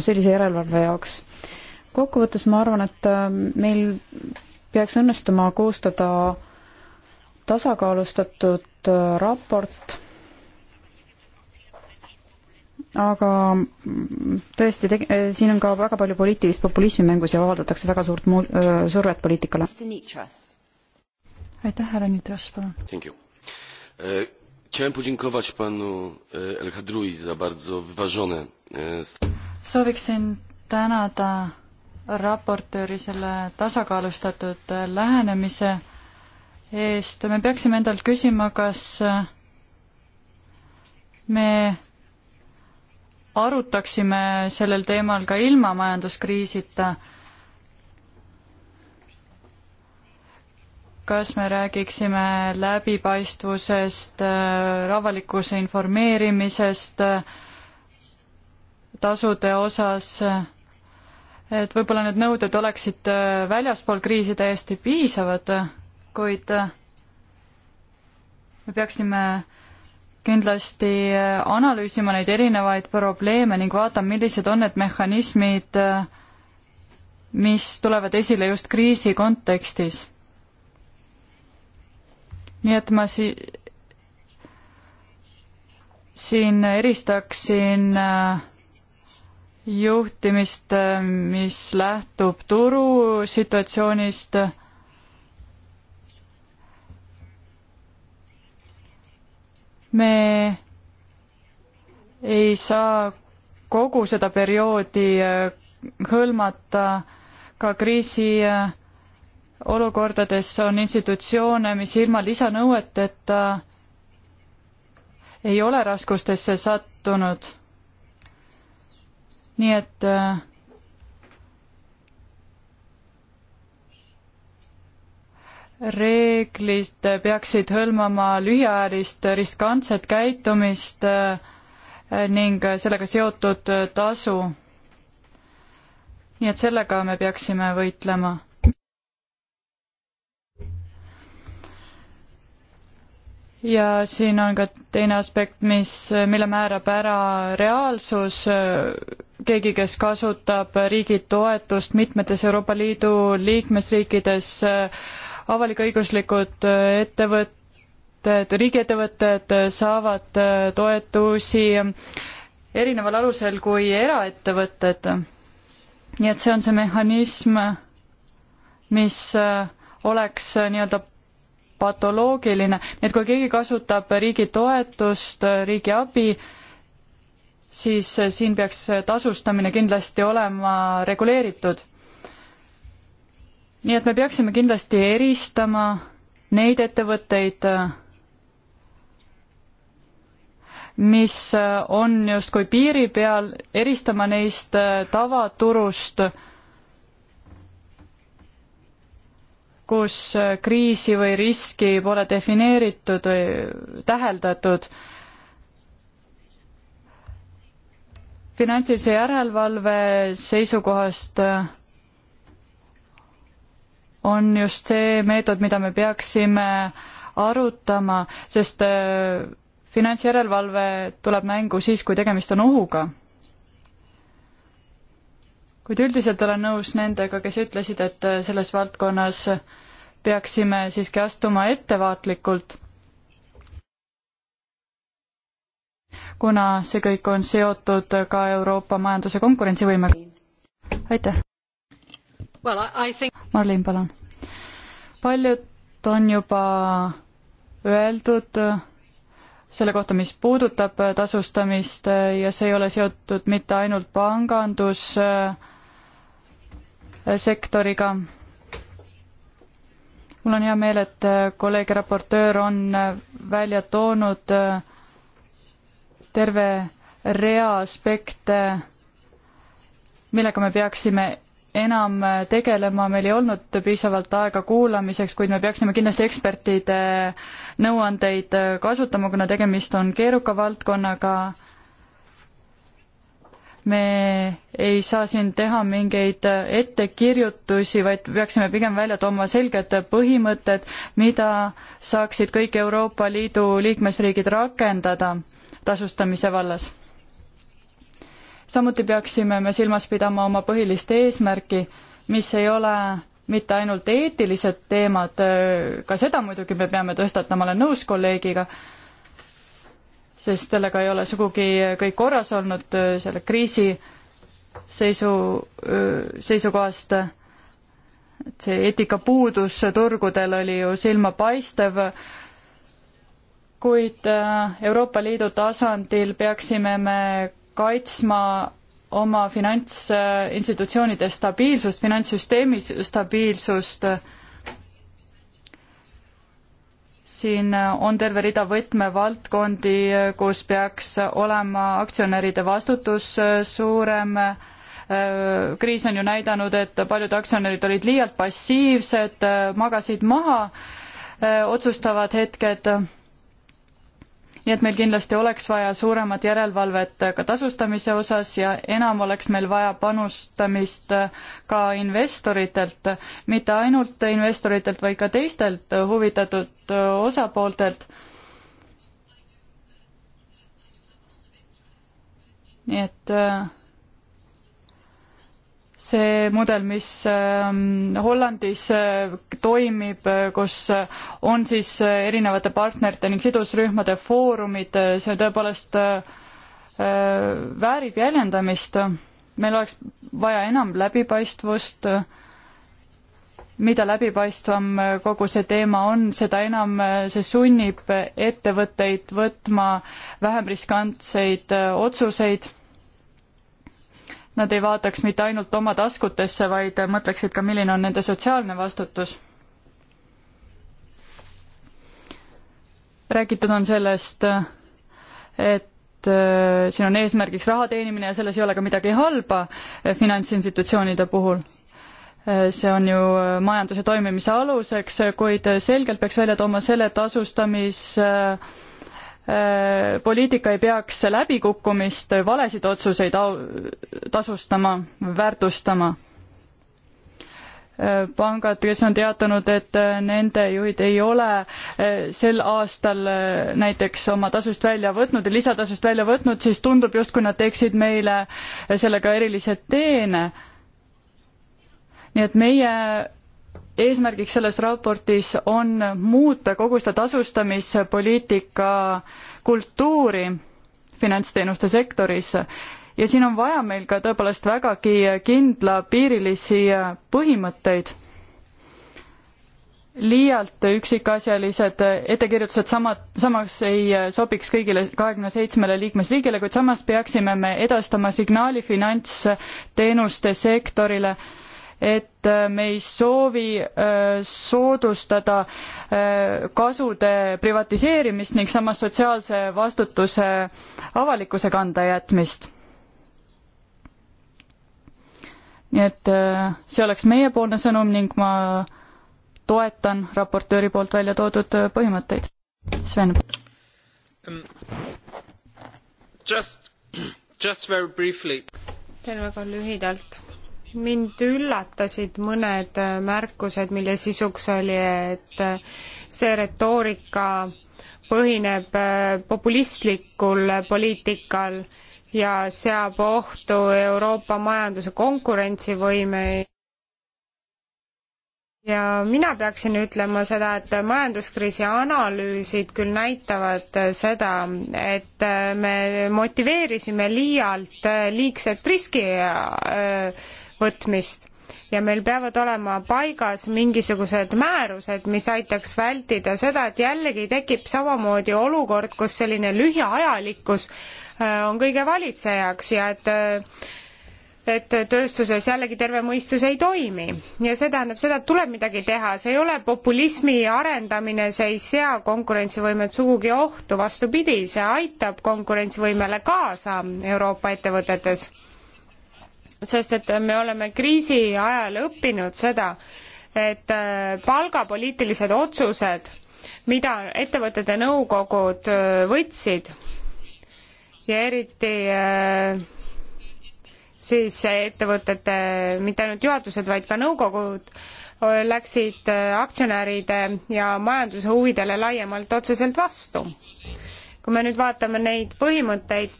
C: sellise järelevalve jaoks. kokkuvõttes ma arvan, et meil peaks õnnestuma koostada tasakaalustatud äh, raport, aga mm, tõesti, äh, siin on ka väga palju poliitilist populismi mängus ja avaldatakse väga suurt mu-, äh, survet poliitikale.
B: aitäh, härra Nitras, palun!
A: E, chciałem podziękować panu e, El Hadrui za bardzo wyważone... E,
B: Sooviksin tänada raportööri selle tasakaalustatud äh, lähenemise eest. me peaksime endalt küsima, kas äh, me arutaksime sellel teemal ka ilma majanduskriisita. kas me räägiksime läbipaistvusest, äh, avalikkuse informeerimisest, tasude osas äh, et võib-olla need nõuded oleksid äh, väljaspool kriisi täiesti piisavad, kuid äh, me peaksime kindlasti äh, analüüsima neid erinevaid probleeme ning vaatama, millised on need mehhanismid, mis tulevad esile just kriisi kontekstis. nii et ma si-, siin eristaksin äh, juhtimist, äh, mis lähtub turusituatsioonist. me ei saa kogu seda perioodi äh, hõlmata ka kriisi äh, olukordades on institutsioone, mis ilma lisanõueteta ei ole raskustesse sattunud nii et äh, reeglid peaksid hõlmama lühiajalist riskantset käitumist äh, ning sellega seotud tasu. nii et sellega me peaksime võitlema ja siin on ka teine aspekt, mis, mille määrab ära reaalsus, keegi, kes kasutab riigi toetust mitmetes Euroopa Liidu liikmesriikides, avalik-õiguslikud ettevõtted, riigiettevõtted saavad toetusi erineval alusel kui eraettevõtted. nii et see on see mehhanism, mis oleks nii-öelda patoloogiline, et kui keegi kasutab riigi toetust, riigi abi, siis eh, siin peaks tasustamine kindlasti olema reguleeritud. nii et me peaksime kindlasti eristama neid ettevõtteid, mis on justkui piiri peal, eristama neist eh, tavaturust kus äh, kriisi või riski pole defineeritud või täheldatud. finantsilise järelevalve seisukohast äh, on just see meetod, mida me peaksime arutama, sest äh, finantsjärelevalve tuleb mängu siis, kui tegemist on ohuga kuid üldiselt olen nõus nendega, kes ütlesid, et äh, selles valdkonnas peaksime siiski astuma ettevaatlikult, kuna see kõik on seotud ka Euroopa majanduse konkurentsivõimega. aitäh well,! Think... Marlin, palun. paljut on juba öeldud äh, selle kohta, mis puudutab äh, tasustamist ja see ei ole seotud mitte ainult pangandus äh, sektoriga. mul on hea meel, et äh, kolleeg raportöör on äh, välja toonud äh, terve rea aspekte, millega me peaksime enam tegelema, meil ei olnud piisavalt aega kuulamiseks, kuid me peaksime kindlasti ekspertide nõuandeid kasutama, kuna tegemist on keeruka valdkonnaga me ei saa siin teha mingeid ettekirjutusi, vaid peaksime pigem välja tooma selged põhimõtted, mida saaksid kõik Euroopa Liidu liikmesriigid rakendada tasustamise vallas. samuti peaksime me silmas pidama oma põhilist eesmärki, mis ei ole mitte ainult eetilised teemad, ka seda muidugi me peame tõstatama, olen nõus kolleegiga, sest sellega ei ole sugugi kõik korras olnud selle kriisi seisu, seisukohast. et see eetikapuudus turgudel oli ju silmapaistev, kuid äh, Euroopa Liidu tasandil peaksime me kaitsma oma finantsinstitutsioonide stabiilsust, finantssüsteemi stabiilsust, stabiilsust siin on terve rida võtmevaldkondi, kus peaks olema aktsionäride vastutus äh, suurem. Äh, kriis on ju näidanud, et paljud aktsionärid olid liialt passiivsed, äh, magasid maha otsustavad hetked nii et meil kindlasti oleks vaja suuremat järelevalvet ka tasustamise osas ja enam oleks meil vaja panustamist ka investoritelt, mitte ainult investoritelt, vaid ka teistelt huvitatud osapooltelt. nii et äh, see mudel, mis ähm, Hollandis äh, toimib, äh, kus äh, on siis erinevate partnerite ning sidusrühmade foorumid, see tõepoolest väärib jäljendamist. meil oleks vaja enam läbipaistvust, mida läbipaistvam kogu see teema on, seda enam see sunnib ettevõtteid võtma vähem riskantseid otsuseid nad ei vaataks mitte ainult oma taskutesse, vaid mõtleksid ka, milline on nende sotsiaalne vastutus. räägitud on sellest, et äh, siin on eesmärgiks raha teenimine ja selles ei ole ka midagi halba äh, finantsinstitutsioonide puhul äh, see on ju majanduse toimimise aluseks, kuid selgelt peaks välja tooma selle tasustamis äh, Äh, poliitika ei peaks läbikukkumist, valesid otsuseid tasustama, väärtustama. Äh, pangad, kes on teatanud, et äh, nende juhid ei ole sel aastal näiteks oma tasust välja võtnud, lisatasust välja võtnud, siis tundub justkui nad teeksid meile sellega erilise teene. nii et meie eesmärgiks selles raportis on muuta kogu seda tasustamispoliitika kultuuri finantsteenuste sektoris ja siin on vaja meil ka tõepoolest vägagi kindlapiirilisi põhimõtteid. liialt üksikasjalised ettekirjutused sama, samas ei sobiks kõigile kahekümne seitsmele liikmesriigile, kuid samas peaksime me edastama signaali finantsteenuste sektorile äh, et äh, me ei soovi äh, soodustada äh, kasude privatiseerimist ning samas sotsiaalse vastutuse avalikkuse kanda jätmist nii et see oleks meiepoolne sõnum ning ma toetan raportööri poolt välja toodud põhimõtteid. Sven. Um,
A: just, just very briefly. teen väga lühidalt mind üllatasid mõned äh, märkused, mille sisuks oli, et äh, see retoorika põhineb äh, populistlikul poliitikal ja seab ohtu Euroopa majanduse konkurentsivõime. ja mina peaksin ütlema seda, et majanduskriisi analüüsid küll näitavad seda, et me motiveerisime liialt liigset riski äh, võtmist ja meil peavad olema paigas mingisugused määrused, mis aitaks vältida seda, et jällegi tekib samamoodi olukord, kus selline lühiajalikkus äh, on kõige valitsejaks ja et äh, et tööstuses jällegi terve mõistus ei toimi ja see tähendab seda, et tuleb midagi teha, see ei ole populismi arendamine, see ei sea konkurentsivõimet sugugi ohtu, vastupidi, see aitab konkurentsivõimele kaasa Euroopa ettevõtetes sest et me oleme kriisi ajal õppinud seda, et äh, palgapoliitilised otsused, mida ettevõtete nõukogud äh, võtsid ja eriti äh, siis ettevõtete, mitte ainult juhatused, vaid ka nõukogud, läksid aktsionäride ja majanduse huvidele laiemalt otseselt vastu. kui me nüüd vaatame neid põhimõtteid,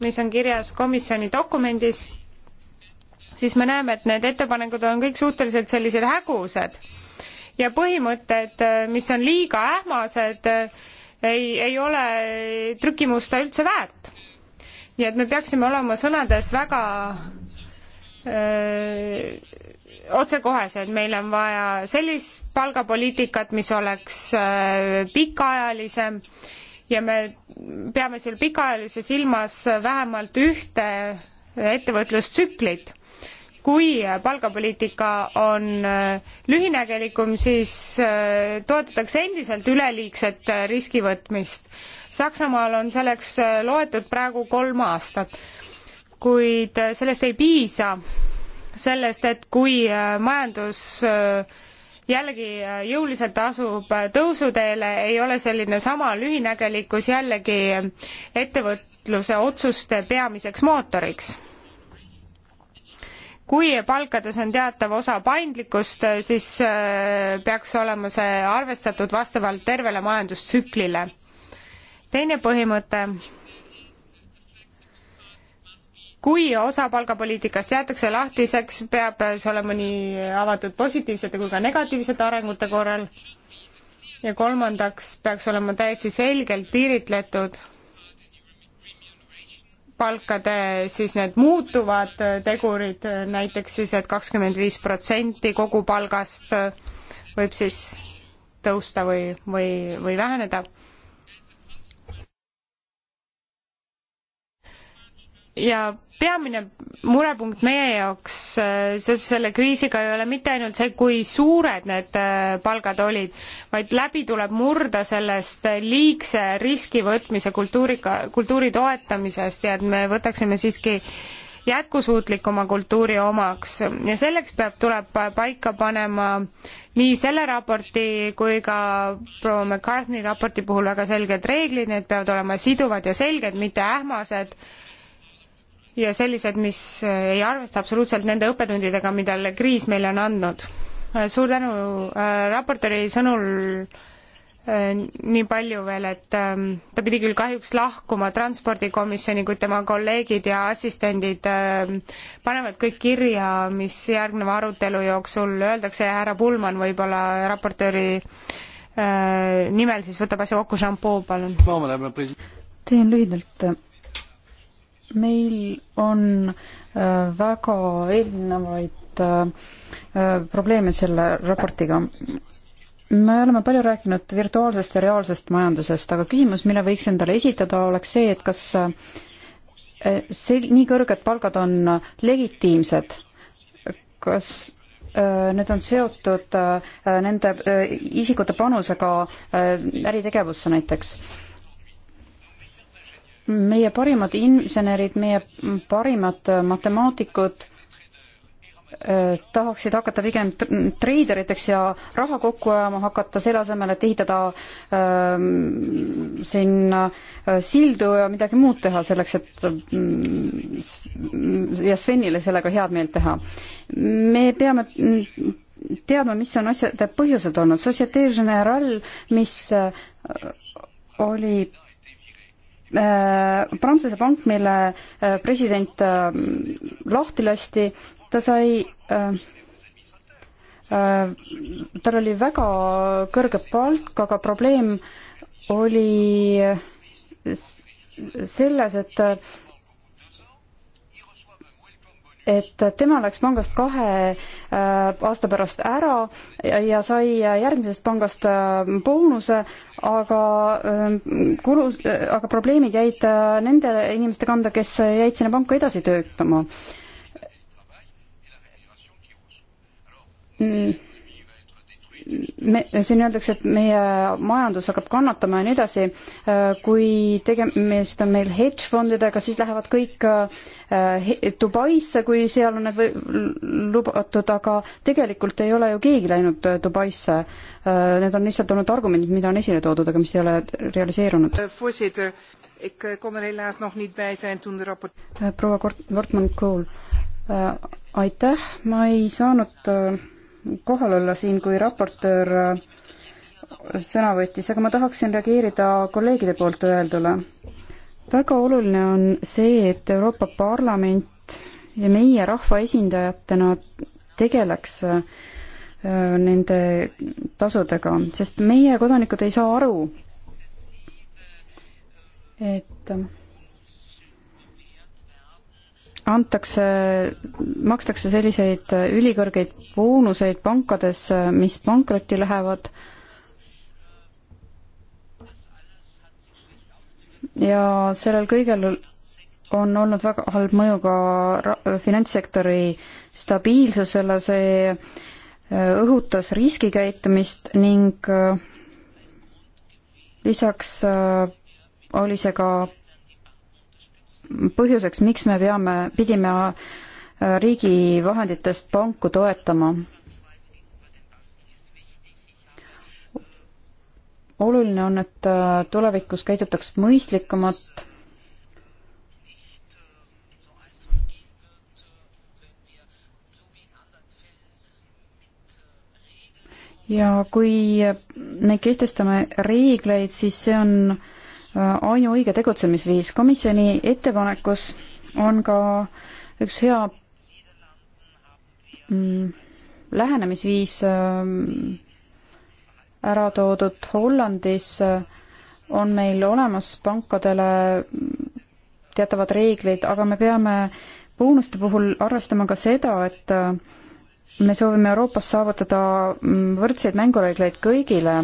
A: mis on kirjas komisjoni dokumendis, siis me näeme, et need ettepanekud on kõik suhteliselt sellised hägused ja põhimõtted, mis on liiga ähmased, ei, ei ole trükimusta üldse väärt. nii et me peaksime olema sõnades väga öö, otsekohesed, meil on vaja sellist palgapoliitikat, mis oleks öö, pikaajalisem ja me peame seal pikaajalise silmas vähemalt ühte ettevõtlustsüklit. kui palgapoliitika on äh, lühinägelikum, siis äh, toetatakse endiselt üleliigset äh, riskivõtmist. Saksamaal on selleks loetud praegu kolm aastat, kuid sellest ei piisa, sellest, et kui majandus äh, jällegi äh, jõuliselt asub äh, tõusuteele, ei ole selline sama lühinägelikkus jällegi äh, ettevõtluse otsuste peamiseks mootoriks. kui palkades on teatav osa paindlikkust, siis peaks olema see arvestatud vastavalt tervele majandustsüklile. teine põhimõte kui osa palgapoliitikast jäetakse lahtiseks, peab see olema nii avatud positiivsete kui ka negatiivsete arengute korral. ja kolmandaks peaks olema täiesti selgelt piiritletud palkade siis need muutuvad tegurid, näiteks siis et, et kakskümmend viis protsenti kogu palgast võib siis tõusta või, või, või väheneda ja peamine murepunkt meie jaoks äh, seoses selle kriisiga ei ole mitte ainult see, kui suured need äh, palgad olid, vaid läbi tuleb murda sellest liigse riski võtmise kultuuriga, kultuuri toetamisest ja et me võtaksime siiski jätkusuutlikuma kultuuri omaks ja selleks peab, tuleb paika panema nii selle raporti kui ka proua McCartney raporti puhul väga selged reeglid, need peavad olema siduvad ja selged, mitte ähmased ja sellised, mis ei arvesta absoluutselt nende õppetundidega, mida kriis meile on andnud. suur tänu äh, raportööri sõnul äh, nii palju veel, et ähm, ta pidi küll kahjuks lahkuma transpordikomisjoni, kuid tema kolleegid ja assistendid ähm, panevad kõik kirja, mis järgneva arutelu jooksul öeldakse ja härra Pullmann võib-olla raportööri äh, nimel siis võtab asja kokku, Jean-Paul, palun.
C: teen lühidalt meil on äh, väga erinevaid äh, äh, probleeme selle raportiga. me oleme palju rääkinud virtuaalsest ja reaalsest majandusest, aga küsimus, mille võiks endale esitada, oleks see, et kas see, nii kõrged palgad on legitiimsed, kas need on seotud nende isikute panusega äritegevusse näiteks meie parimad insenerid, meie parimad matemaatikud äh, tahaksid hakata pigem treideriteks ja raha kokku ajama hakata, selle asemel, et ehitada äh, siin äh, sildu ja midagi muud teha selleks, et äh, ja Svenile sellega head meelt teha. me peame teadma, mis on asjade põhjused olnud. Societe Generale, mis äh, oli Äh, Prantsuse pank, mille äh, president äh, lahti lasti, ta sai tal oli väga kõrge palk, aga probleem oli selles, et et tema läks pangast kahe äh, aasta pärast ära ja sai järgmisest pangast äh, boonuse, aga ähm, kulus, äh, aga probleemid jäid nende inimeste kanda, kes jäid sinna panka edasi töötama mm me, siin öeldakse, et meie majandus hakkab kannatama ja nii edasi, kui tegemist on meil hedge fondidega, siis lähevad kõik eh, Dubaisse, kui seal on need lubatud, aga tegelikult ei ole ju keegi läinud eh, Dubaisse. Eh, need on lihtsalt olnud argumendid, mida on esile toodud, aga mis ei ole realiseerunud. Er proua Kort-, Wortmann-Kool, aitäh, ma ei saanud kohal olla siin, kui raportöör äh, sõna võttis, aga ma tahaksin reageerida kolleegide poolt öeldule. väga oluline on see, et Euroopa Parlament ja meie rahvaesindajatena tegeleks äh, nende tasudega, sest meie kodanikud ei saa aru, et antakse, makstakse selliseid ülikõrgeid boonuseid pankades, mis pankrotti lähevad. ja sellel kõigel on olnud väga halb mõju ka finantssektori stabiilsusele, see äh, õhutas riskikäitumist ning äh, lisaks äh, oli see ka põhjuseks, miks me peame, pidime äh, riigi vahenditest panku toetama. oluline on, et äh, tulevikus käidutaks mõistlikumat ja kui me kehtestame reegleid, siis see on äh, ainuõige tegutsemisviis. komisjoni ettepanekus on ka üks hea mm, lähenemisviis äh, ära toodud Hollandis äh, on meil olemas pankadele mm, teatavad reeglid, aga me peame boonuste puhul arvestama ka seda, et äh, me soovime Euroopas saavutada mm, võrdseid mängureegleid kõigile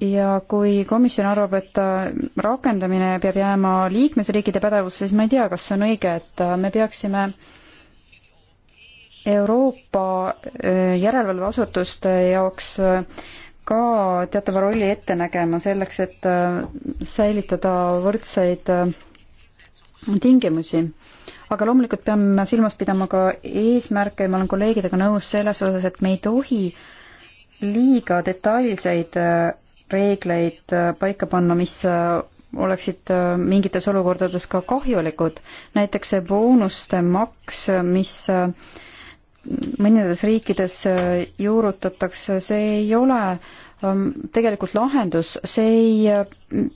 C: ja kui komisjon arvab, et äh, rakendamine peab jääma liikmesriikide pädevusse, siis ma ei tea, kas see on õige, et äh, me peaksime Euroopa äh, järelevalveasutuste jaoks ka teatava rolli ette nägema selleks, et säilitada võrdseid tingimusi aga loomulikult peame silmas pidama ka eesmärke ja ma olen kolleegidega nõus selles osas, et me ei tohi liiga detailseid reegleid äh, paika panna, mis äh, oleksid äh, mingites olukordades ka kahjulikud, näiteks see boonuste maks, mis mõnedes riikides juurutatakse, see ei ole ähm, tegelikult lahendus, see ei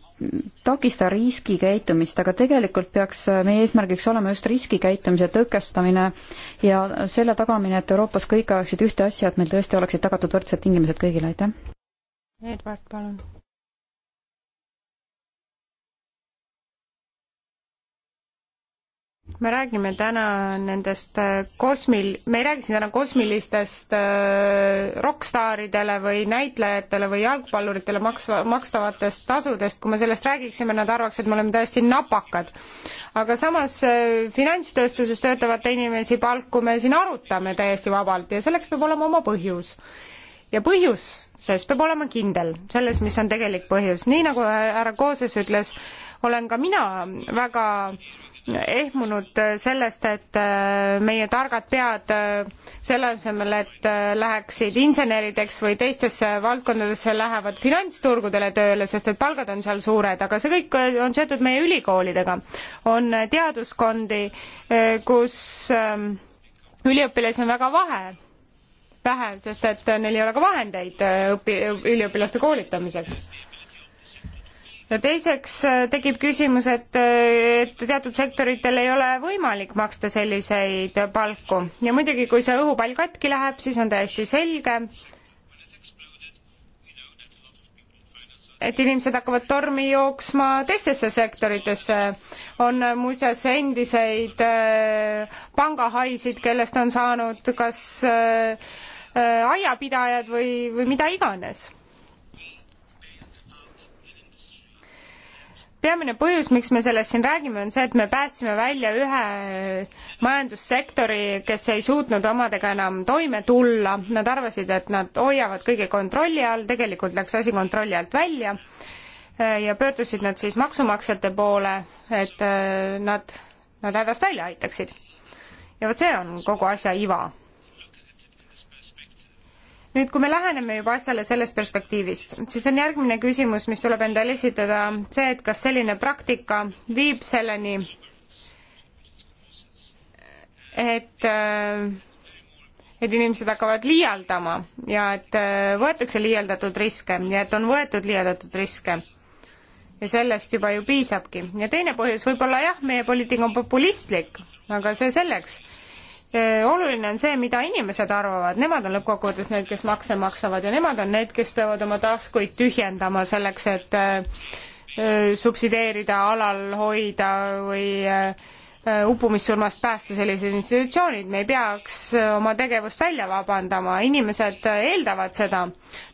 C: takista riskikäitumist, aga tegelikult peaks meie eesmärgiks olema just riskikäitumise tõkestamine ja selle tagamine, et Euroopas kõik ajaksid ühte asja, et meil tõesti oleksid tagatud võrdsed tingimused kõigile, aitäh!
A: Edward, palun. me räägime täna nendest äh, kosmil-, me ei räägi siin täna kosmilistest äh, rokkstaaridele või näitlejatele või jalgpalluritele maksva, makstavatest tasudest, kui me sellest räägiksime, nad arvaks, et me oleme täiesti napakad. aga samas äh, finantstööstuses töötavate inimesi palku me siin arutame täiesti vabalt ja selleks peab olema oma põhjus ja põhjus, sest peab olema kindel selles, mis on tegelik põhjus. nii nagu härra Kooses ütles, olen ka mina väga ehmunud sellest, et äh, meie targad pead äh, selle asemel, et äh, läheksid insenerideks või teistesse valdkondadesse, lähevad finantsturgudele tööle, sest et palgad on seal suured, aga see kõik on seotud meie ülikoolidega. on teaduskondi, kus ähm, üliõpilasi on väga vahe pähe, sest et neil ei ole ka vahendeid äh, õpi-, üliõpilaste koolitamiseks. ja teiseks äh, tekib küsimus, et, äh, et teatud sektoritel ei ole võimalik maksta selliseid palku ja muidugi, kui see õhupall katki läheb, siis on täiesti selge, et inimesed hakkavad tormi jooksma teistesse sektoritesse. on muuseas endiseid äh, pangahaisid, kellest on saanud kas äh, Äh, aiapidajad või, või mida iganes. peamine põhjus, miks me sellest siin räägime, on see, et me päästsime välja ühe majandussektori, kes ei suutnud omadega enam toime tulla, nad arvasid, et nad hoiavad kõige kontrolli all, tegelikult läks asi kontrolli alt välja äh, ja pöördusid nad siis maksumaksjate poole, et äh, nad, nad hädast välja aitaksid. ja vot see on kogu asja iva nüüd, kui me läheneme juba asjale sellest perspektiivist, siis on järgmine küsimus, mis tuleb endale esitada, see, et kas selline praktika viib selleni, et äh, et inimesed hakkavad liialdama ja et äh, võetakse liialdatud riske ja et on võetud liialdatud riske. ja sellest juba ju piisabki. ja teine põhjus, võib-olla jah, meie poliitika on populistlik, aga see selleks Äh, oluline on see, mida inimesed arvavad, nemad on lõppkokkuvõttes need, kes makse maksavad ja nemad on need, kes peavad oma taskuid tühjendama selleks, et äh, äh, subsideerida, alal hoida või uppumissurmast päästa sellised institutsioonid, me ei peaks oma tegevust välja vabandama, inimesed eeldavad seda,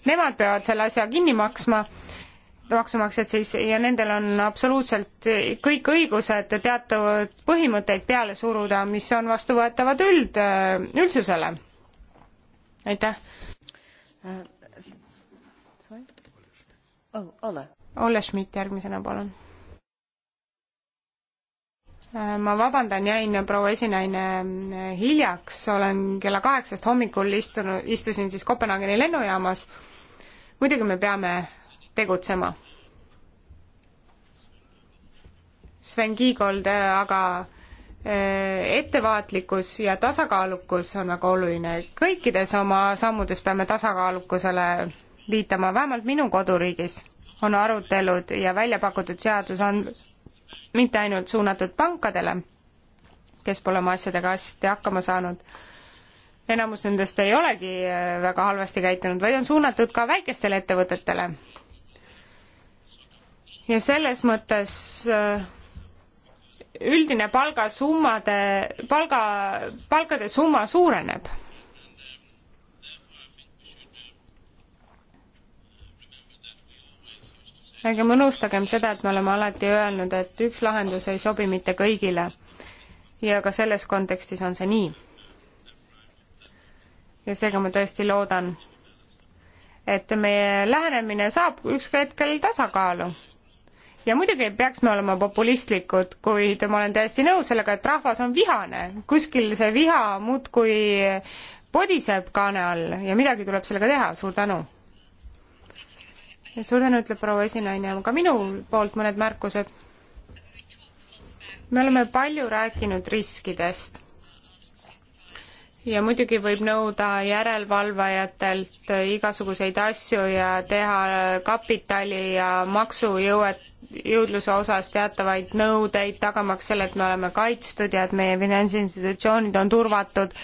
A: nemad peavad selle asja kinni maksma maksumaksjad siis ja nendel on absoluutselt kõik õigused teatavad põhimõtteid peale suruda, mis on vastuvõetavad üld, üldsusele. aitäh.
C: Äh, oh,
A: Olle Schmidt järgmisena, palun. Äh, ma vabandan, jäin proua esinaine äh, hiljaks, olen kella kaheksast hommikul istunud, istusin siis Kopenhaageni lennujaamas. muidugi me peame tegutsema. Sven Kiigold aga äh, ettevaatlikkus ja tasakaalukus on väga oluline. kõikides oma sammudes peame tasakaalukusele viitama, vähemalt minu koduriigis on arutelud ja välja pakutud seadusandlus mitte ainult suunatud pankadele, kes pole oma asjadega hästi hakkama saanud, enamus nendest ei olegi äh, väga halvasti käitunud, vaid on suunatud ka väikestele ettevõtetele, ja selles mõttes äh, üldine palgasummade, palga, palkade summa suureneb. ärgem unustagem seda, et me oleme alati öelnud, et üks lahendus ei sobi mitte kõigile. ja ka selles kontekstis on see nii. ja seega ma tõesti loodan, et meie lähenemine saab ükskõik hetkel tasakaalu ja muidugi ei peaks me olema populistlikud, kuid ma olen täiesti nõus sellega, et rahvas on vihane, kuskil see viha muudkui podiseb kaane all ja midagi tuleb sellega teha, suur tänu. suur tänu, ütleb proua esinaine, ka minu poolt mõned märkused. me oleme palju rääkinud riskidest ja muidugi võib nõuda järelevalvajatelt igasuguseid asju ja teha kapitali ja maksujõuet jõudluse osas teatavaid nõudeid, tagamaks selle, et me oleme kaitstud ja et meie finantsinstitutsioonid on turvatud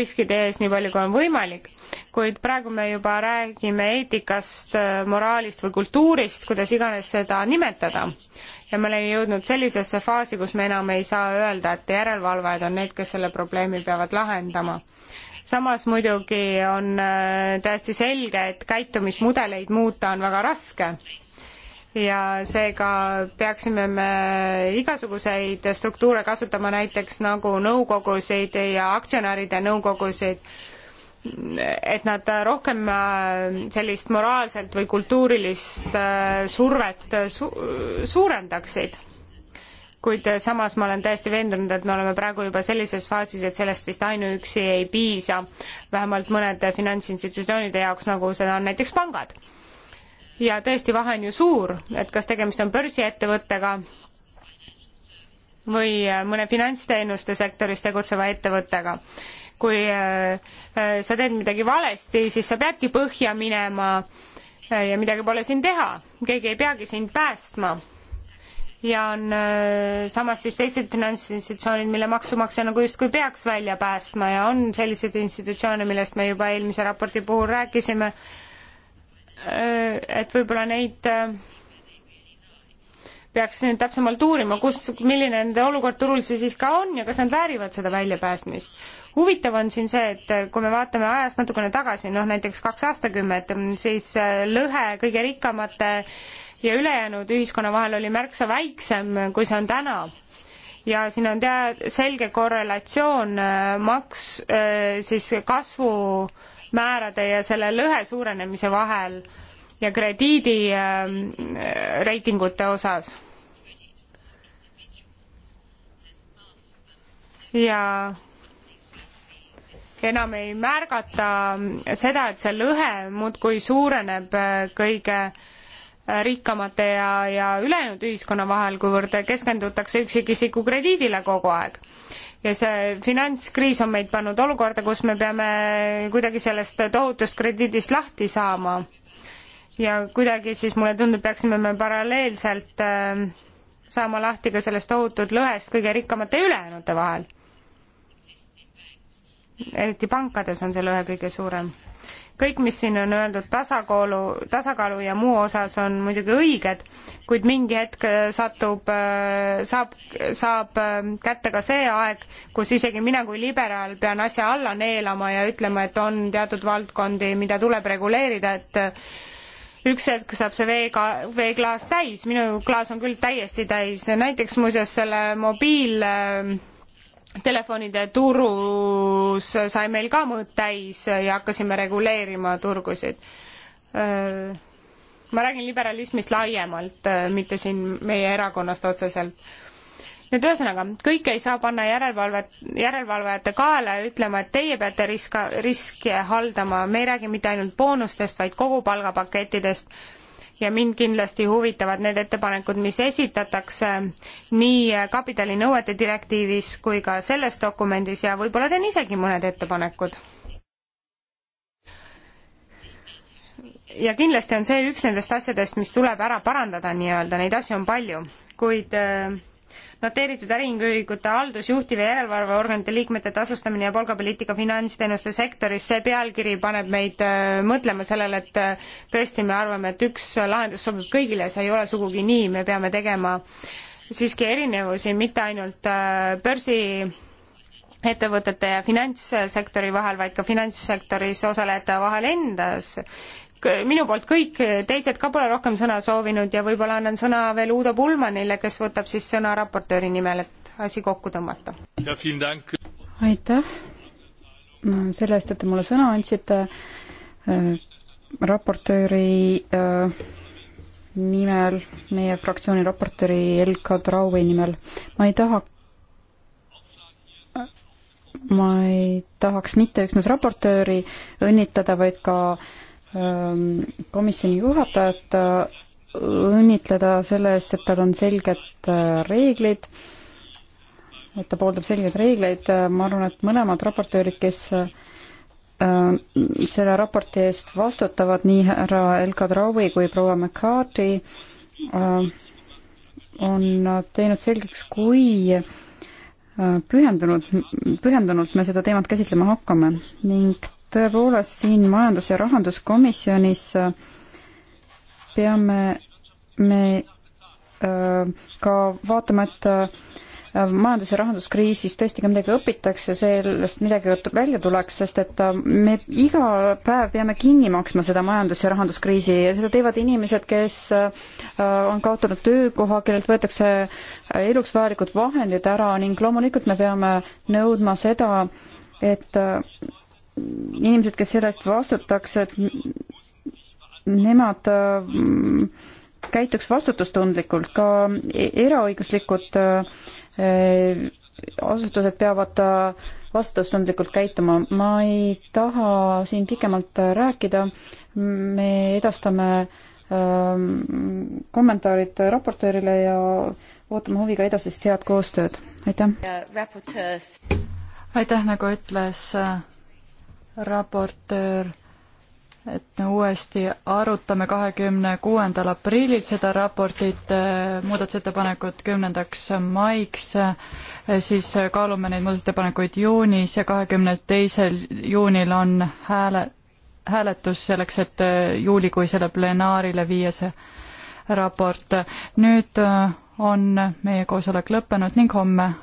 A: riskide ees nii palju, kui on võimalik. kuid praegu me juba räägime eetikast, moraalist või kultuurist, kuidas iganes seda nimetada. ja me oleme jõudnud sellisesse faasi, kus me enam ei saa öelda, et järelevalvajad on need, kes selle probleemi peavad lahendama samas muidugi on äh, täiesti selge, et käitumismudeleid muuta on väga raske ja seega peaksime me igasuguseid struktuure kasutama, näiteks nagu nõukogusid ja aktsionäride nõukogusid, et nad rohkem äh, sellist moraalset või kultuurilist äh, survet su suurendaksid. kuid samas ma olen täiesti veendunud, et me oleme praegu juba sellises faasis, et sellest vist ainuüksi ei piisa, vähemalt mõnede finantsinstitutsioonide jaoks, nagu seda on näiteks pangad ja tõesti, vahe on ju suur, et kas tegemist on börsiettevõttega või äh, mõne finantsteenuste sektoris tegutseva ettevõttega. kui äh, äh, sa teed midagi valesti, siis sa peadki põhja minema ja midagi pole siin teha, keegi ei peagi sind päästma ja on samas siis teised finantsinstitutsioonid, mille maksumaksja nagu justkui peaks välja päästma ja on selliseid institutsioone, millest me juba eelmise raporti puhul rääkisime, Äh, et võib-olla neid äh, peaks nüüd täpsemalt uurima, kus, milline nende olukord turul see siis ka on ja kas nad väärivad seda väljapäästmist. huvitav on siin see, et äh, kui me vaatame ajas natukene tagasi, noh näiteks kaks aastakümmet, mm, siis lõhe kõige rikkamate ja ülejäänud ühiskonna vahel oli märksa väiksem, kui see on täna ja siin on tea-, selge korrelatsioon maks, siis kasvu äh, määrade ja selle lõhe suurenemise vahel ja krediidireitingute ähm, äh, osas. ja enam ei märgata seda, et see lõhe muudkui suureneb äh, kõige äh, rikkamate ja, ja ülejäänud ühiskonna vahel, kuivõrd keskendutakse üksikisiku krediidile kogu aeg ja see finantskriis on meid pannud olukorda, kus me peame kuidagi sellest tohutust krediidist lahti saama. ja kuidagi siis mulle tundub, peaksime me paralleelselt ähm, saama lahti ka sellest tohutud lõhest kõige rikkamate ülejäänute vahel. eriti pankades on see lõhe kõige suurem kõik, mis siin on öeldud tasakaalu, tasakaalu ja muu osas on muidugi õiged, kuid mingi hetk äh, satub, äh, saab, saab äh, kätte ka see aeg, kus isegi mina kui liberaal pean asja alla neelama ja ütlema, et on teatud valdkondi, mida tuleb reguleerida, et üks hetk saab see veega, veeklaas täis, minu klaas on küll täiesti täis, näiteks muuseas selle mobiil äh, telefonide turus sai meil ka mõõt täis ja hakkasime reguleerima turgusid. Äh, ma räägin liberalismist laiemalt, äh, mitte siin meie erakonnast otseselt. nüüd ühesõnaga, kõike ei saa panna järelevalvet, järelevalvajate kaela ja ütlema, et teie peate riska, riske haldama, me ei räägi mitte ainult boonustest, vaid kogu palgapakettidest ja mind kindlasti huvitavad need ettepanekud, mis esitatakse nii kapitalinõuete direktiivis kui ka selles dokumendis ja võib-olla teen isegi mõned ettepanekud. ja kindlasti on see üks nendest asjadest, mis tuleb ära parandada nii-öelda, neid asju on palju, kuid äh, noteeritud äriühingute haldusjuhtiv ja järelevalveorganite liikmete tasustamine ja palgapoliitika finantsteenuste sektoris, see pealkiri paneb meid äh, mõtlema sellele, et äh, tõesti, me arvame, et üks lahendus sobib kõigile, see ei ole sugugi nii, me peame tegema siiski erinevusi mitte ainult äh, börsi ettevõtete ja finantssektori vahel, vaid ka finantssektoris osalejate vahel endas minu poolt kõik, teised ka pole rohkem sõna soovinud ja võib-olla annan sõna veel Uudo Pulmanile, kes võtab siis sõna raportööri nimel, et asi kokku tõmmata. aitäh
C: selle eest, et te mulle sõna andsite. Äh, raportööri äh, nimel, meie fraktsiooni raportööri Elka Traui nimel, ma ei taha ma ei tahaks mitte üksnes raportööri õnnitleda, vaid ka äh, Ähm, komisjoni juhatajat äh, õnnitleda selle eest, et tal on selged äh, reeglid, et ta pooldab selgeid reegleid, ma arvan, et mõlemad raportöörid, kes äh, selle raporti eest vastutavad, nii härra Elka Traui kui proua McCarthy, on teinud selgeks, kui pühendunud, pühendunult me seda teemat käsitlema hakkame ning tõepoolest siin majandus- ja rahanduskomisjonis äh, peame me äh, ka vaatama, et äh, majandus- ja rahanduskriisis tõesti ka midagi õpitakse, sellest midagi välja tuleks, sest et me iga päev peame kinni maksma seda majandus- ja rahanduskriisi ja seda teevad inimesed, kes on kaotanud töökoha, kellelt võetakse eluks vajalikud vahendid ära ning loomulikult me peame nõudma seda, et inimesed, kes selle eest vastutaks, et nemad mm, käituks vastutustundlikult, ka e-, eraõiguslikud e, asutused peavad äh, vastutustundlikult käituma. ma ei taha siin pikemalt rääkida, me edastame ähm, kommentaarid raportöörile ja ootame huviga edasist head koostööd, aitäh!
B: aitäh, nagu ütles äh, raportöör, et me uuesti arutame kahekümne kuuendal aprillil seda raportit, eh, muudatusettepanekud kümnendaks maiks, eh, siis kaalume neid muudatusettepanekuid juunis ja kahekümne teisel juunil on hääle, hääletus selleks, et eh, juulikuisele plenaarile viia see raport. nüüd on meie koosolek lõppenud ning homme